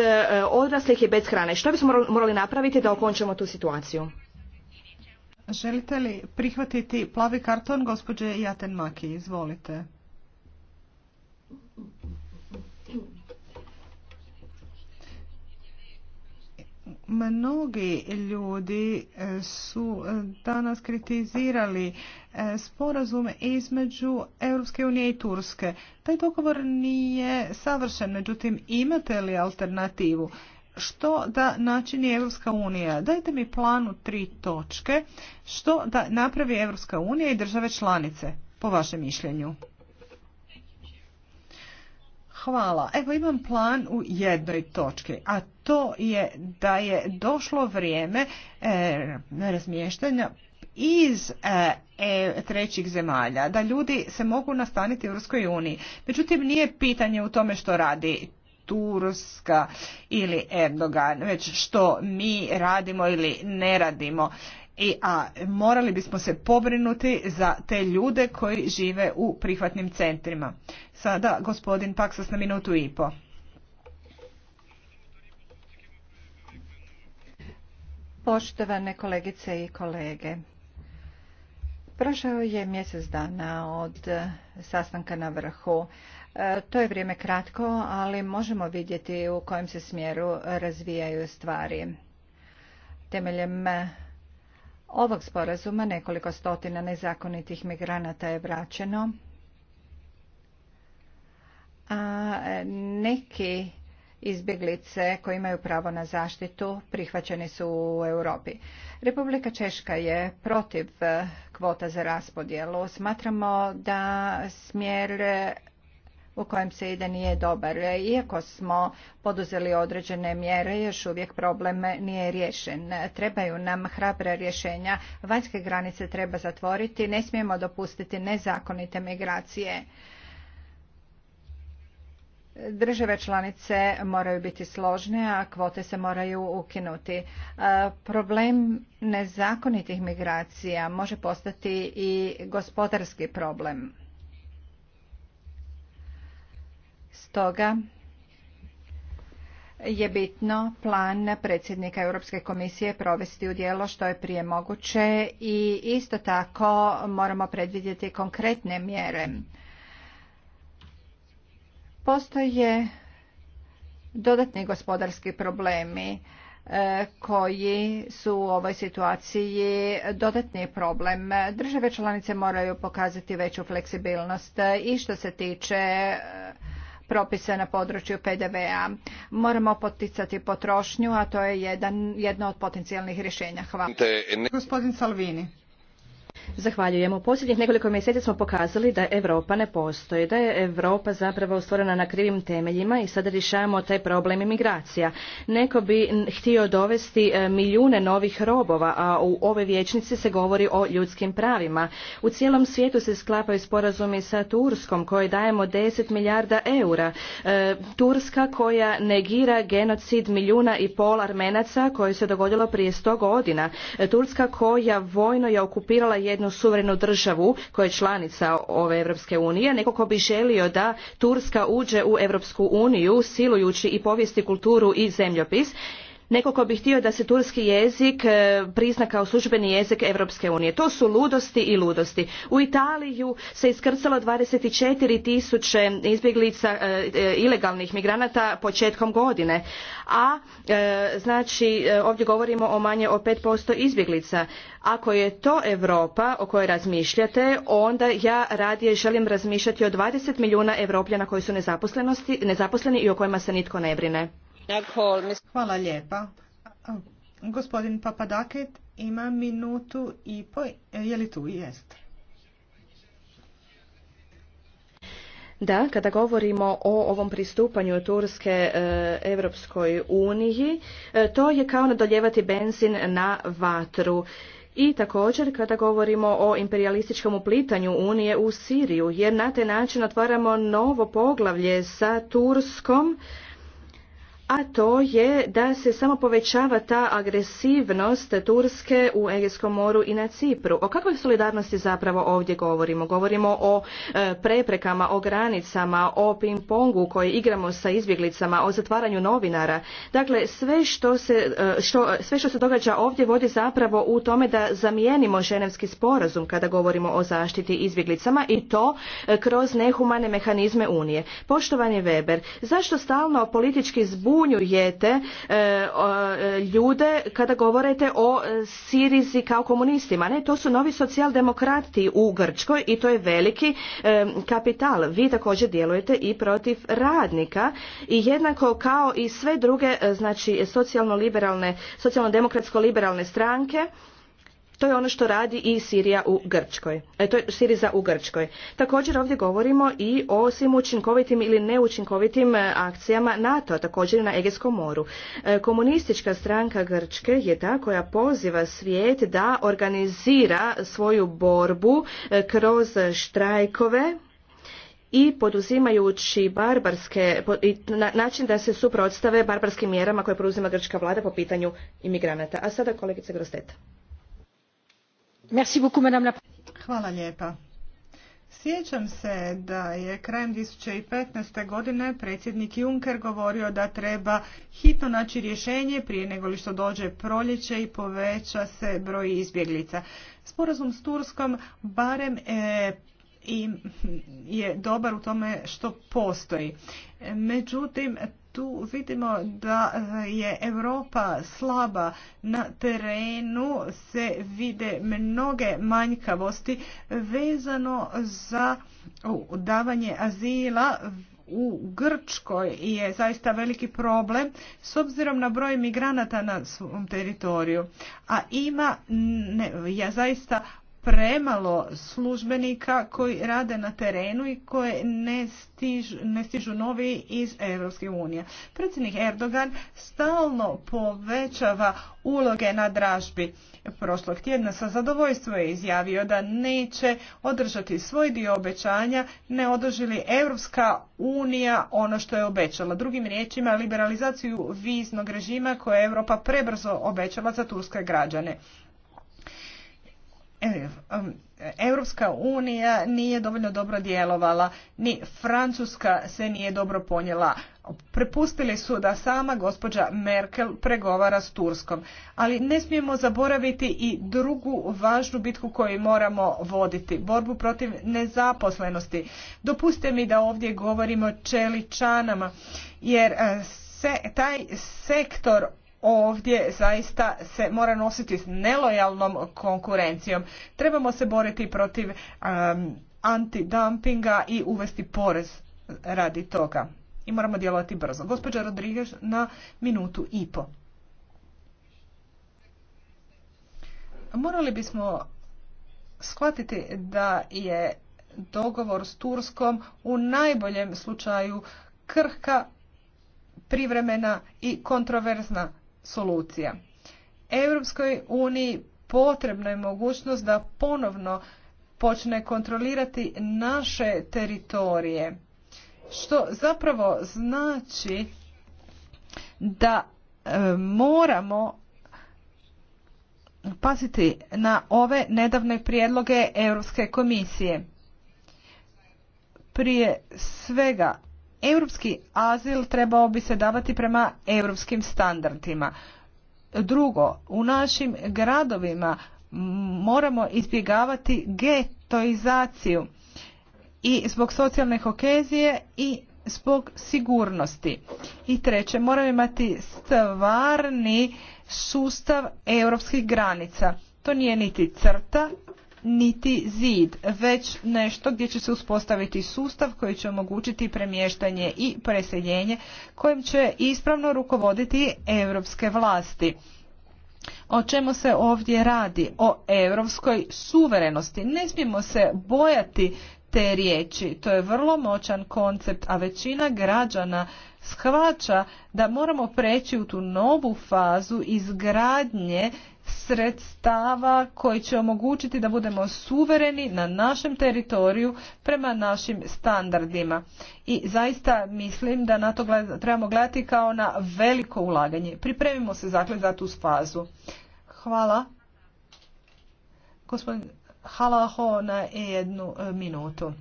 odraslih i bez hrane? Što bismo morali napraviti da okončamo tu situaciju? Želite li prihvatiti plavi karton gospođe Jaten Maki? Izvolite. Mnogi ljudi e, su danas kritizirali e, sporazum između Europske unije i Turske. Taj dogovor nije savršen, međutim imate li alternativu? što da načini Evropska unija. Dajte mi plan u tri točke što da napravi Evropska unija i države članice, po vašem mišljenju. Hvala. Evo imam plan u jednoj točki, a to je da je došlo vrijeme e, razmještanja iz e, e, trećih zemalja, da ljudi se mogu nastaniti u Europskoj uniji. Međutim, nije pitanje u tome što radi Turska ili Erdogan, već što mi radimo ili ne radimo. I, a morali bismo se pobrinuti za te ljude koji žive u prihvatnim centrima. Sada gospodin Paksas na minutu i po. Poštovane kolegice i kolege, prošao je mjesec dana od sastanka na vrhu E, to je vrijeme kratko, ali možemo vidjeti u kojem se smjeru razvijaju stvari. Temeljem e, ovog sporazuma nekoliko stotina nezakonitih migranata je vraćeno, a e, neki izbjeglice koji imaju pravo na zaštitu prihvaćeni su u Europi. Republika Češka je protiv kvota za raspodjelu. Smatramo da smjer u kojem se ide nije dobar. E, iako smo poduzeli određene mjere, još uvijek problem nije riješen. Trebaju nam hrabra rješenja, vanjske granice treba zatvoriti, ne smijemo dopustiti nezakonite migracije. Države članice moraju biti složne, a kvote se moraju ukinuti. E, problem nezakonitih migracija može postati i gospodarski problem. Stoga je bitno plan predsjednika Europske komisije provesti u djelo što je prije moguće i isto tako moramo predvidjeti konkretne mjere. Postoje dodatni gospodarski problemi e, koji su u ovoj situaciji dodatni problem. Države članice moraju pokazati veću fleksibilnost i što se tiče e, propise na području PDV-a. Moramo poticati potrošnju, a to je jedan, jedno od potencijalnih rješenja. Hvala. Gospodin Salvini. Zahvaljujemo. U posljednjih nekoliko mjeseci smo pokazali da Europa ne postoji, da je Europa zapravo stvorena na krivim temeljima i sada rješavamo taj problem imigracija. Neko bi htio dovesti e, milijune novih robova, a u ove vječnici se govori o ljudskim pravima. U cijelom svijetu se sklapaju sporazumi sa Turskom koje dajemo 10 milijarda eura. E, Turska koja negira genocid milijuna i pol armenaca koje se dogodilo prije 100 godina. E, Turska koja vojno je okupirala jednu jednu suverenu državu koja je članica ove Europske unije, nego bi želio da Turska uđe u Europsku uniju silujući i povijest i kulturu i zemljopis Neko ko bi htio da se turski jezik e, prizna kao službeni jezik Europske unije. To su ludosti i ludosti. U Italiju se iskrcalo 24 tisuće izbjeglica e, e, ilegalnih migranata početkom godine. A znači ovdje govorimo o manje o 5% izbjeglica. Ako je to Europa o kojoj razmišljate, onda ja radije želim razmišljati o 20 milijuna europljana koji su nezaposleni i o kojima se nitko ne brine. Hvala lijepa. Gospodin Papadaket ima minutu i po... Je li tu? Da, kada govorimo o ovom pristupanju Turske e, Evropskoj uniji, e, to je kao nadoljevati benzin na vatru. I također kada govorimo o imperialističkom uplitanju Unije u Siriju, jer na taj način otvaramo novo poglavlje sa Turskom, a to je da se samo povećava ta agresivnost Turske u Egejskom moru i na Cipru. O kakvoj solidarnosti zapravo ovdje govorimo? Govorimo o e, preprekama, o granicama, o ping-pongu koji igramo sa izbjeglicama, o zatvaranju novinara. Dakle, sve što se, e, što, sve što se događa ovdje vodi zapravo u tome da zamijenimo ženevski sporazum kada govorimo o zaštiti izbjeglicama i to e, kroz nehumane mehanizme Unije. Poštovani Weber, zašto stalno politički zbu zbunjujete e, e, ljude kada govorite o e, Sirizi kao komunistima. Ne, to su novi socijaldemokrati u Grčkoj i to je veliki kapital. Vi također djelujete i protiv radnika i jednako kao i sve druge znači socijalno-liberalne, socijalno-demokratsko-liberalne stranke to je ono što radi i Sirija u Grčkoj. E, to je Siriza u Grčkoj. Također ovdje govorimo i o svim učinkovitim ili neučinkovitim e, akcijama NATO, također na egejskom moru. E, komunistička stranka Grčke je ta koja poziva svijet da organizira svoju borbu e, kroz štrajkove i poduzimajući barbarske na način da se suprotstave barbarskim mjerama koje preuzima grčka vlada po pitanju imigranata. A sada kolegice Grosteta. Hvala lijepa. Sjećam se da je krajem petnaest godine predsjednik Juncker govorio da treba hitno naći rješenje prije nego li što dođe proljeće i poveća se broj izbjeglica. Sporazum s Turskom barem e, je dobar u tome što postoji. Međutim, tu vidimo da e, je Europa slaba na terenu se vide mnoge manjkavosti vezano za davanje azila u Grčkoj je zaista veliki problem s obzirom na broj migranata na svom teritoriju. A ima ja zaista premalo službenika koji rade na terenu i koje ne stižu, ne stižu novi iz Europske unije. Predsjednik Erdogan stalno povećava uloge na dražbi. Prošlog tjedna sa zadovoljstvo je izjavio da neće održati svoj dio obećanja, ne održili Europska unija ono što je obećala. Drugim riječima, liberalizaciju viznog režima koje je Europa prebrzo obećala za turske građane. E, um, Europska unija nije dovoljno dobro djelovala, ni Francuska se nije dobro ponijela. Prepustili su da sama gospođa Merkel pregovara s Turskom. Ali ne smijemo zaboraviti i drugu važnu bitku koju moramo voditi, borbu protiv nezaposlenosti. Dopustite mi da ovdje govorimo o čeličanama, jer e, se, taj sektor ovdje zaista se mora nositi s nelojalnom konkurencijom. Trebamo se boriti protiv um, antidumpinga i uvesti porez radi toga. I moramo djelovati brzo. Gospođa Rodriguez na minutu i po. Morali bismo shvatiti da je dogovor s Turskom u najboljem slučaju krhka, privremena i kontroverzna solucija. Europskoj uniji potrebna je mogućnost da ponovno počne kontrolirati naše teritorije. Što zapravo znači da e, moramo paziti na ove nedavne prijedloge Europske komisije. Prije svega Europski azil trebao bi se davati prema europskim standardima. Drugo, u našim gradovima moramo izbjegavati getoizaciju i zbog socijalne hokezije i zbog sigurnosti. I treće, moramo imati stvarni sustav europskih granica. To nije niti crta, niti zid, već nešto gdje će se uspostaviti sustav koji će omogućiti premještanje i preseljenje kojim će ispravno rukovoditi europske vlasti. O čemu se ovdje radi? O europskoj suverenosti. Ne smijemo se bojati te riječi. To je vrlo moćan koncept, a većina građana shvaća da moramo preći u tu novu fazu izgradnje sredstava koji će omogućiti da budemo suvereni na našem teritoriju prema našim standardima. I zaista mislim da na to trebamo gledati kao na veliko ulaganje. Pripremimo se dakle za tu fazu. Hvala. Gospodin Halaho na jednu e, minutu.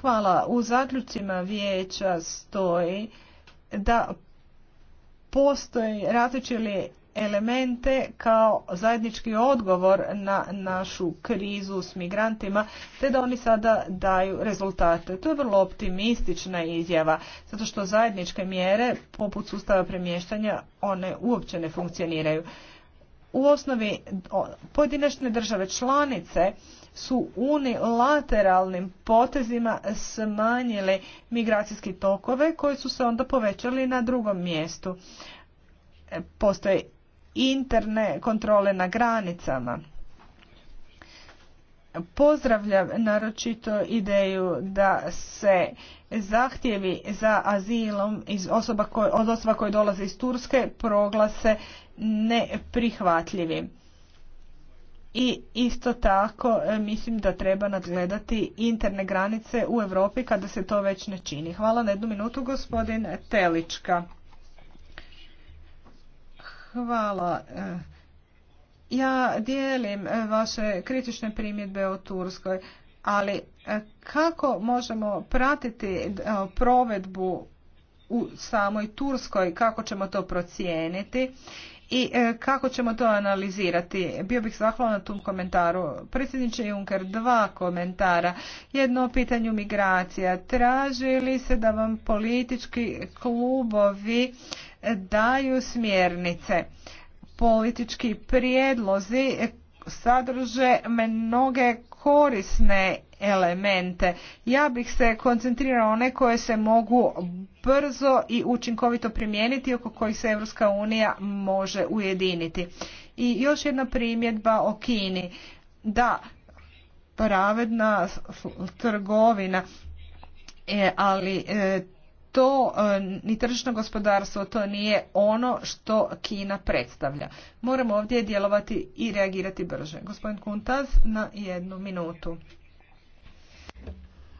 Hvala. U zaključcima vijeća stoji da postoji različili elemente kao zajednički odgovor na našu krizu s migrantima, te da oni sada daju rezultate. To je vrlo optimistična izjava, zato što zajedničke mjere poput sustava premještanja one uopće ne funkcioniraju. U osnovi pojedinačne države članice su unilateralnim potezima smanjile migracijski tokove koji su se onda povećali na drugom mjestu. E, postoje interne kontrole na granicama. Pozdravljam naročito ideju da se zahtjevi za azilom iz osoba koje, od osoba koje dolaze iz Turske proglase neprihvatljivi. I isto tako e, mislim da treba nadgledati interne granice u Europi kada se to već ne čini. Hvala na jednu minutu gospodin Telička. Hvala. Eh, ja dijelim eh, vaše kritične primjedbe o Turskoj, ali eh, kako možemo pratiti provedbu u samoj Turskoj, kako ćemo to procijeniti i kako ćemo to analizirati. Bio bih zahvalan na tom komentaru. Predsjedniče Junker, dva komentara. Jedno o pitanju migracija. Traži li se da vam politički klubovi daju smjernice. Politički prijedlozi sadrže mnoge korisne elemente. Ja bih se koncentrirao one koje se mogu brzo i učinkovito primijeniti oko kojih se Europska unija može ujediniti. I još jedna primjedba o Kini. Da, pravedna trgovina, e, ali e, to e, ni tržišno gospodarstvo, to nije ono što Kina predstavlja. Moramo ovdje djelovati i reagirati brže. Gospodin Kuntaz na jednu minutu.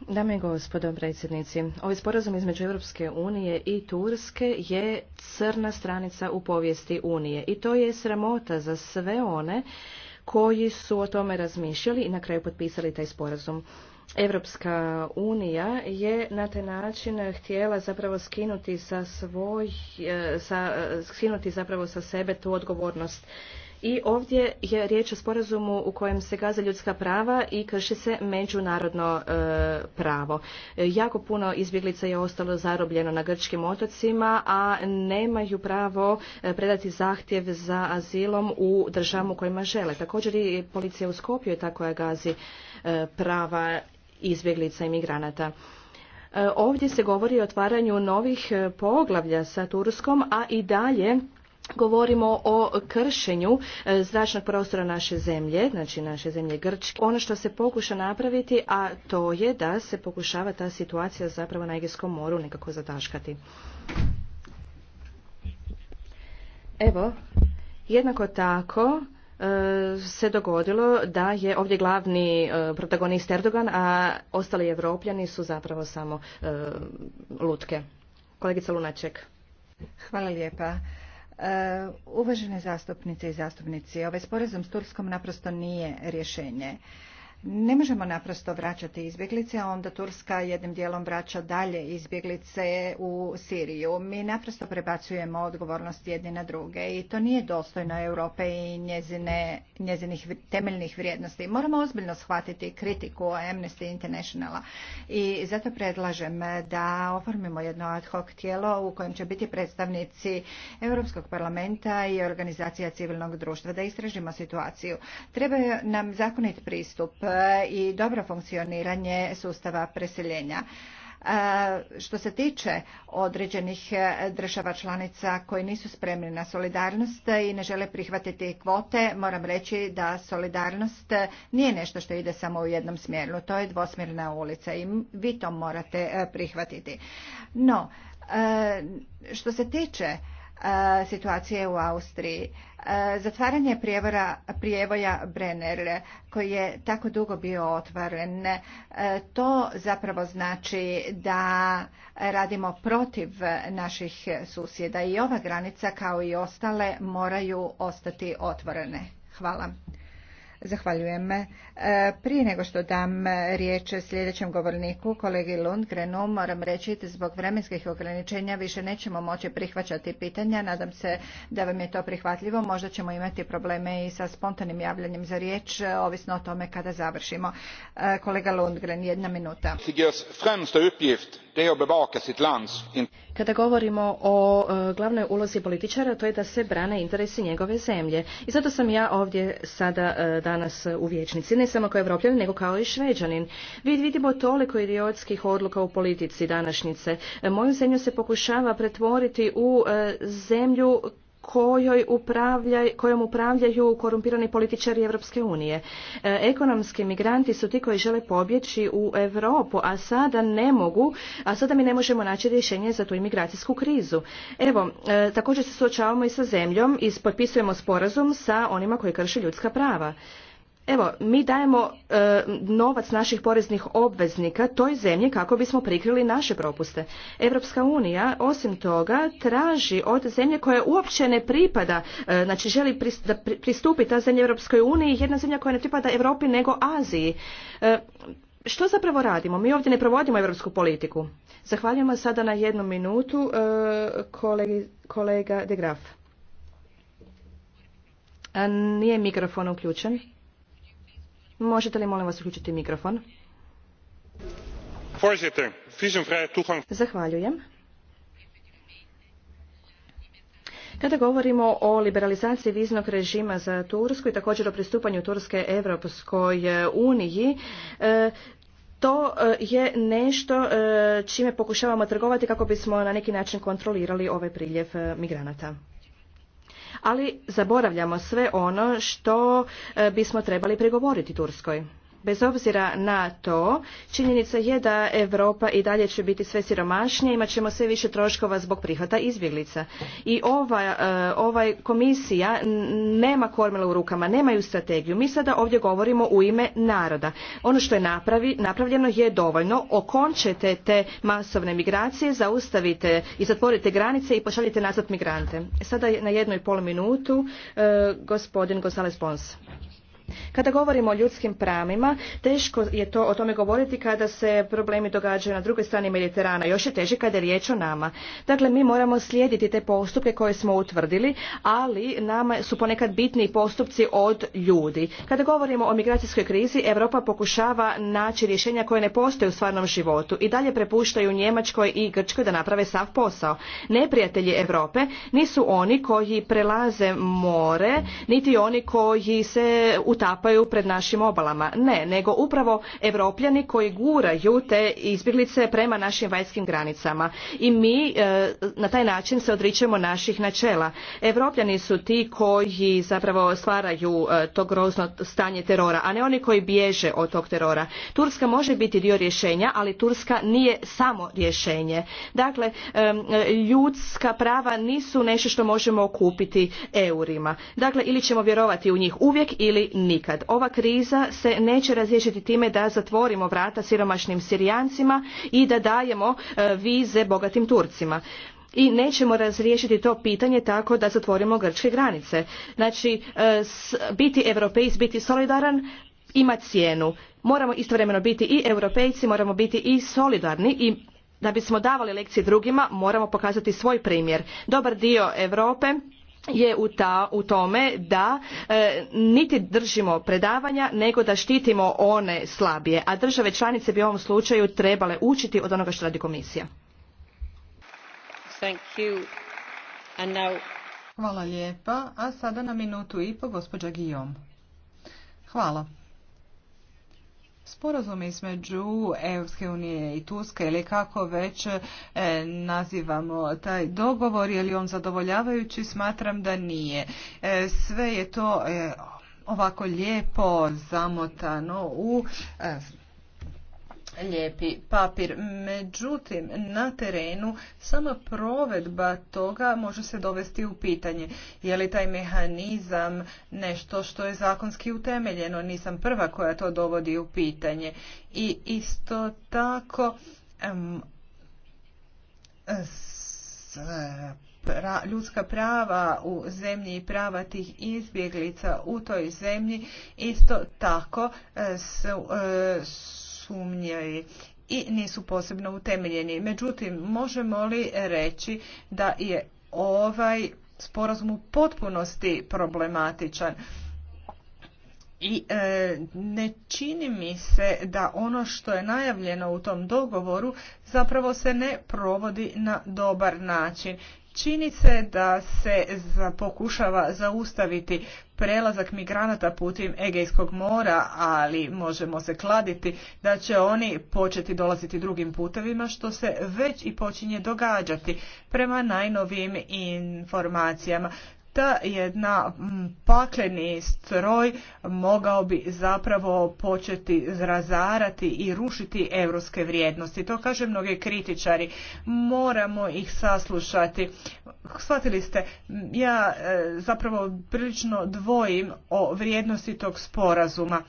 Dame i gospodo predsjednici, ovaj sporazum između Europske unije i Turske je crna stranica u povijesti Unije i to je sramota za sve one koji su o tome razmišljali i na kraju potpisali taj sporazum. Evropska unija je na taj način htjela zapravo skinuti sa svoj, e, sa, e, skinuti zapravo sa sebe tu odgovornost. I ovdje je riječ o sporazumu u kojem se gaze ljudska prava i krši se međunarodno e, pravo. jako puno izbjeglica je ostalo zarobljeno na grčkim otocima, a nemaju pravo predati zahtjev za azilom u državu kojima žele. Također i policija u Skopju je ta koja gazi prava izbjeglica i migranata. E, ovdje se govori o otvaranju novih e, poglavlja sa Turskom, a i dalje govorimo o kršenju e, zračnog prostora naše zemlje, znači naše zemlje Grčke. Ono što se pokuša napraviti, a to je da se pokušava ta situacija zapravo na Egejskom moru nekako zataškati. Evo, jednako tako E, se dogodilo da je ovdje glavni e, protagonist Erdogan, a ostali evropljani su zapravo samo e, lutke. Kolegica Lunaček. Hvala lijepa. Uvažene zastupnice i zastupnici, ovaj sporazum s Turskom naprosto nije rješenje. Ne možemo naprosto vraćati izbjeglice, a onda Turska jednim dijelom vraća dalje izbjeglice u Siriju. Mi naprosto prebacujemo odgovornost jedni na druge i to nije dostojno Europe i njezine, njezinih temeljnih vrijednosti. Moramo ozbiljno shvatiti kritiku Amnesty Internationala i zato predlažem da oformimo jedno ad hoc tijelo u kojem će biti predstavnici Europskog parlamenta i organizacija civilnog društva da istražimo situaciju. Treba nam zakonit pristup Eh, i dobro funkcioniranje sustava preseljenja. Eh, što se tiče određenih eh, država članica koji nisu spremni na solidarnost i ne žele prihvatiti kvote, moram reći da solidarnost nije nešto što ide samo u jednom smjeru. To je dvosmjerna ulica i vi to morate prihvatiti. No, što se tiče E, situacije u Austriji. E, zatvaranje prijevora, prijevoja Brenner koji je tako dugo bio otvoren, e, to zapravo znači da radimo protiv naših susjeda i ova granica kao i ostale moraju ostati otvorene. Hvala. Zahvaljujem. E, prije nego što dam riječ sljedećem govorniku, kolegi Lundgrenu, moram reći da zbog vremenskih ograničenja više nećemo moći prihvaćati pitanja. Nadam se da vam je to prihvatljivo. Možda ćemo imati probleme i sa spontanim javljanjem za riječ, e, ovisno o tome kada završimo. E, kolega Lundgren, jedna minuta kada govorimo o e, glavnoj ulozi političara to je da se brane interesi njegove zemlje i zato sam ja ovdje sada e, danas u vijećnici ne samo kao europljanin nego kao i šveđanin mi vidimo toliko idiotskih odluka u politici današnjice e, moju zemlju se pokušava pretvoriti u zemlju kojoj kojom upravljaju korumpirani političari Europske unije. E, ekonomski migranti su ti koji žele pobjeći u Europu, a sada ne mogu, a sada mi ne možemo naći rješenje za tu imigracijsku krizu. Evo, e, također se suočavamo i sa zemljom i potpisujemo sporazum sa onima koji krše ljudska prava. Evo, mi dajemo e, novac naših poreznih obveznika toj zemlji kako bismo prikrili naše propuste. Europska unija, osim toga, traži od zemlje koja uopće ne pripada, e, znači želi pristupiti da pristupi ta zemlja Europskoj uniji, jedna zemlja koja ne pripada Europi nego Aziji. E, što zapravo radimo? Mi ovdje ne provodimo europsku politiku. Zahvaljujemo sada na jednu minutu e, kolegi, kolega De Graf. nije mikrofon uključen. Možete li molim vas uključiti mikrofon? Zahvaljujem. Kada govorimo o liberalizaciji viznog režima za Tursku i također o pristupanju Turske Evropskoj e, uniji, e, to e, je nešto čime pokušavamo trgovati kako bismo na neki način kontrolirali ovaj priljev migranata ali zaboravljamo sve ono što e, bismo trebali prigovoriti Turskoj. Bez obzira na to, činjenica je da Europa i dalje će biti sve siromašnija, imat ćemo sve više troškova zbog prihvata izbjeglica. I ova, e, ovaj komisija nema kormila u rukama, nemaju strategiju. Mi sada ovdje govorimo u ime naroda. Ono što je napravi, napravljeno je dovoljno. Okončete te masovne migracije, zaustavite i zatvorite granice i pošaljite nazad migrante. Sada na jednoj i pol minutu e, gospodin Gonzales Pons. Kada govorimo o ljudskim pravima, teško je to o tome govoriti kada se problemi događaju na drugoj strani Mediterana. Još je teže kada je riječ o nama. Dakle, mi moramo slijediti te postupke koje smo utvrdili, ali nama su ponekad bitni postupci od ljudi. Kada govorimo o migracijskoj krizi, Europa pokušava naći rješenja koje ne postoje u stvarnom životu i dalje prepuštaju Njemačkoj i Grčkoj da naprave sav posao. Neprijatelji Europe nisu oni koji prelaze more, niti oni koji se utavljaju tapaju pred našim obalama. Ne, nego upravo Europljani koji guraju te izbjeglice prema našim vanjskim granicama. I mi e, na taj način se odričemo naših načela. Evropljani su ti koji zapravo stvaraju e, to grozno stanje terora, a ne oni koji bježe od tog terora. Turska može biti dio rješenja, ali Turska nije samo rješenje. Dakle, e, ljudska prava nisu nešto što možemo kupiti eurima. Dakle, ili ćemo vjerovati u njih uvijek ili nikad. Ova kriza se neće razriješiti time da zatvorimo vrata siromašnim Sirijancima i da dajemo e, vize bogatim Turcima i nećemo razriješiti to pitanje tako da zatvorimo grčke granice. Znači, e, biti europejs, biti solidaran ima cijenu. Moramo istovremeno biti i europejci, moramo biti i solidarni i da bismo davali lekcije drugima, moramo pokazati svoj primjer. Dobar dio Europe je u, tome da e, niti držimo predavanja nego da štitimo one slabije a države članice bi u ovom slučaju trebale učiti od onoga što radi komisija hvala lijepa a sada na minutu i po gospođa Guillaume. hvala Sporazum između Europske unije i Turske ili kako već e, nazivamo taj dogovor, je li on zadovoljavajući, smatram da nije. E, sve je to e, ovako lijepo zamotano u lijepi papir. Međutim, na terenu sama provedba toga može se dovesti u pitanje. Je li taj mehanizam nešto što je zakonski utemeljeno? Nisam prva koja to dovodi u pitanje. I isto tako ljudska prava u zemlji i prava tih izbjeglica u toj zemlji isto tako e, su e, sumnjaju i nisu posebno utemeljeni. Međutim, možemo li reći da je ovaj sporazum u potpunosti problematičan? I e, ne čini mi se da ono što je najavljeno u tom dogovoru zapravo se ne provodi na dobar način. Čini se da se pokušava zaustaviti prelazak migranata putem Egejskog mora, ali možemo se kladiti da će oni početi dolaziti drugim putevima, što se već i počinje događati. Prema najnovijim informacijama, ta jedna mm, pakleni stroj mogao bi zapravo početi razarati i rušiti europske vrijednosti. To kaže mnoge kritičari. Moramo ih saslušati. Shvatili ste, ja e, zapravo prilično dvojim o vrijednosti tog sporazuma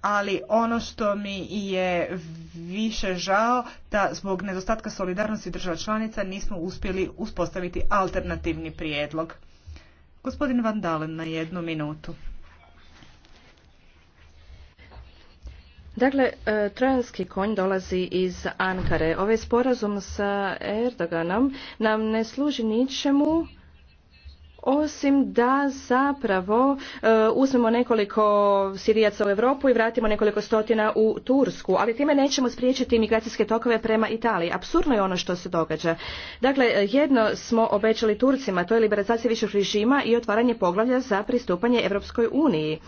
ali ono što mi je više žao da zbog nedostatka solidarnosti država članica nismo uspjeli uspostaviti alternativni prijedlog. Gospodin Van Dalen na jednu minutu. Dakle, e, trojanski konj dolazi iz Ankare. Ovaj sporazum sa Erdoganom nam ne služi ničemu osim da zapravo e, uzmemo nekoliko sirijaca u Europu i vratimo nekoliko stotina u Tursku, ali time nećemo spriječiti migracijske tokove prema Italiji. Apsurdno je ono što se događa. Dakle, jedno smo obećali Turcima, to je liberalizacija viših režima i otvaranje poglavlja za pristupanje Europskoj uniji.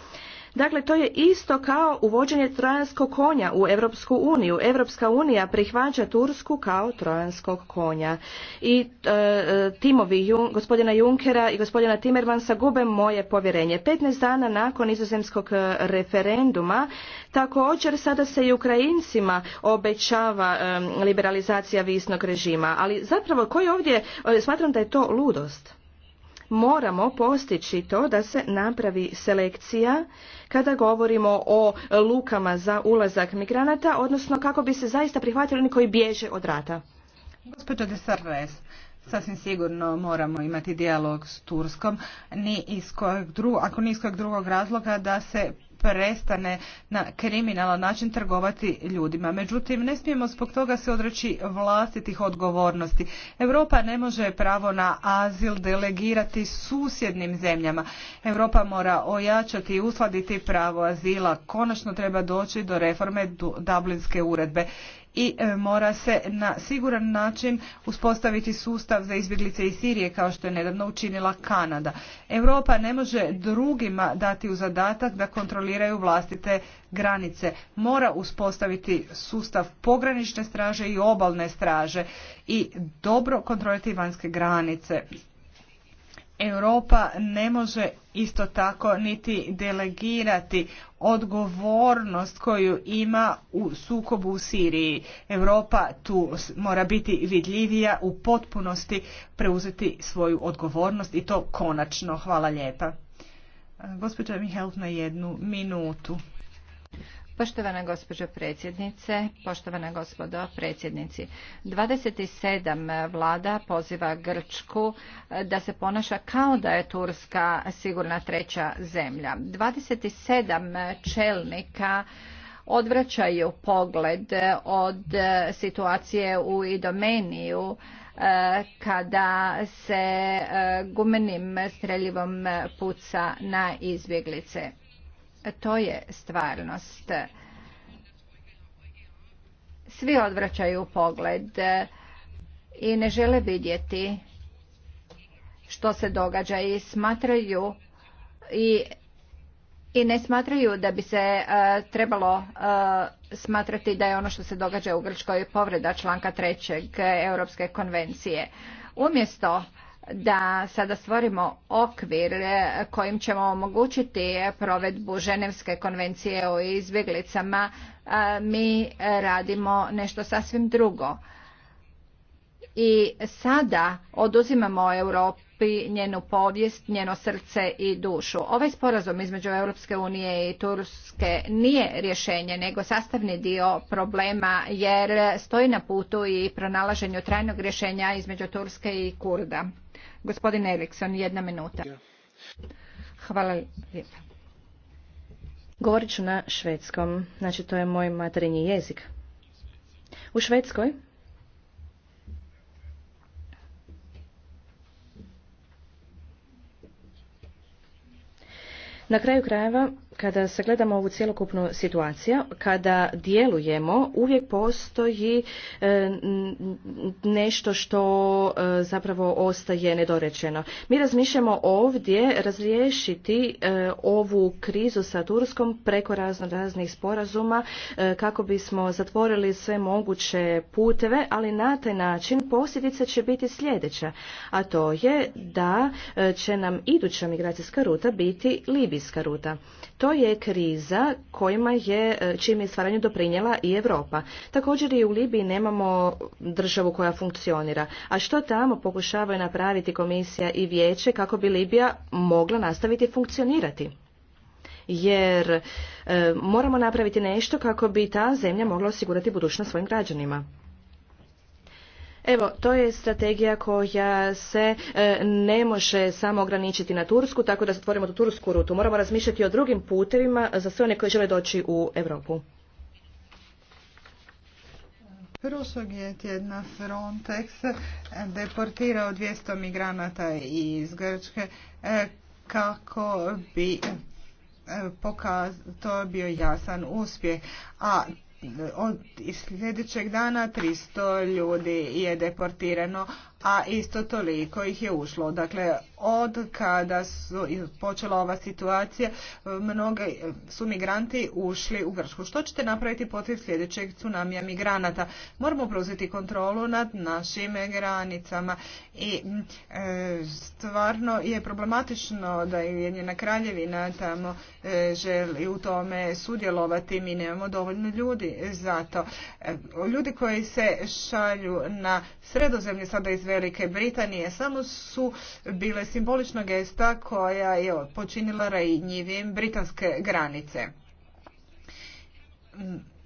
Dakle, to je isto kao uvođenje trojanskog konja u Europsku uniju. Europska unija prihvaća Tursku kao trojanskog konja. I e, timovi Jun, gospodina Junkera i gospodina Timmermansa gube moje povjerenje. 15 dana nakon izozemskog e, referenduma također sada se i Ukrajincima obećava e, liberalizacija visnog režima. Ali zapravo koji ovdje, smatram da je to ludost moramo postići to da se napravi selekcija kada govorimo o lukama za ulazak migranata, odnosno kako bi se zaista prihvatili oni koji bježe od rata. Gospođa de Sarves, sasvim sigurno moramo imati dijalog s Turskom, ni iz kojeg ako ni iz kojeg drugog razloga da se prestane na kriminalan način trgovati ljudima. Međutim, ne smijemo zbog toga se odreći vlastitih odgovornosti. Europa ne može pravo na azil delegirati susjednim zemljama. Europa mora ojačati i uskladiti pravo azila. Konačno treba doći do reforme Dublinske uredbe i e, mora se na siguran način uspostaviti sustav za izbjeglice iz Sirije kao što je nedavno učinila Kanada. Europa ne može drugima dati u zadatak da kontroliraju vlastite granice. Mora uspostaviti sustav pogranične straže i obalne straže i dobro kontrolirati vanjske granice. Europa ne može isto tako niti delegirati odgovornost koju ima u sukobu u Siriji. Europa tu mora biti vidljivija u potpunosti preuzeti svoju odgovornost i to konačno. Hvala lijepa. Gospođa na jednu minutu. Poštovana gospođo predsjednice, poštovana gospodo predsjednici, 27 vlada poziva Grčku eh, da se ponaša kao da je Turska sigurna treća zemlja. 27 čelnika odvraćaju pogled od eh, situacije u Idomeniju eh, kada se gumenim streljivom puca na izbjeglice. E, to je stvarnost. Svi odvraćaju pogled i ne žele vidjeti što se događa i smatraju i i ne smatraju da bi se e, trebalo e, smatrati da je ono što se događa u Grčkoj povreda članka 3. Europske konvencije. Umjesto da sada stvorimo okvir kojim ćemo omogućiti provedbu Ženevske konvencije o izbjeglicama, mi radimo nešto sasvim drugo. I sada oduzimamo Europi njenu povijest, njeno srce i dušu. Ovaj sporazum između Europske unije i Turske nije rješenje, nego sastavni dio problema jer stoji na putu i pronalaženju trajnog rješenja između Turske i Kurda. Gospodin Eriksson, jedna minuta. Hvala lijepa. Govorit ću na švedskom, znači to je moj materinji jezik. U Švedskoj Na kraju krajeva kada sagledamo ovu cjelokupnu situaciju, kada djelujemo, uvijek postoji e, nešto što e, zapravo ostaje nedorečeno. Mi razmišljamo ovdje razriješiti e, ovu krizu sa Turskom preko razno raznih sporazuma kako bismo zatvorili sve moguće puteve, ali na taj način posljedica će biti sljedeća, a to je da će nam iduća migracijska ruta biti libijska ruta to je kriza kojima je e, čim je stvaranju doprinjela i Europa. Također i u Libiji nemamo državu koja funkcionira. A što tamo pokušavaju napraviti komisija i vijeće kako bi Libija mogla nastaviti funkcionirati? Jer e, moramo napraviti nešto kako bi ta zemlja mogla osigurati budućnost svojim građanima. Evo, to je strategija koja se e, ne može samo ograničiti na Tursku, tako da zatvorimo tu Tursku rutu. Moramo razmišljati o drugim putevima za sve one koji žele doći u Europu. Prvo je tjedna Frontex deportirao 200 migranata iz Grčke e, kako bi e, to bio jasan uspjeh. A od sljedećeg dana 300 ljudi je deportirano a isto toliko ih je ušlo. Dakle, od kada su počela ova situacija, mnogi su migranti ušli u Grčku. Što ćete napraviti protiv sljedećeg tsunamija migranata? Moramo preuzeti kontrolu nad našim granicama i e, stvarno je problematično da je Ujedinjena kraljevina tamo e, želi u tome sudjelovati. Mi nemamo dovoljno ljudi za to. E, ljudi koji se šalju na sredozemlje sada izvedu Velike Britanije samo su bile simbolična gesta koja je počinila rajnjivim britanske granice.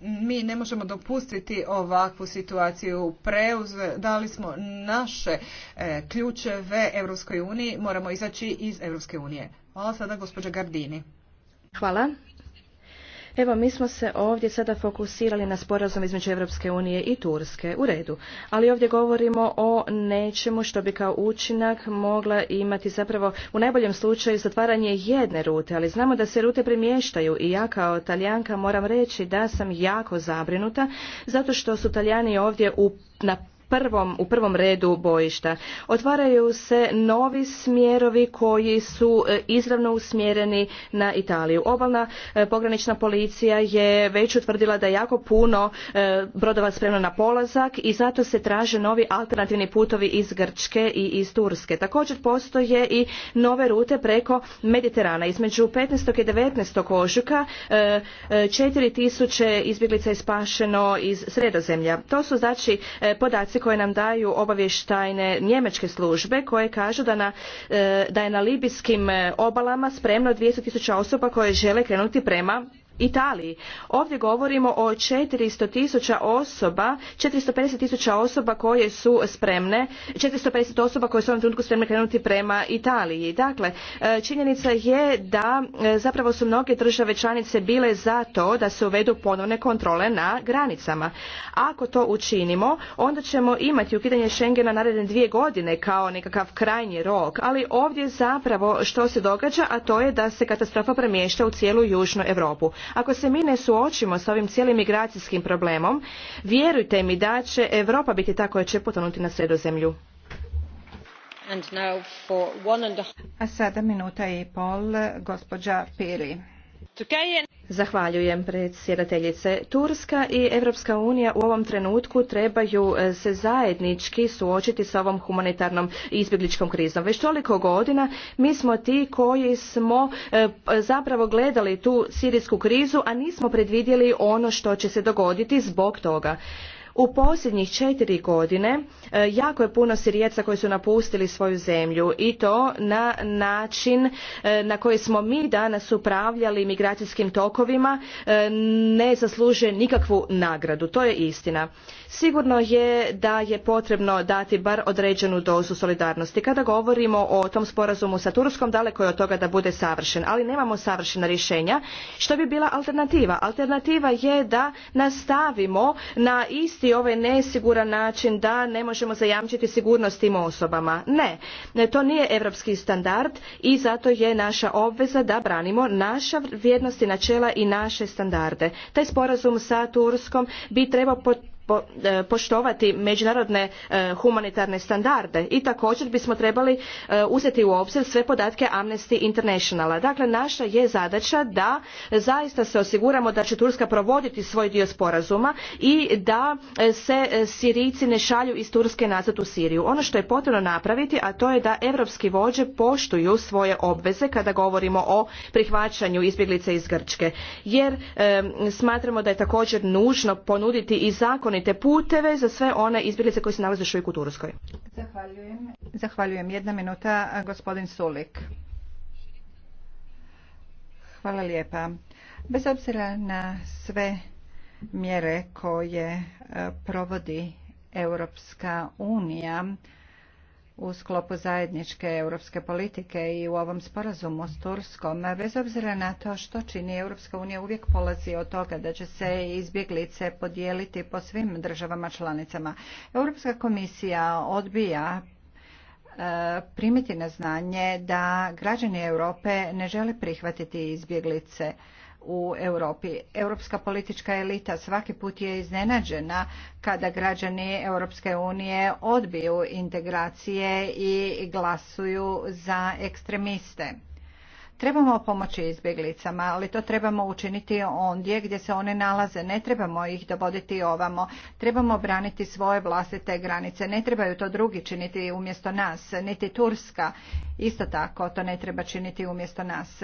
Mi ne možemo dopustiti ovakvu situaciju. Preuze, dali smo naše e, ključeve Europskoj uniji, moramo izaći iz Europske unije. Hvala sada gospođa Gardini. Hvala. Evo, mi smo se ovdje sada fokusirali na sporazum između Europske unije i Turske, u redu. Ali ovdje govorimo o nečemu što bi kao učinak mogla imati zapravo u najboljem slučaju zatvaranje jedne rute, ali znamo da se rute primještaju i ja kao Talijanka moram reći da sam jako zabrinuta zato što su Talijani ovdje u, na prvom, u prvom redu bojišta. Otvaraju se novi smjerovi koji su e, izravno usmjereni na Italiju. Obalna e, pogranična policija je već utvrdila da je jako puno e, brodova spremno na polazak i zato se traže novi alternativni putovi iz Grčke i iz Turske. Također postoje i nove rute preko Mediterana. Između 15. i 19. ožujka 4000 izbjeglica je spašeno iz sredozemlja. To su znači podaci koje nam daju obavještajne njemačke službe koje kažu da, e, da je na libijskim e, obalama spremno 200 tisuća osoba koje žele krenuti prema Italiji. Ovdje govorimo o four tisuća osoba, 450 tisuća osoba koje su spremne, 450 osoba koje su u ovom trenutku spremne krenuti prema Italiji. Dakle, e, činjenica je da e, zapravo su mnoge države članice bile za to da se uvedu ponovne kontrole na granicama. Ako to učinimo, onda ćemo imati ukidanje Schengena naredne dvije godine kao nekakav krajnji rok, ali ovdje zapravo što se događa, a to je da se katastrofa premješta u cijelu Južnu Europu. Ako se mi ne suočimo s ovim cijelim migracijskim problemom, vjerujte mi da će Europa biti ta koja će potonuti na sredozemlju. a... a sada minuta i pol, gospođa Piri. Zahvaljujem predsjedateljice. Turska i Europska unija u ovom trenutku trebaju e, se zajednički suočiti sa ovom humanitarnom izbjegličkom krizom. Već toliko godina mi smo ti koji smo e, zapravo gledali tu sirijsku krizu, a nismo predvidjeli ono što će se dogoditi zbog toga. U posljednjih četiri godine e, jako je puno Sirijeca koji su napustili svoju zemlju i to na način e, na koji smo mi danas upravljali migracijskim tokovima e, ne zaslužuje nikakvu nagradu. To je istina. Sigurno je da je potrebno dati bar određenu dozu solidarnosti. Kada govorimo o tom sporazumu sa Turskom, daleko je od toga da bude savršen, ali nemamo savršena rješenja. Što bi bila alternativa? Alternativa je da nastavimo na isti koristiti ovaj nesiguran način da ne možemo zajamčiti sigurnost tim osobama. Ne, to nije europski standard i zato je naša obveza da branimo naša vrijednosti, načela i naše standarde. Taj sporazum sa Turskom bi trebao E, poštovati međunarodne e, humanitarne standarde i također bismo trebali e, uzeti u obzir sve podatke Amnesty Internationala. Dakle, naša je zadaća da zaista se osiguramo da će Turska provoditi svoj dio sporazuma i da se Sirijci ne šalju iz Turske nazad u Siriju. Ono što je potrebno napraviti, a to je da europski vođe poštuju svoje obveze kada govorimo o prihvaćanju izbjeglice iz Grčke. Jer smatramo da je također nužno ponuditi i zakone te puteve za sve one izbjeglice koje se nalaze još uvijek u Turskoj. Zahvaljujem. Zahvaljujem. Jedna minuta, gospodin Sulik. Hvala lijepa. Bez obzira na sve mjere koje provodi Europska unija, u sklopu zajedničke europske politike i u ovom sporazumu s Turskom, bez obzira na to što čini Europska unija uvijek polazi od toga da će se izbjeglice podijeliti po svim državama članicama. Europska komisija odbija e, primiti na znanje da građani Europe ne žele prihvatiti izbjeglice u Europi. Europska politička elita svaki put je iznenađena kada građani Europske unije odbiju integracije i glasuju za ekstremiste. Trebamo pomoći izbjeglicama, ali to trebamo učiniti ondje gdje se one nalaze. Ne trebamo ih dovoditi ovamo. Trebamo braniti svoje vlastite granice. Ne trebaju to drugi činiti umjesto nas. Niti Turska isto tako to ne treba činiti umjesto nas.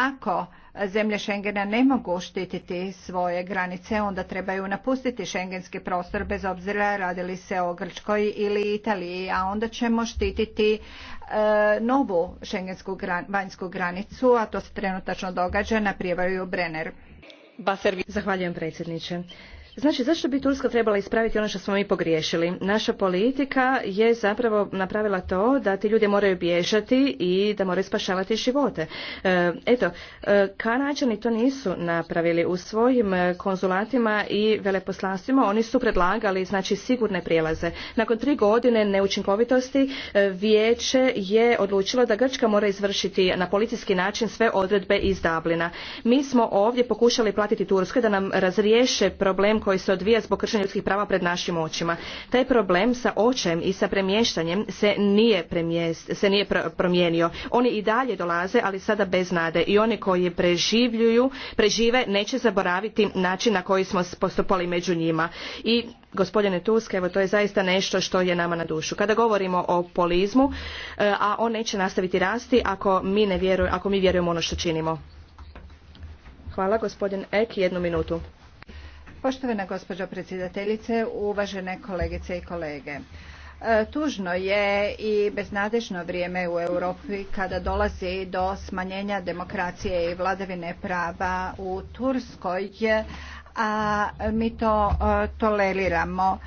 Ako zemlje Schengena ne mogu štititi svoje granice, onda trebaju napustiti šengenski prostor bez obzira radili se o Grčkoj ili Italiji, a onda ćemo štititi e, novu šengensku vanjsku granicu, a to se trenutačno događa na prijevaju Brenner. Zahvaljujem predsjedniče Znači, zašto bi Turska trebala ispraviti ono što smo mi pogriješili? Naša politika je zapravo napravila to da ti ljudi moraju bježati i da moraju spašavati živote. E, eto, e, Kanađani to nisu napravili. U svojim e, konzulatima i veleposlanstvima oni su predlagali znači, sigurne prijelaze. Nakon tri godine neučinkovitosti vijeće je odlučilo da Grčka mora izvršiti na policijski način sve odredbe iz Dublina. Mi smo ovdje pokušali platiti Turskoj da nam razriješe problem koji se odvija zbog kršenja ljudskih prava pred našim očima. Taj problem sa očem i sa premještanjem se nije, promijenio. Oni i dalje dolaze, ali sada bez nade. I oni koji preživljuju, prežive, neće zaboraviti način na koji smo postupali među njima. I gospodine Tusk, evo to je zaista nešto što je nama na dušu. Kada govorimo o polizmu, eh, a on neće nastaviti rasti ako mi, ne vjerujemo, ako mi vjerujemo ono što činimo. Hvala gospodin Ek, jednu minutu. Poštovana gospođo predsjedateljice, uvažene kolegice i kolege. E, tužno je i beznadežno vrijeme u Europi kada dolazi do smanjenja demokracije i vladavine prava u Turskoj, a mi to e, toleriramo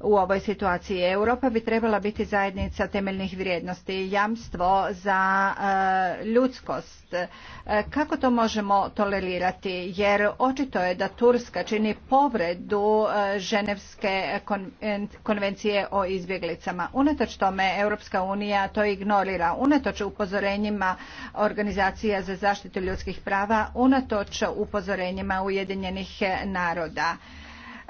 u ovoj situaciji. Europa bi trebala biti zajednica temeljnih vrijednosti, jamstvo za e, ljudskost. E, kako to možemo tolerirati? Jer očito je da Turska čini povredu e, Ženevske konvencije o izbjeglicama. Unatoč tome Europska unija to ignorira. Unatoč upozorenjima organizacija za zaštitu ljudskih prava, unatoč upozorenjima Ujedinjenih naroda.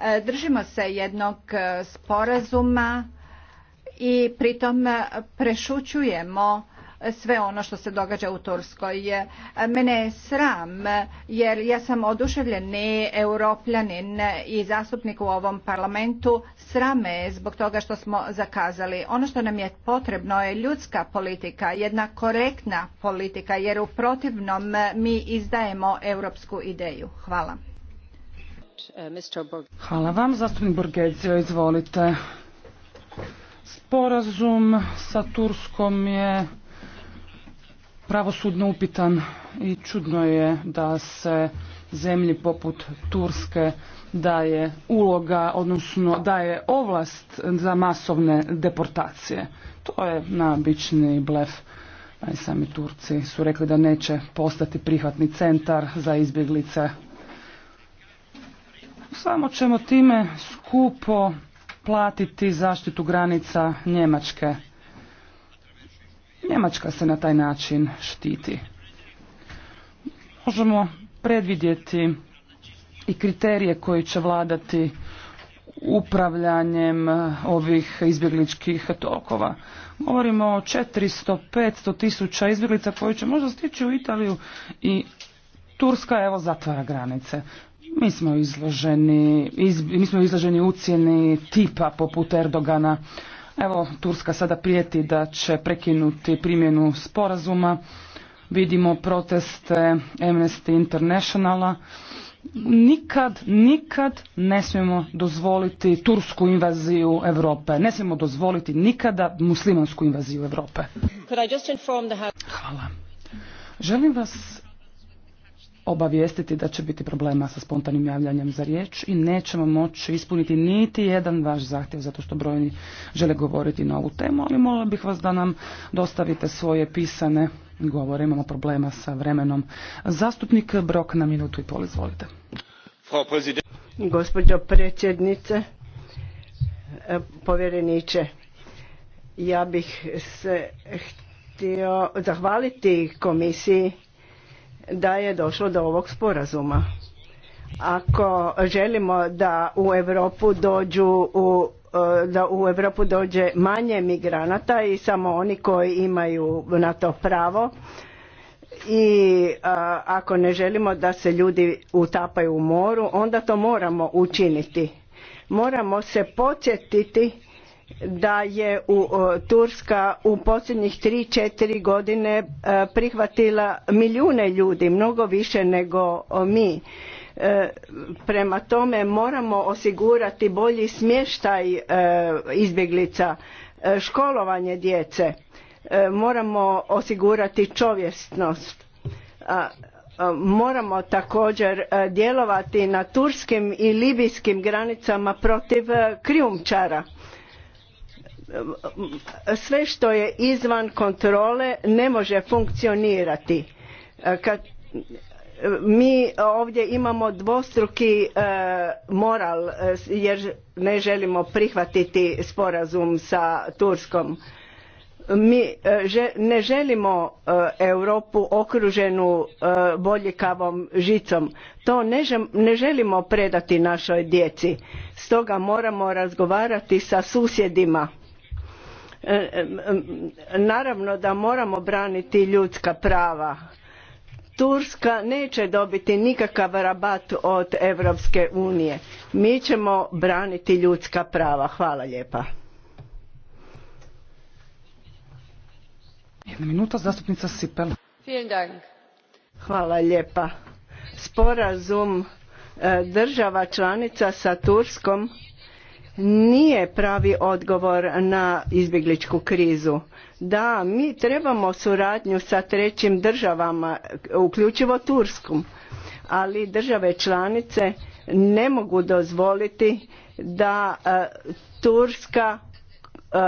E, držimo se jednog e, sporazuma i pritom e, prešućujemo sve ono što se događa u Turskoj. Mene je sram jer ja sam oduševljeni europljanin i zastupnik u ovom parlamentu. Srame je zbog toga što smo zakazali. Ono što nam je potrebno je ljudska politika, jedna korektna politika jer u protivnom mi izdajemo europsku ideju. Hvala. Uh, Hvala vam. Zastupnik Borgezio, izvolite. Sporazum sa Turskom je pravosudno upitan i čudno je da se zemlji poput Turske daje uloga, odnosno daje ovlast za masovne deportacije. To je naobični blef. i sami Turci su rekli da neće postati prihvatni centar za izbjeglice samo ćemo time skupo platiti zaštitu granica Njemačke. Njemačka se na taj način štiti. Možemo predvidjeti i kriterije koji će vladati upravljanjem eh, ovih izbjegličkih tokova. Govorimo o 400-500 tisuća izbjeglica koji će možda stići u Italiju i Turska evo zatvara granice. Mi smo izloženi, iz, mi smo izloženi ucijeni tipa poput Erdogana. Evo, Turska sada prijeti da će prekinuti primjenu sporazuma. Vidimo proteste Amnesty Internationala. Nikad, nikad ne smijemo dozvoliti tursku invaziju Europe. Ne smijemo dozvoliti nikada muslimansku invaziju Europe. Hvala. Želim vas obavijestiti da će biti problema sa spontanim javljanjem za riječ i nećemo moći ispuniti niti jedan vaš zahtjev zato što brojni žele govoriti na ovu temu, ali molila bih vas da nam dostavite svoje pisane govore. Imamo problema sa vremenom. Zastupnik Brok na minutu i pol, izvolite. Gospođo predsjednice, e, povjereniče, ja bih se htio zahvaliti komisiji da je došlo do ovog sporazuma. Ako želimo da u Europu dođu u e, da u Europu dođe manje migranata i samo oni koji imaju na to pravo i e, ako ne želimo da se ljudi utapaju u moru onda to moramo učiniti. Moramo se podsjetiti da je u e, Turska u posljednjih 3-4 godine e, prihvatila milijune ljudi, mnogo više nego mi. E, prema tome moramo osigurati bolji smještaj izbjeglica, školovanje djece, moramo osigurati čovjesnost. Moramo također djelovati na turskim i libijskim granicama protiv krijumčara sve što je izvan kontrole ne može funkcionirati. E, kad mi ovdje imamo dvostruki e, moral e, jer ne želimo prihvatiti sporazum sa Turskom. Mi ne želimo Europu okruženu boljikavom žicom. To ne želimo predati našoj djeci. Stoga moramo razgovarati sa susjedima E, naravno da moramo braniti ljudska prava turska neće dobiti nikakav rabat od europske unije mi ćemo braniti ljudska prava hvala lijepa Hvala lijepa. Sporazum e, država članica sa Turskom nije pravi odgovor na izbjegličku krizu. Da, mi trebamo suradnju sa trećim državama, uključivo Turskom, ali države članice ne mogu dozvoliti da e, Turska e,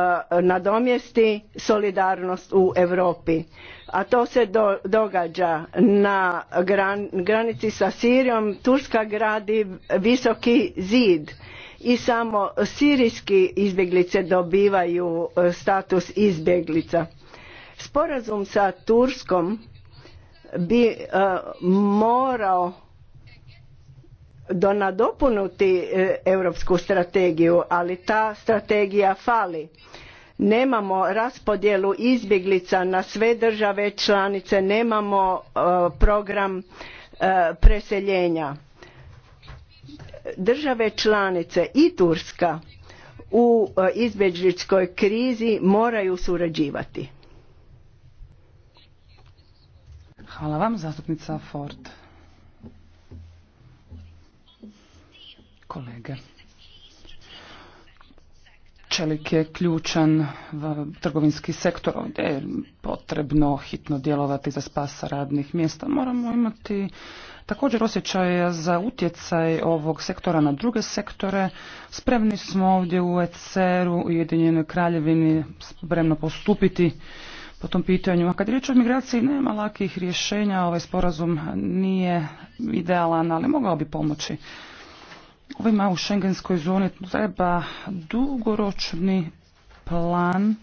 nadomjesti solidarnost u Europi. A to se događa na granici sa Sirijom. Turska gradi visoki zid i samo sirijski izbjeglice dobivaju e, status izbjeglica. Sporazum sa Turskom bi e, morao donadopunuti e, europsku strategiju, ali ta strategija fali. Nemamo raspodjelu izbjeglica na sve države članice, nemamo program preseljenja države članice i Turska u e, izbjegličkoj krizi moraju surađivati. Hvala vam, zastupnica Ford. Kolege. Čelik je ključan trgovinski sektor ovdje je potrebno hitno djelovati za spasa radnih mjesta. Moramo imati također osjećaja za utjecaj ovog sektora na druge sektore. Spremni smo ovdje u ECR-u, Ujedinjenoj kraljevini, spremno postupiti po tom pitanju. A kad je riječ o migraciji, nema lakih rješenja, ovaj sporazum nije idealan, ali mogao bi pomoći. Ovima u šengenskoj zoni treba dugoročni plan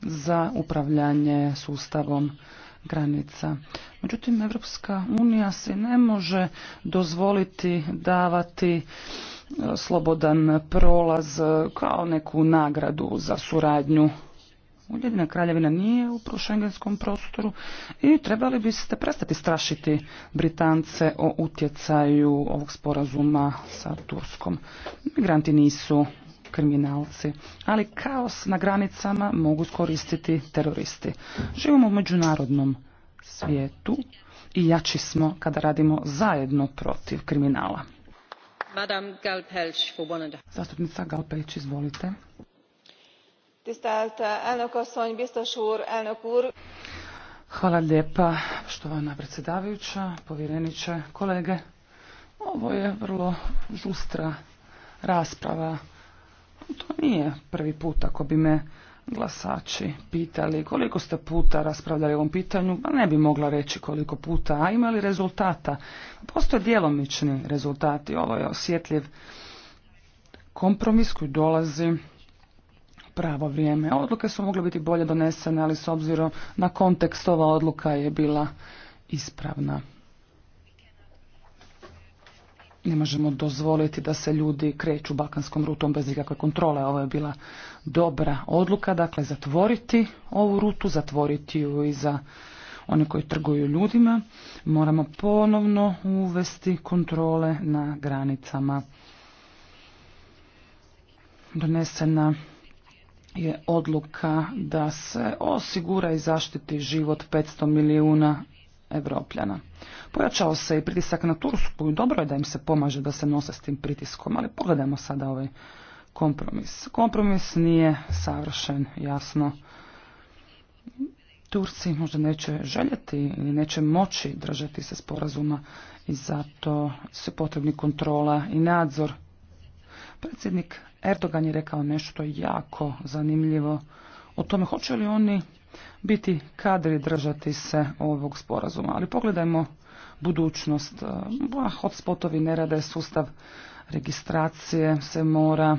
za upravljanje sustavom granica. Međutim, Evropska unija se ne može dozvoliti davati e, slobodan prolaz e, kao neku nagradu za suradnju. Ujedina kraljevina nije u prošengenskom prostoru i trebali biste prestati strašiti Britance o utjecaju ovog sporazuma sa Turskom. Migranti nisu kriminalci, ali kaos na granicama mogu koristiti teroristi. Živimo u međunarodnom svijetu i jači smo kada radimo zajedno protiv kriminala. Zastupnica Galpelć, izvolite. Eh, Hvala lijepa, poštovana predsjedavajuća, povjereniče, kolege. Ovo je vrlo žustra rasprava to nije prvi put ako bi me glasači pitali koliko ste puta raspravljali o ovom pitanju, pa ne bi mogla reći koliko puta, a imali li rezultata. Postoje djelomični rezultati, ovo je osjetljiv kompromis koji dolazi pravo vrijeme. Odluke su mogle biti bolje donesene, ali s obzirom na kontekst ova odluka je bila ispravna. Ne možemo dozvoliti da se ljudi kreću balkanskom rutom bez ikakve kontrole. Ovo je bila dobra odluka, dakle zatvoriti ovu rutu, zatvoriti ju i za one koji trguju ljudima. Moramo ponovno uvesti kontrole na granicama. Donesena je odluka da se osigura i zaštiti život 500 milijuna Evropljana. Pojačao se i pritisak na Tursku i dobro je da im se pomaže da se nose s tim pritiskom, ali pogledajmo sada ovaj kompromis. Kompromis nije savršen, jasno. Turci možda neće željeti ili neće moći držati se sporazuma i zato se potrebni kontrola i nadzor. Predsjednik Erdogan je rekao nešto jako zanimljivo o tome hoće li oni biti kadri držati se ovog sporazuma. Ali pogledajmo budućnost. E, hotspotovi ne rade, sustav registracije se mora e,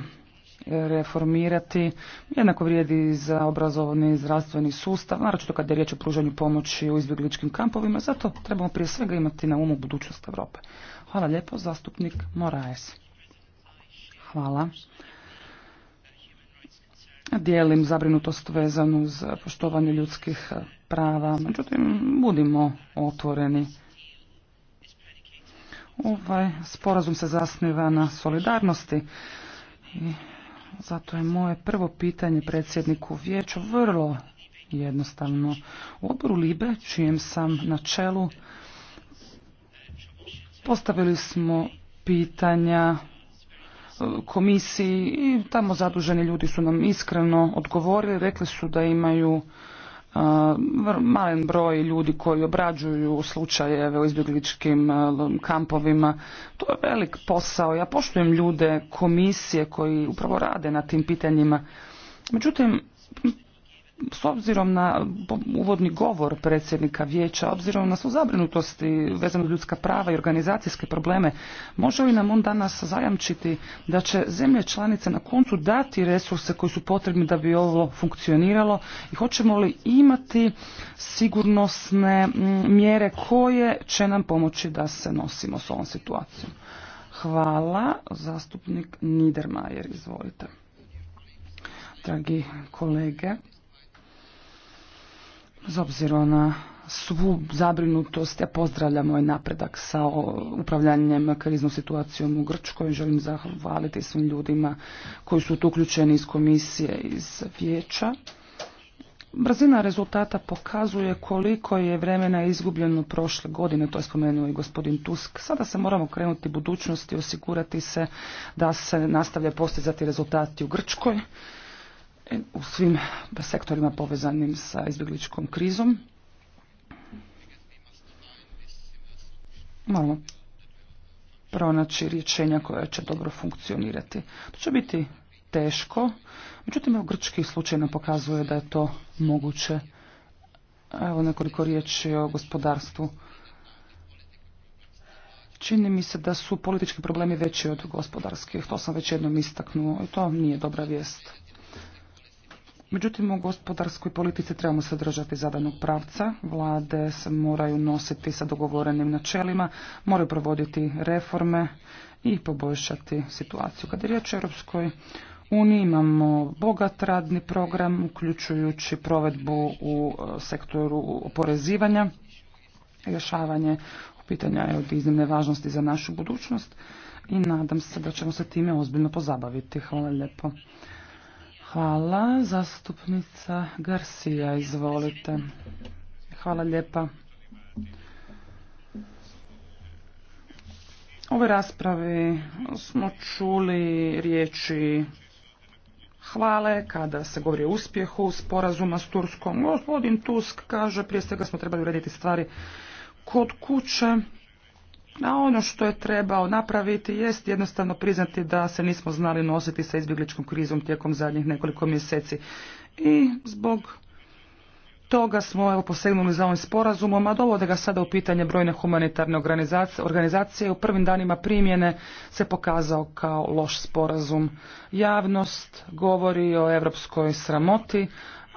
reformirati. Jednako vrijedi za obrazovni i zdravstveni sustav, naročito kad je riječ o pružanju pomoći u izbjegličkim kampovima. Zato trebamo prije svega imati na umu budućnost Europe. Hvala lijepo, zastupnik Moraes. Hvala. Dijelim zabrinutost vezanu uz poštovanje ljudskih prava, međutim, budimo otvoreni. Ovaj sporazum se zasniva na solidarnosti i zato je moje prvo pitanje predsjedniku vijeća vrlo jednostavno. U odboru Libe, čijem sam na čelu, postavili smo pitanja komisiji i tamo zaduženi ljudi su nam iskreno odgovorili, rekli su da imaju malen broj ljudi koji obrađuju slučajeve u izbjegličkim kampovima. To je velik posao. Ja poštujem ljude komisije koji upravo rade na tim pitanjima. Međutim, s obzirom na uvodni govor predsjednika vijeća, obzirom na svu zabrinutosti vezano ljudska prava i organizacijske probleme, može li nam on danas zajamčiti da će zemlje članice na koncu dati resurse koji su potrebni da bi ovo funkcioniralo i hoćemo li imati sigurnosne mm, mjere koje će nam pomoći da se nosimo s ovom situacijom? Hvala. Zastupnik Niedermayer, izvolite. Dragi kolege, Zobzirom obzirom na svu zabrinutost, ja pozdravljam moj ovaj napredak sa upravljanjem kriznom situacijom u Grčkoj. Želim zahvaliti svim ljudima koji su tu uključeni iz komisije, iz vijeća. Brzina rezultata pokazuje koliko je vremena izgubljeno prošle godine, to je spomenuo i gospodin Tusk. Sada se moramo krenuti budućnosti i osigurati se da se nastavlja postizati rezultati u Grčkoj u svim sektorima povezanim sa izbjegličkom krizom. Moramo pronaći rješenja koja će dobro funkcionirati. To će biti teško, međutim evo grčki slučaj nam pokazuje da je to moguće. Evo nekoliko riječi o gospodarstvu. Čini mi se da su politički problemi veći od gospodarskih, to sam već jednom istaknuo i to nije dobra vijest. Međutim, u gospodarskoj politici trebamo se držati zadanog pravca. Vlade se moraju nositi sa dogovorenim načelima, moraju provoditi reforme i poboljšati situaciju. Kad je riječ o Europskoj uniji, imamo bogat radni program, uključujući provedbu u e, sektoru oporezivanja, rješavanje pitanja je od iznimne važnosti za našu budućnost i nadam se da ćemo se time ozbiljno pozabaviti. Hvala lijepo. Hvala. Zastupnica Garcia, izvolite. Hvala lijepa. Ove raspravi smo čuli riječi hvale kada se govori o uspjehu sporazuma s Turskom. Gospodin Tusk kaže prije svega smo trebali urediti stvari kod kuće a ono što je trebao napraviti jest jednostavno priznati da se nismo znali nositi sa izbjegličkom krizom tijekom zadnjih nekoliko mjeseci. I zbog toga smo evo, posegnuli za ovim sporazumom, a dovode ga sada u pitanje brojne humanitarne organizacije. organizacije. U prvim danima primjene se pokazao kao loš sporazum. Javnost govori o evropskoj sramoti,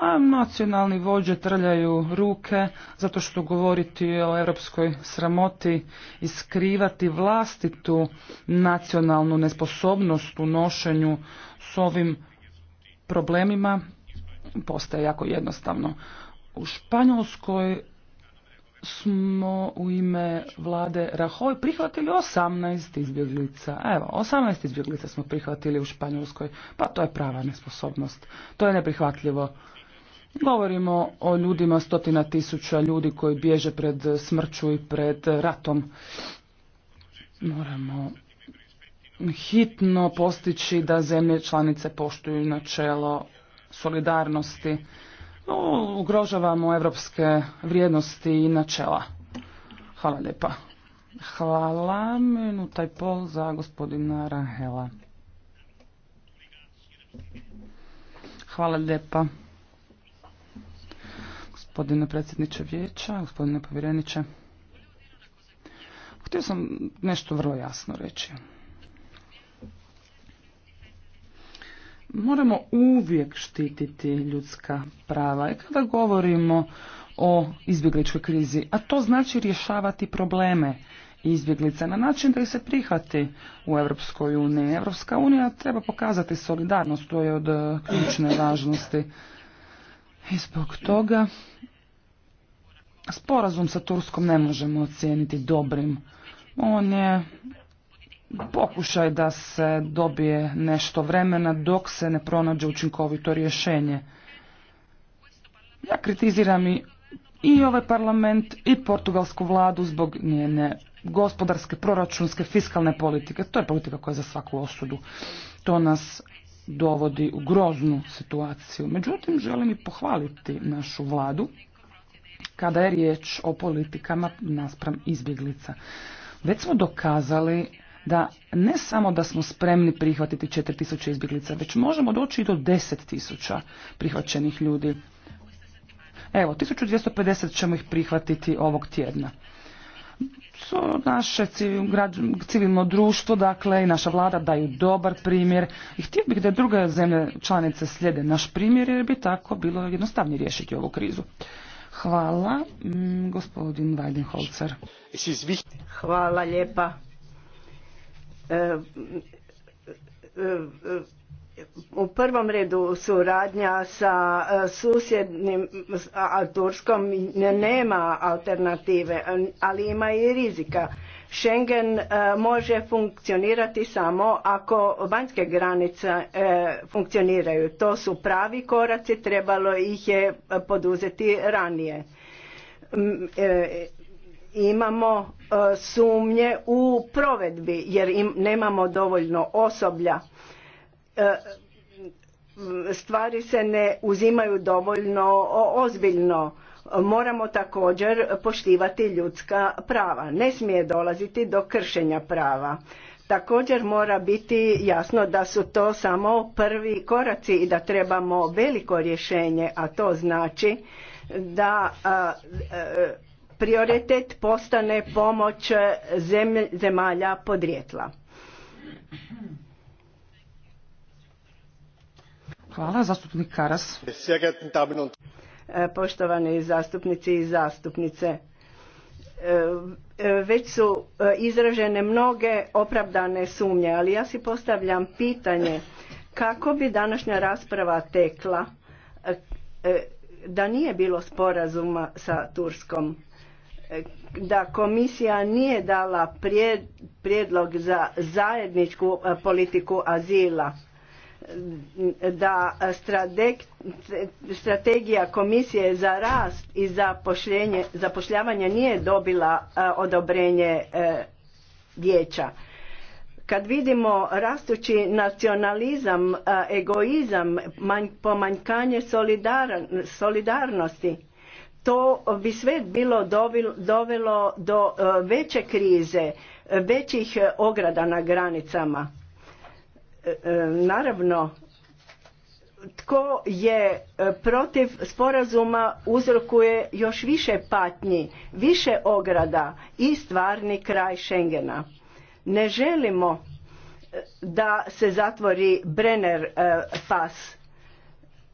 a nacionalni vođe trljaju ruke zato što govoriti o europskoj sramoti i skrivati vlastitu nacionalnu nesposobnost u nošenju s ovim problemima postaje jako jednostavno. U Španjolskoj smo u ime vlade Rahoj prihvatili 18 izbjeglica. Evo, 18 izbjeglica smo prihvatili u Španjolskoj. Pa to je prava nesposobnost. To je neprihvatljivo. Govorimo o ljudima, stotina tisuća ljudi koji bježe pred smrću i pred ratom. Moramo hitno postići da zemlje članice poštuju načelo solidarnosti. No, ugrožavamo evropske vrijednosti i načela. Hvala lijepa. Hvala. Minuta i pol za gospodina Rahela. Hvala lijepa gospodine predsjedniče vijeća, gospodine povjereniče. Htio sam nešto vrlo jasno reći. Moramo uvijek štititi ljudska prava. I kada govorimo o izbjegličkoj krizi, a to znači rješavati probleme izbjeglica na način da ih se prihvati u Europskoj uniji. Europska unija treba pokazati solidarnost, to je od ključne važnosti. I zbog toga sporazum sa Turskom ne možemo ocijeniti dobrim. On je pokušaj da se dobije nešto vremena dok se ne pronađe učinkovito rješenje. Ja kritiziram i, i ovaj parlament i portugalsku vladu zbog njene gospodarske, proračunske, fiskalne politike. To je politika koja je za svaku osudu. To nas dovodi u groznu situaciju. Međutim, želim i pohvaliti našu vladu kada je riječ o politikama naspram izbjeglica. Već smo dokazali da ne samo da smo spremni prihvatiti 4000 izbjeglica, već možemo doći i do 10.000 prihvaćenih ljudi. Evo, 1250 ćemo ih prihvatiti ovog tjedna. su naše civilno društvo, dakle, i naša vlada daju dobar primjer i htio bih da druge zemlje članice slijede naš primjer jer bi tako bilo jednostavnije riješiti ovu krizu. Hvala, mm, gospodin Weidenholzer. Hvala lijepa. E, e, e, u prvom redu suradnja sa susjednim Turskom nema alternative, ali ima i rizika. Schengen e, može funkcionirati samo ako vanjske granice e, funkcioniraju. To su pravi koraci, trebalo ih je poduzeti ranije. E, imamo sumnje u provedbi jer nemamo dovoljno osoblja. Stvari se ne uzimaju dovoljno ozbiljno Moramo također poštivati ljudska prava. Ne smije dolaziti do kršenja prava. Također mora biti jasno da su to samo prvi koraci i da trebamo veliko rješenje, a to znači da e, prioritet postane pomoć zemalja podrijetla. Hvala, zastupnik Karas. E, poštovani zastupnici i zastupnice. E, e, već su izražene mnoge opravdane sumnje, ali ja si postavljam pitanje kako bi današnja rasprava tekla da nije bilo sporazuma sa Turskom, da komisija nije dala prijedlog za zajedničku politiku azila da strategija komisije za rast i zapošljavanje nije dobila e, odobrenje e, vijeća. Kad vidimo rastući nacionalizam, e, egoizam, pomanjkanje solidarnosti, to bi sve bilo dovelo do veće krize, većih ograda na granicama E, e, naravno tko je e, protiv sporazuma uzrokuje još više patnji, više ograda i stvarni kraj Schengena. Ne želimo da se zatvori Brenner pas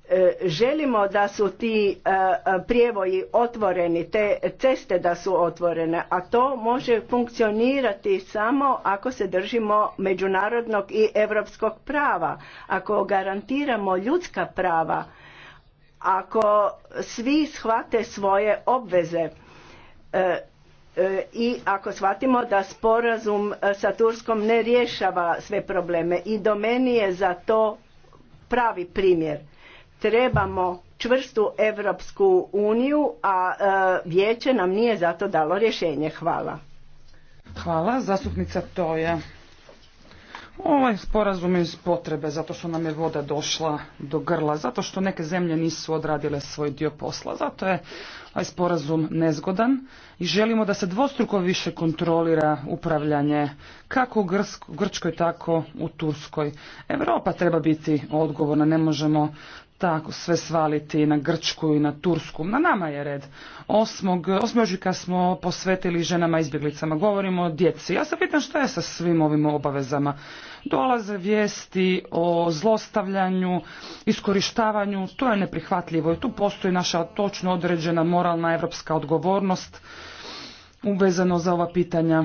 E, želimo da su ti e, e, prijevoji otvoreni, te ceste da su otvorene, a to može funkcionirati samo ako se držimo međunarodnog i europskog prava, ako garantiramo ljudska prava, ako svi shvate svoje obveze i ako shvatimo da sporazum sa Turskom ne rješava sve probleme i do meni je za to pravi primjer Trebamo čvrstu Europsku uniju, a e, vijeće nam nije zato dalo rješenje. Hvala. Hvala, zastupnica je. Ovaj sporazum iz potrebe, zato što nam je voda došla do grla, zato što neke zemlje nisu odradile svoj dio posla, zato je ovaj sporazum nezgodan i želimo da se dvostruko više kontrolira upravljanje kako u Grčkoj, tako u Turskoj. Europa treba biti odgovorna, ne možemo tako sve svaliti na Grčku i na Tursku. Na nama je red. Osmog, 8. ožujka smo posvetili ženama izbjeglicama. Govorimo o djeci. Ja se pitam što je sa svim ovim obavezama. Dolaze vijesti o zlostavljanju, iskorištavanju. To je neprihvatljivo i tu postoji naša točno određena moralna evropska odgovornost uvezano za ova pitanja.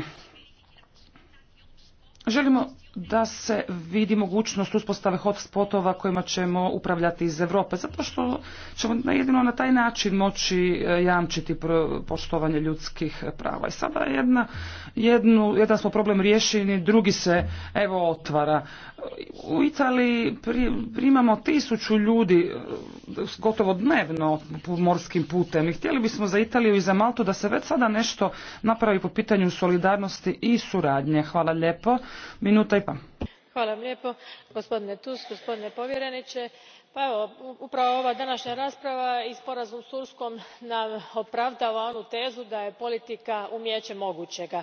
Želimo da se vidi mogućnost uspostave hotspotova kojima ćemo upravljati iz Europe, zato što ćemo jedino na taj način moći e, jamčiti poštovanje ljudskih prava. I sada jedna, jednu, jedan smo problem riješili, drugi se evo otvara. U Italiji primamo tisuću ljudi e, gotovo dnevno morskim putem i htjeli bismo za Italiju i za Maltu da se već sada nešto napravi po pitanju solidarnosti i suradnje. Hvala lijepo. Minuta i gospodine tusk gospodine povjereniče pa upravo ova današnja rasprava i sporazum s turskom nam opravdava onu tezu da je politika umijeće mogućega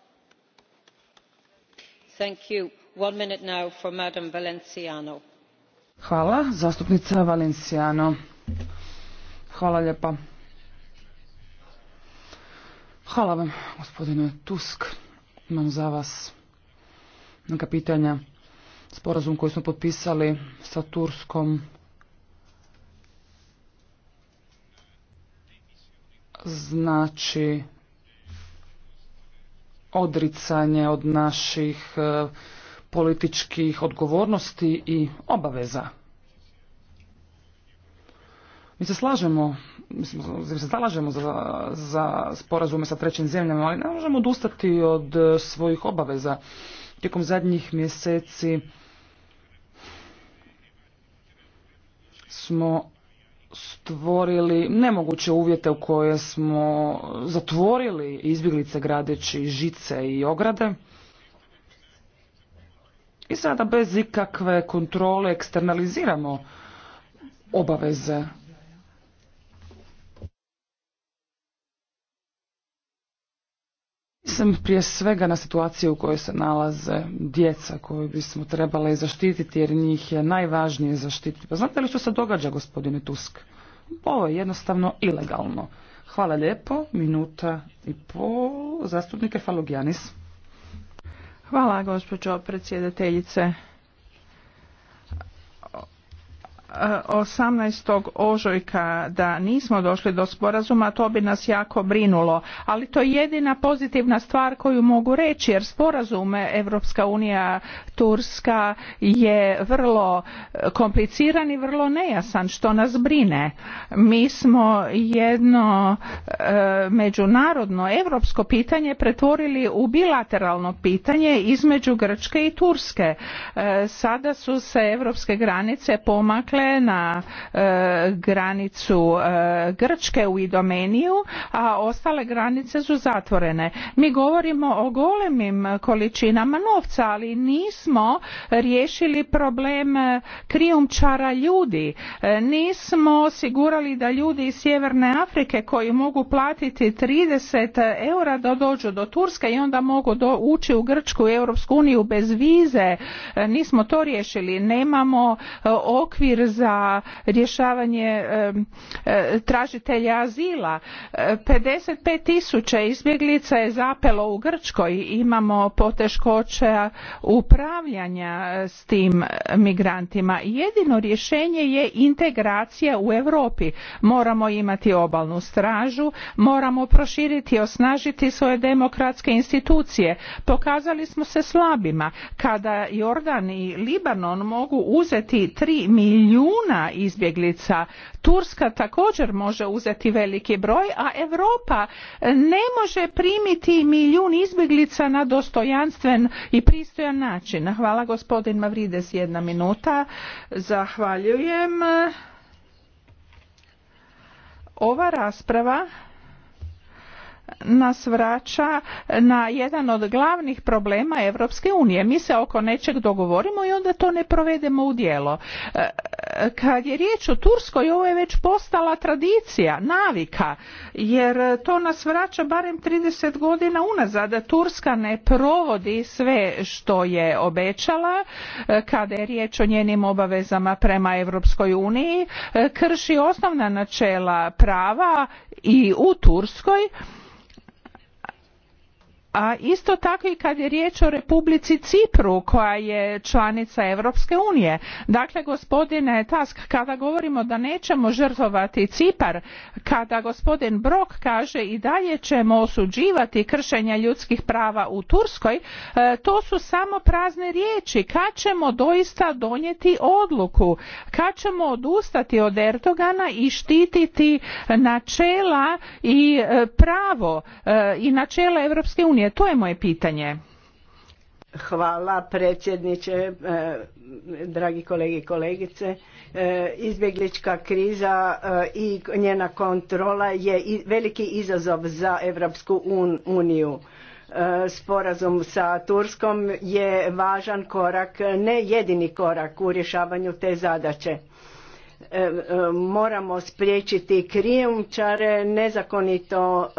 Hvala. Zastupnica Valenciano. Hvala lijepa. Hvala vam, gospodine Tusk. Imam za vas neka pitanja. Sporazum koji smo potpisali sa Turskom znači odricanje od naših e, političkih odgovornosti i obaveza. Mi se slažemo, mi se zalažemo za, za sporazume sa trećim zemljama, ali ne možemo odustati od svojih obaveza. Tijekom zadnjih mjeseci smo stvorili nemoguće uvjete u koje smo zatvorili izbjeglice gradeći žice i ograde. I sada bez ikakve kontrole eksternaliziramo obaveze sam prije svega na situaciju u kojoj se nalaze djeca koju bismo trebali zaštititi jer njih je najvažnije zaštititi. Pa znate li što se događa gospodine Tusk? Ovo je jednostavno ilegalno. Hvala lijepo, minuta i pol, zastupnike Falogjanis. Hvala gospođo predsjedateljice. 18. ožujka da nismo došli do sporazuma, to bi nas jako brinulo. Ali to je jedina pozitivna stvar koju mogu reći, jer sporazume Evropska unija Turska je vrlo eh, kompliciran i vrlo nejasan, što nas brine. Mi smo jedno eh, međunarodno europsko pitanje pretvorili u bilateralno pitanje između Grčke i Turske. Eh, sada su se europske granice pomakle Dakle, na e, granicu e, Grčke u Idomeniju, a ostale granice su zatvorene. Mi govorimo o golemim količinama novca, ali nismo riješili problem e, krijumčara ljudi. nismo osigurali da ljudi iz Sjeverne Afrike koji mogu platiti 30 eura da dođu do Turske i onda mogu ući u Grčku i Europsku uniju bez vize. Nismo to riješili. Nemamo okvir za rješavanje e, tražitelja azila. 55 e, tisuća izbjeglica je zapelo u Grčkoj. Imamo poteškoće upravljanja e, s tim migrantima. Jedino rješenje je integracija u Europi. Moramo imati obalnu stražu, moramo proširiti i osnažiti svoje demokratske institucije. Pokazali smo se slabima. Kada Jordan i Libanon mogu uzeti 3 milijuna milijuna izbjeglica. Turska također može uzeti veliki broj, a Europa ne može primiti milijun izbjeglica na dostojanstven i pristojan način. Hvala gospodin Mavrides, jedna minuta. Zahvaljujem. Ova rasprava nas vraća na jedan od glavnih problema Europske unije. Mi se oko nečeg dogovorimo i onda to ne provedemo u djelo. E, kad je riječ o Turskoj, ovo je već postala tradicija, navika, jer to nas vraća barem 30 godina unazad. Da Turska ne provodi sve što je obećala e, kada je riječ o njenim obavezama prema Europskoj uniji, e, krši osnovna načela prava i u Turskoj, a isto tako i kad je riječ o Republici Cipru koja je članica Europske unije. Dakle, gospodine Tusk, kada govorimo da nećemo žrtvovati Cipar, kada gospodin Brok kaže i dalje ćemo osuđivati kršenja ljudskih prava u Turskoj, e, to su samo prazne riječi. Kad ćemo doista donijeti odluku? Kad ćemo odustati od Erdogana i štititi načela i e, pravo e, i načela Europske unije? unije? To je moje pitanje. Hvala predsjedniče, e, dragi kolege i kolegice. E, izbjeglička kriza e, i njena kontrola je veliki izazov za Europsku uniju. Sporazum sa Turskom je važan korak, ne jedini korak u rješavanju te zadaće. Moramo spriječiti krijumčare, nezakonito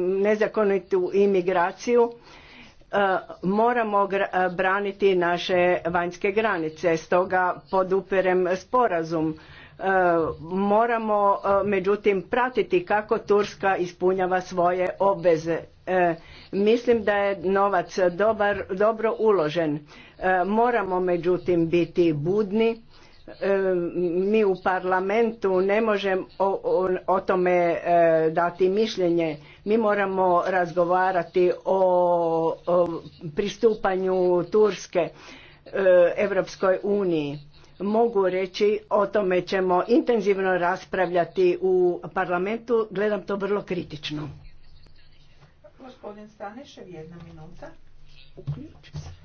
nezakonitu imigraciju e, moramo e, braniti naše vanjske granice stoga podupirem sporazum e, moramo međutim pratiti kako Turska ispunjava svoje obveze mislim da je novac dobar, dobro uložen moramo međutim biti budni mi u parlamentu ne možemo o tome dati mišljenje mi moramo razgovarati o, pristupanju Turske Europskoj uniji. Mogu reći, o tome ćemo intenzivno raspravljati u parlamentu, gledam to vrlo kritično. Gospodin Stanišev, jedna minuta. Uključi se.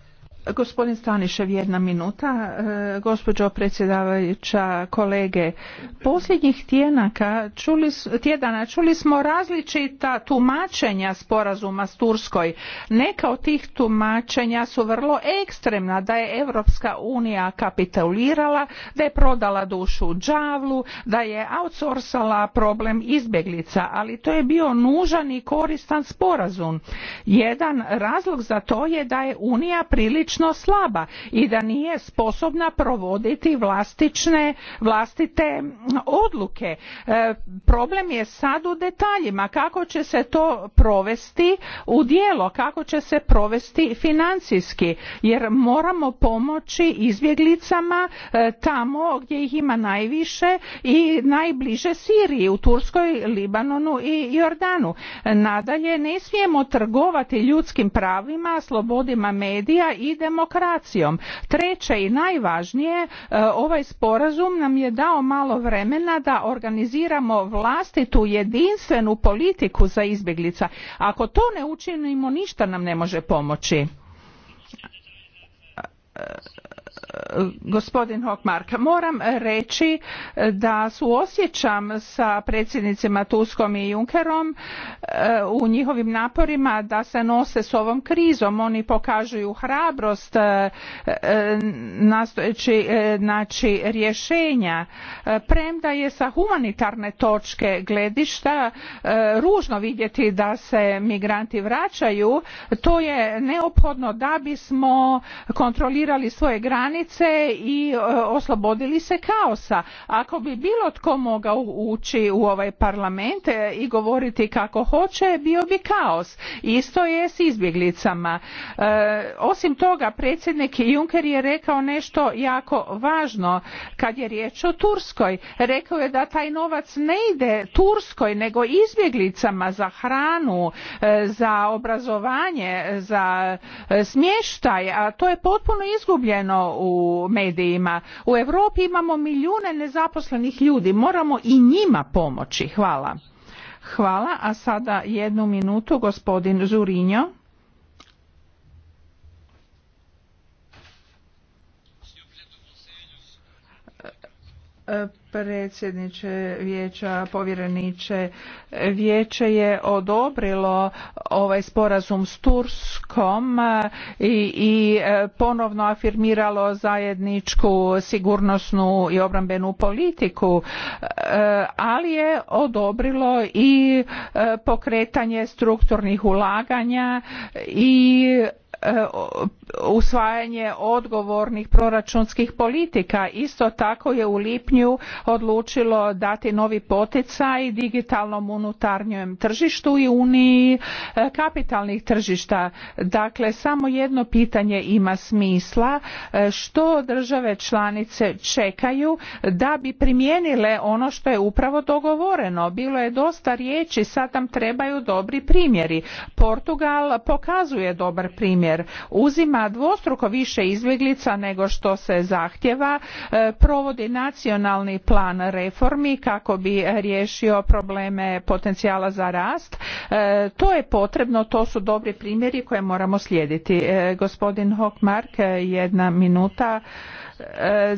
Gospodin Stanišev, jedna minuta. E, gospođo predsjedavajuća, kolege, posljednjih tjedana tjedana čuli smo različita tumačenja sporazuma s Turskoj. Neka od tih tumačenja su vrlo ekstremna, da je Europska unija kapitalirala da je prodala dušu džavlu, da je outsorsala problem izbjeglica, ali to je bio nužan i koristan sporazum. Jedan razlog za to je da je Unija prilično slaba i da nije sposobna provoditi vlastične, vlastite odluke. E, problem je sad u detaljima kako će se to provesti u djelo, kako će se provesti financijski jer moramo pomoći izbjeglicama e, tamo gdje ih ima najviše i najbliže Siriji, u Turskoj, Libanonu i Jordanu. Nadalje, ne smijemo trgovati ljudskim pravima, slobodima medija i demokracijom. Treće i najvažnije, e, ovaj sporazum nam je dao malo vremena da organiziramo vlastitu jedinstvenu politiku za izbjeglica. Ako to ne učinimo, ništa nam ne može pomoći gospodin Hockmark, Moram reći da suosjećam sa predsjednicima Tuskom i Junkerom e, u njihovim naporima da se nose s ovom krizom. Oni pokažuju hrabrost e, e, nastojeći naći rješenja. Premda je sa humanitarne točke gledišta ružno vidjeti da se migranti vraćaju, to je neophodno da bismo kontrolirali svoje granice granice i e, oslobodili se kaosa. Ako bi bilo tko mogao ući u ovaj parlament e, i govoriti kako hoće, bio bi kaos. Isto je s izbjeglicama. E, osim toga, predsjednik Juncker je rekao nešto jako važno kad je riječ o Turskoj. Rekao je da taj novac ne ide Turskoj, nego izbjeglicama za hranu, za obrazovanje, za smještaj, a to je potpuno izgubljeno u medijima. U Europi imamo milijune nezaposlenih ljudi, moramo i njima pomoći. Hvala. Hvala, a sada jednu minutu gospodin Zurinjo. predsjedniče vijeća, povjereniče. Vijeće je odobrilo ovaj sporazum s Turskom i, i e, ponovno afirmiralo zajedničku sigurnosnu i obrambenu politiku, e, ali je odobrilo i e, pokretanje strukturnih ulaganja i E, usvajanje odgovornih proračunskih politika. Isto tako je u lipnju odlučilo dati novi poticaj digitalnom unutarnjem tržištu i uniji e, kapitalnih tržišta. Dakle, samo jedno pitanje ima smisla. E, što države članice čekaju da bi primijenile ono što je upravo dogovoreno? Bilo je dosta riječi, sad nam trebaju dobri primjeri. Portugal pokazuje dobar primjer primjer uzima dvostruko više izbjeglica nego što se zahtjeva e, provodi nacionalni plan reformi kako bi riješio probleme potencijala za rast e, to je potrebno to su dobri primjeri koje moramo slijediti e, gospodin Hokmark jedna minuta E,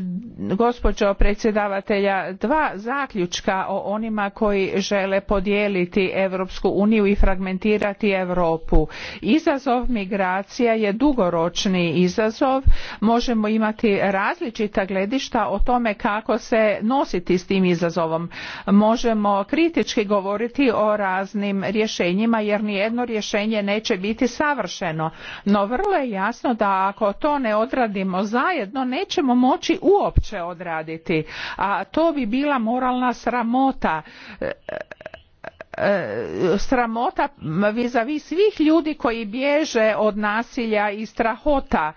gospođo predsjedavatelja dva zaključka o onima koji žele podijeliti europsku uniju i fragmentirati europu izazov migracija je dugoročni izazov možemo imati različita gledišta o tome kako se nositi s tim izazovom možemo kritički govoriti o raznim rješenjima jer nijedno rješenje neće biti savršeno no vrlo je jasno da ako to ne odradimo zajedno nećemo nećemo moći uopće odraditi a to bi bila moralna sramota e, e, sramota vis vis svih ljudi koji bježe od nasilja i strahota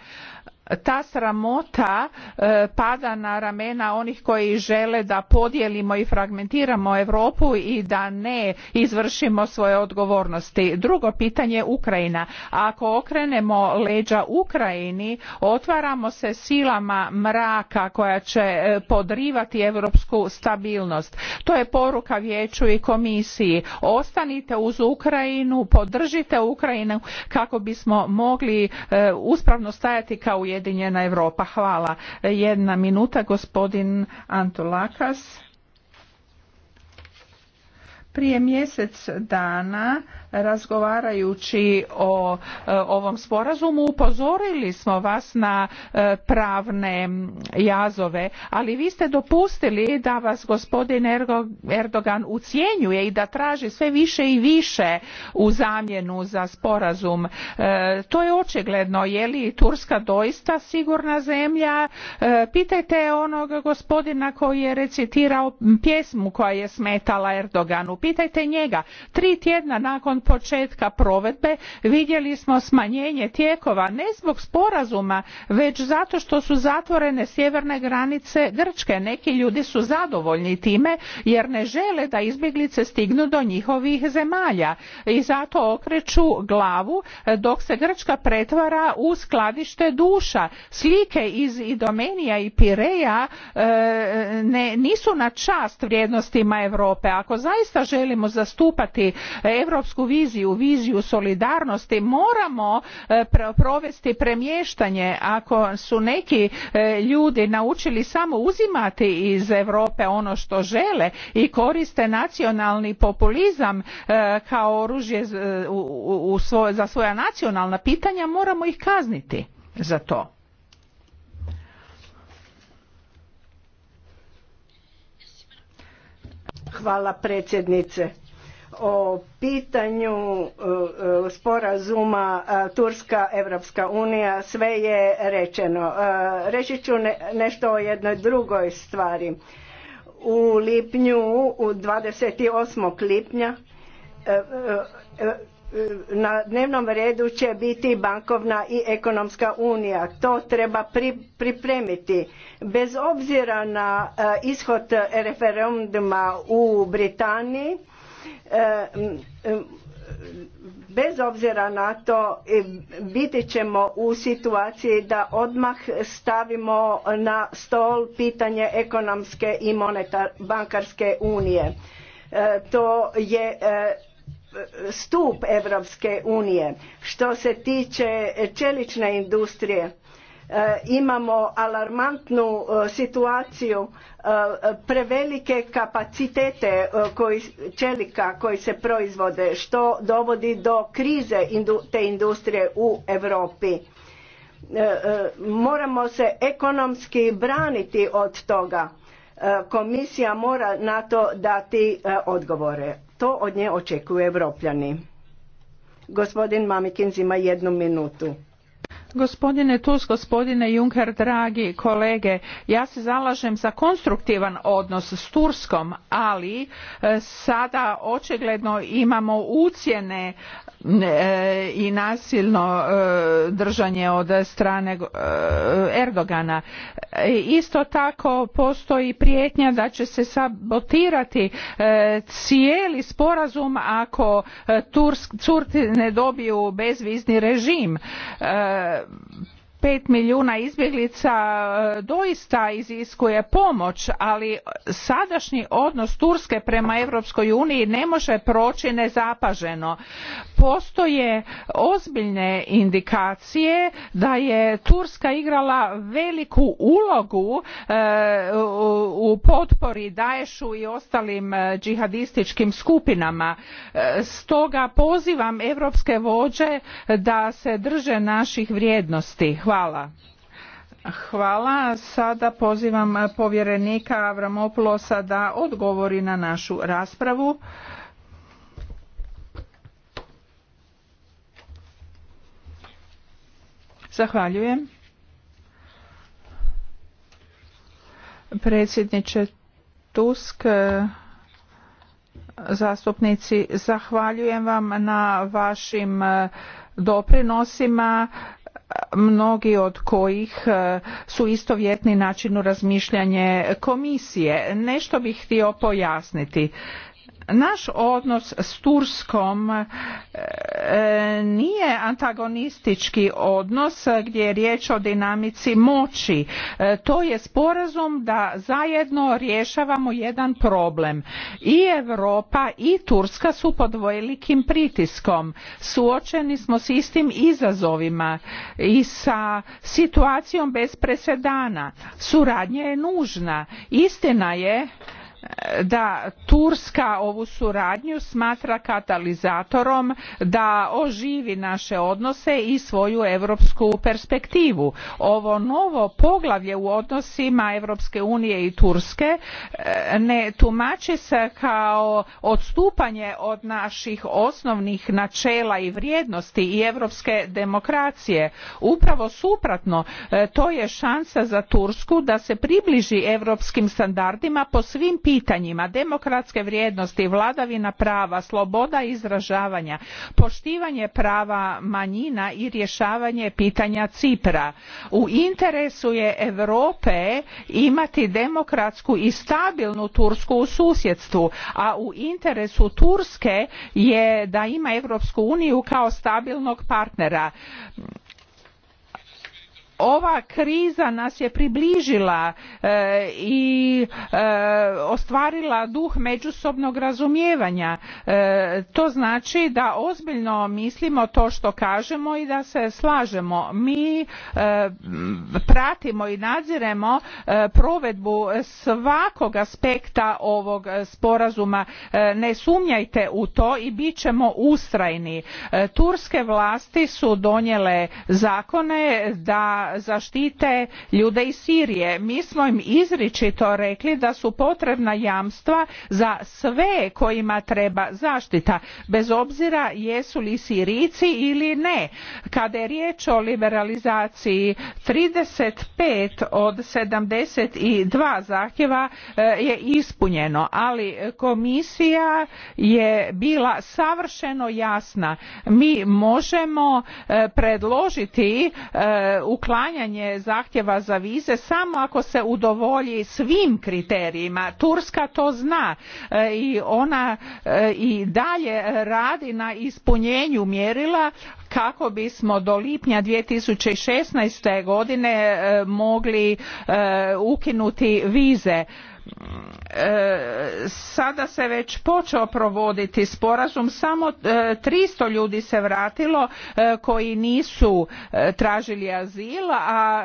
ta sramota e, pada na ramena onih koji žele da podijelimo i fragmentiramo Europu i da ne izvršimo svoje odgovornosti. Drugo pitanje Ukrajina. Ako okrenemo leđa Ukrajini, otvaramo se silama mraka koja će e, podrivati europsku stabilnost. To je poruka vijeću i komisiji. Ostanite uz Ukrajinu, podržite Ukrajinu kako bismo mogli e, uspravno stajati kao Ujedinjena Europa. Hvala. Jedna minuta, gospodin Lakas. Prije mjesec dana razgovarajući o e, ovom sporazumu upozorili smo vas na e, pravne jazove, ali vi ste dopustili da vas gospodin Erdogan ucjenjuje i da traži sve više i više u zamjenu za sporazum. E, to je očigledno, je li Turska doista sigurna zemlja? Pitajte onog gospodina koji je recitirao pjesmu koja je smetala Erdoganu. Pitajte njega. Tri tjedna nakon početka provedbe vidjeli smo smanjenje tijekova ne zbog sporazuma već zato što su zatvorene sjeverne granice grčke neki ljudi su zadovoljni time jer ne žele da izbjeglice stignu do njihovih zemalja i zato okreću glavu dok se grčka pretvara u skladište duša slike iz idomenija i pireja e, ne, nisu na čast vrijednostima europe ako zaista želimo zastupati europsku viziju, viziju solidarnosti moramo e, provesti premještanje. Ako su neki e, ljudi naučili samo uzimati iz Europe ono što žele i koriste nacionalni populizam e, kao oružje za svoja nacionalna pitanja, moramo ih kazniti za to. Hvala predsjednice o pitanju e, e, sporazuma e, Turska Evropska unija sve je rečeno. Reći ću nešto o jednoj drugoj stvari. U lipnju, u 28. lipnja na dnevnom redu će biti bankovna i ekonomska unija. To treba pripremiti. Bez obzira na ishod referenduma u Britaniji, E, e, bez obzira na to e, biti ćemo u situaciji da odmah stavimo na stol pitanje ekonomske i bankarske unije. To je stup Europske unije. Što se tiče čelične industrije, Eh, imamo alarmantnu eh, situaciju eh, prevelike kapacitete koji, čelika koji se proizvode što dovodi do krize te industrije u Europi. Moramo se ekonomski braniti od toga. Komisija mora na to dati odgovore. To od nje očekuju Evropljani. Gospodin Mamikinz ima jednu minutu. Gospodine Tusk, gospodine Juncker, dragi kolege, ja se zalažem za konstruktivan odnos s Turskom, ali e, sada očigledno imamo ucjene e, i nasilno e, držanje od strane Erdogana. Isto tako postoji prijetnja da će se sabotirati cijeli sporazum ako Turci ne dobiju bezvizni režim e pet milijuna izbjeglica e, doista iziskuje pomoć ali sadašnji odnos turske prema europskoj uniji ne može proći nezapaženo postoje ozbiljne indikacije da je turska igrala veliku ulogu e, u potpori daješu i ostalim e, džihadističkim skupinama stoga pozivam europske vođe da se drže naših vrijednosti Hvala. Hvala. Sada pozivam povjerenika Avramopulosa da odgovori na našu raspravu. Zahvaljujem. Predsjedniče Tusk, zastupnici, zahvaljujem vam na vašim doprinosima mnogi od kojih e, su istovjetni načinu razmišljanja komisije. Nešto bih htio pojasniti. Naš odnos s Turskom e, nije antagonistički odnos gdje je riječ o dinamici moći. E, to je sporazum da zajedno rješavamo jedan problem. I Europa i Turska su pod velikim pritiskom. Suočeni smo s istim izazovima i sa situacijom bez presedana. Suradnja je nužna. Istina je da Turska ovu suradnju smatra katalizatorom da oživi naše odnose i svoju europsku perspektivu. Ovo novo poglavlje u odnosima Europske unije i Turske e, ne tumači se kao odstupanje od naših osnovnih načela i vrijednosti i europske demokracije. Upravo suprotno, e, to je šansa za Tursku da se približi europskim standardima po svim pitanjima pitanjima demokratske vrijednosti vladavina prava sloboda izražavanja poštivanje prava manjina i rješavanje pitanja cipra u interesu je europe imati demokratsku i stabilnu tursku u susjedstvu a u interesu turske je da ima europsku uniju kao stabilnog partnera ova kriza nas je približila e, i e, ostvarila duh međusobnog razumijevanja e, to znači da ozbiljno mislimo to što kažemo i da se slažemo mi pratimo i nadziremo provedbu svakog aspekta ovog sporazuma ne sumnjajte u to i bit ćemo ustrajni turske vlasti su donijele zakone da zaštite ljude iz Sirije. Mi smo im izričito rekli da su potrebna jamstva za sve kojima treba zaštita, bez obzira jesu li Sirijci ili ne. Kada je riječ o liberalizaciji 35 od 72 zahtjeva e, je ispunjeno, ali komisija je bila savršeno jasna. Mi možemo e, predložiti e, uklanjanje uklanjanje zahtjeva za vize samo ako se udovolji svim kriterijima. Turska to zna e, i ona e, i dalje radi na ispunjenju mjerila kako bismo do lipnja 2016. godine e, mogli ukinuti vize E, sada se već počeo provoditi sporazum samo 300 e, ljudi se vratilo e, koji nisu tražili azil a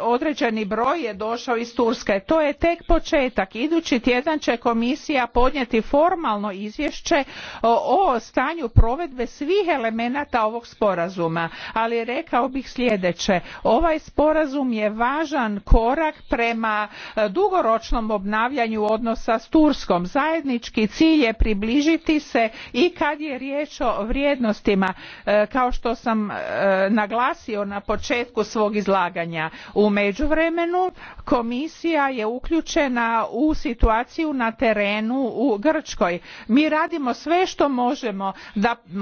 određeni broj je došao iz Turske to je tek početak idući tjedan će komisija podnijeti formalno izvješće o stanju provedbe svih elemenata ovog sporazuma ali rekao bih sljedeće ovaj sporazum je važan korak prema dugoročnom obnavljanju odnosa s Turskom. Zajednički cilj je približiti se i kad je riječ o vrijednostima e, kao što sam e, naglasio na početku svog izlaganja. U međuvremenu komisija je uključena u situaciju na terenu u Grčkoj. Mi radimo sve što možemo da e,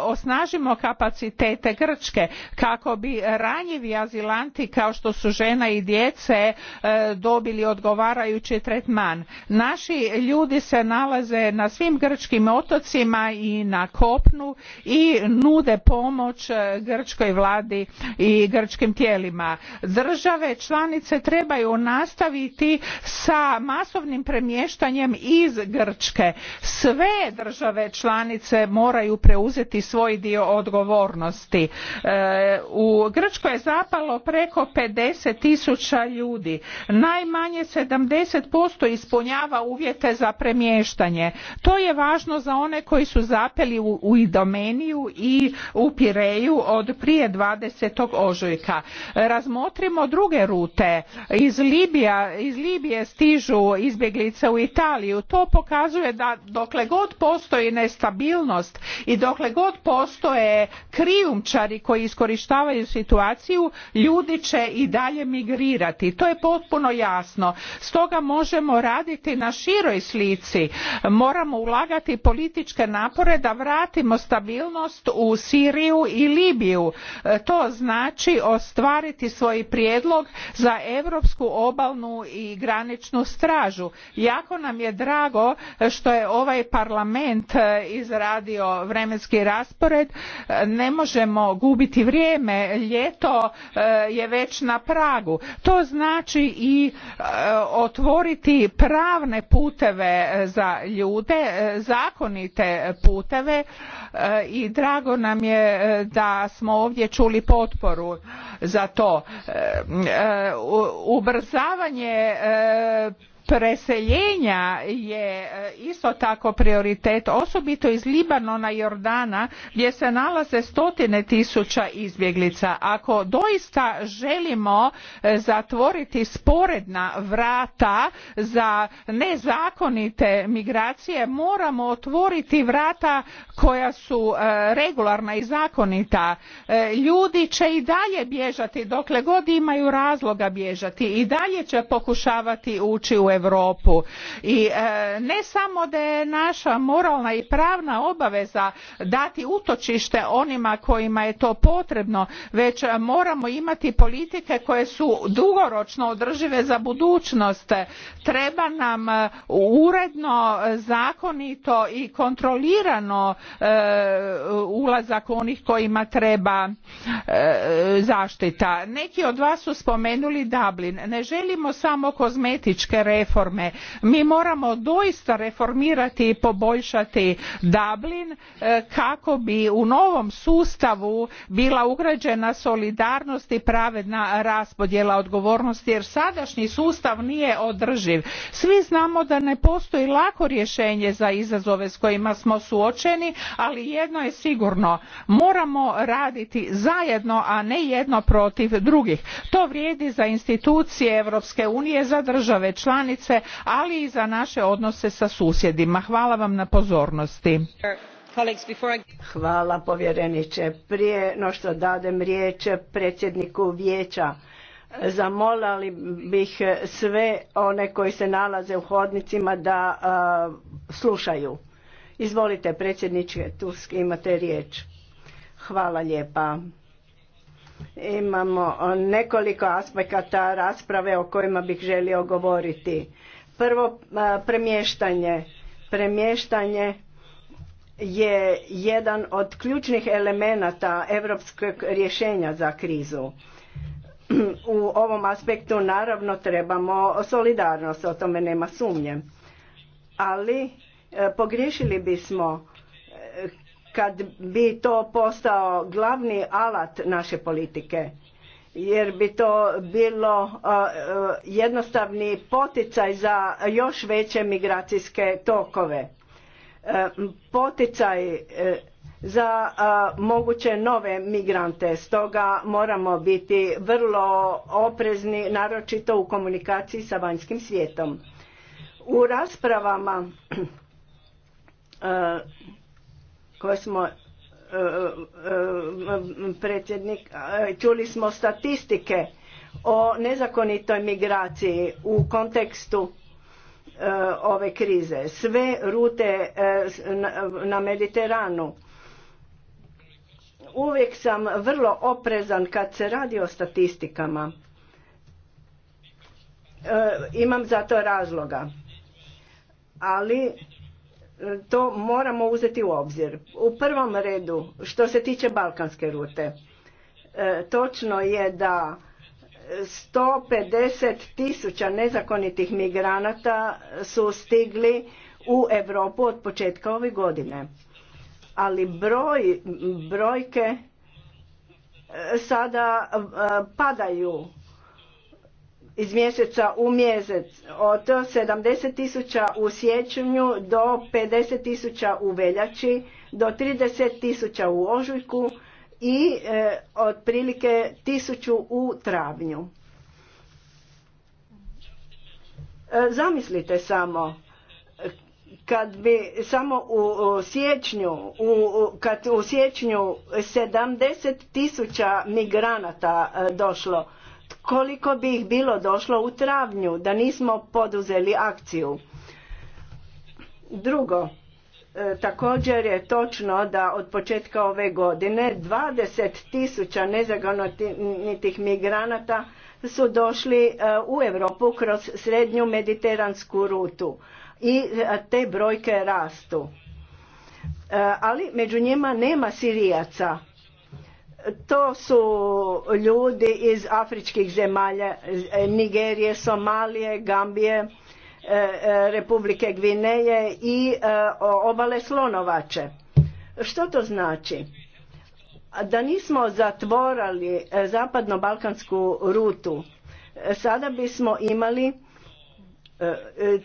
osnažimo kapacitete Grčke kako bi ranjivi azilanti kao što su žena i djece dobili odgovarajuće tretman. Naši ljudi se nalaze na svim grčkim otocima i na kopnu i nude pomoć eh, grčkoj vladi i grčkim tijelima. Države članice trebaju nastaviti sa masovnim premještanjem iz Grčke. Sve države članice moraju preuzeti svoj dio odgovornosti. Eh, u Grčkoj je zapalo preko 50 tisuća ljudi. Najmanje 70 posto ispunjava uvjete za premještanje. To je važno za one koji su zapeli u, Idomeniju i u Pireju od prije 20. ožujka. Razmotrimo druge rute. Iz, iz Libije stižu izbjeglice u Italiju. To pokazuje da dokle god postoji nestabilnost i dokle god postoje krijumčari koji iskorištavaju situaciju, ljudi će i dalje migrirati. To je potpuno jasno. Stoga možemo raditi na široj slici moramo ulagati političke napore da vratimo stabilnost u Siriju i Libiju e, to znači ostvariti svoj prijedlog za europsku obalnu i graničnu stražu jako nam je drago što je ovaj parlament e, izradio vremenski raspored e, ne možemo gubiti vrijeme ljeto je već na pragu to znači i otvoriti otvoriti pravne puteve e, za ljude e, zakonite puteve e, i drago nam je da smo ovdje čuli potporu za to ubrzavanje preseljenja je e, isto tako prioritet osobito iz libanona i jordana gdje se nalaze stotine tisuća izbjeglica ako doista želimo e, zatvoriti sporedna vrata za nezakonite migracije moramo otvoriti vrata koja su e, regularna i zakonita ljudi će i dalje bježati dokle god imaju razloga bježati i dalje će pokušavati ući u Europu i e, ne samo da je naša moralna i pravna obaveza dati utočište onima kojima je to potrebno već moramo imati politike koje su dugoročno održive za budućnost treba nam e, uredno zakonito i kontrolirano e, ulazak onih kojima treba zaštita neki od vas su spomenuli Dublin ne želimo samo kozmetičke reforme reforme. Mi moramo doista reformirati i poboljšati Dublin e, kako bi u novom sustavu bila ugrađena solidarnost i pravedna raspodjela odgovornosti jer sadašnji sustav nije održiv. Svi znamo da ne postoji lako rješenje za izazove s kojima smo suočeni, ali jedno je sigurno, moramo raditi zajedno, a ne jedno protiv drugih. To vrijedi za institucije Europske unije, za države članice zajednice ali i za naše odnose sa susjedima hvala vam na pozornosti Hvala povjereniče. Prije no što dadem riječ predsjedniku vijeća, zamolali bih sve one koji se nalaze u hodnicima da slušaju. Izvolite predsjedniče Tusk, imate riječ. Hvala lijepa. Imamo nekoliko aspekata rasprave o kojima bih želio govoriti. Prvo, premještanje. Premještanje je jedan od ključnih elemenata evropskog rješenja za krizu. U ovom aspektu naravno trebamo solidarnost, o tome nema sumnje. Ali e, pogriješili bismo kad bi to postao glavni alat naše politike jer bi to bilo uh, uh, jednostavni poticaj za još veće migracijske tokove uh, poticaj za moguće nove migrante stoga moramo biti vrlo oprezni naročito u komunikaciji sa vanjskim svijetom u raspravama koje smo e, e, e, predsjednik, čuli smo statistike o nezakonitoj migraciji u kontekstu ove krize. Sve rute na Mediteranu. Uvijek sam vrlo oprezan kad se radi o statistikama. Imam za to razloga. Ali to moramo uzeti u obzir. U prvom redu, što se tiče balkanske rute, e, točno je da 150 tisuća nezakonitih migranata su stigli u Europu od početka ove godine. Ali broj, brojke e, sada e, padaju iz mjeseca u mjesec od 70 tisuća u siječnju do 50 tisuća u veljači do 30 tisuća u ožujku i e, otprilike tisuću u travnju. E, zamislite samo kad bi samo u, siječnju u, kad u siječnju 70 tisuća migranata e, došlo koliko bi ih bilo došlo u travnju da nismo poduzeli akciju. Drugo, e, također je točno da od početka ove godine 20 tisuća nezagonitih migranata su došli e, u Europu kroz srednju mediteransku rutu i e, te brojke rastu. Ali među njima nema Sirijaca to su ljudi iz afričkih zemalja, eh, Nigerije, Somalije, Gambije, eh, eh, Republike Gvineje i obale Slonovače. Što to znači? Da nismo zatvorali zapadno-balkansku rutu, sada bismo imali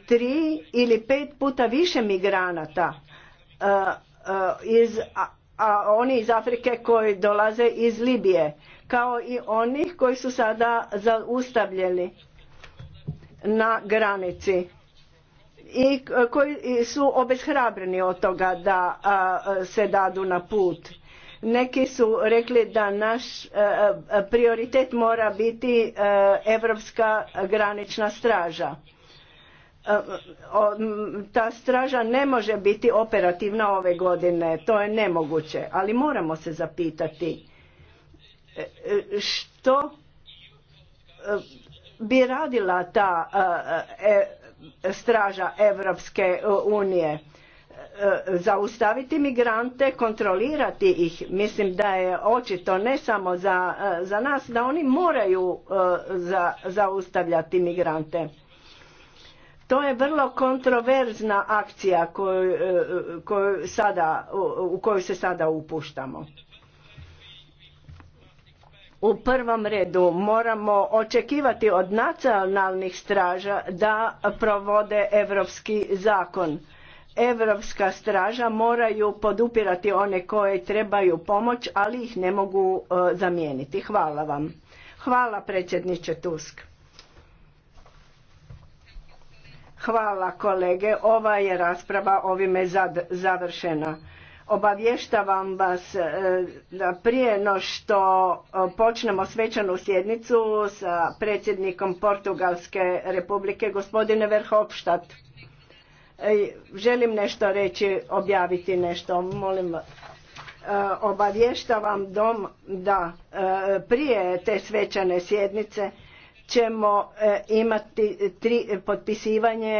tri ili pet puta više migranata iz a oni iz Afrike koji dolaze iz Libije, kao i oni koji su sada zaustavljeni na granici i koji su obeshrabreni od toga da se dadu na put. Neki su rekli da naš prioritet mora biti Europska granična straža E, ta straža ne može biti operativna ove godine, to je nemoguće, ali moramo se zapitati e, e, što bi radila ta straža Evropske unije zaustaviti migrante, kontrolirati ih. Mislim da je očito ne samo za, nas, da oni moraju zaustavljati migrante. To je vrlo kontroverzna akcija koju, e, sada, u koju se sada upuštamo. U prvom redu moramo očekivati od nacionalnih straža da provode europski zakon. Europska straža moraju podupirati one koje trebaju pomoć, ali ih ne mogu e, zamijeniti. Hvala vam. Hvala predsjedniče Tusk. Hvala kolege, ova je rasprava ovime završena. Obavještavam vas e, da prije no što e, počnemo svečanu sjednicu sa predsjednikom Portugalske republike, gospodine Verhofstadt. E, želim nešto reći, objaviti nešto, molim obavještavam dom da prije te svečane sjednice ćemo e, imati tri potpisivanje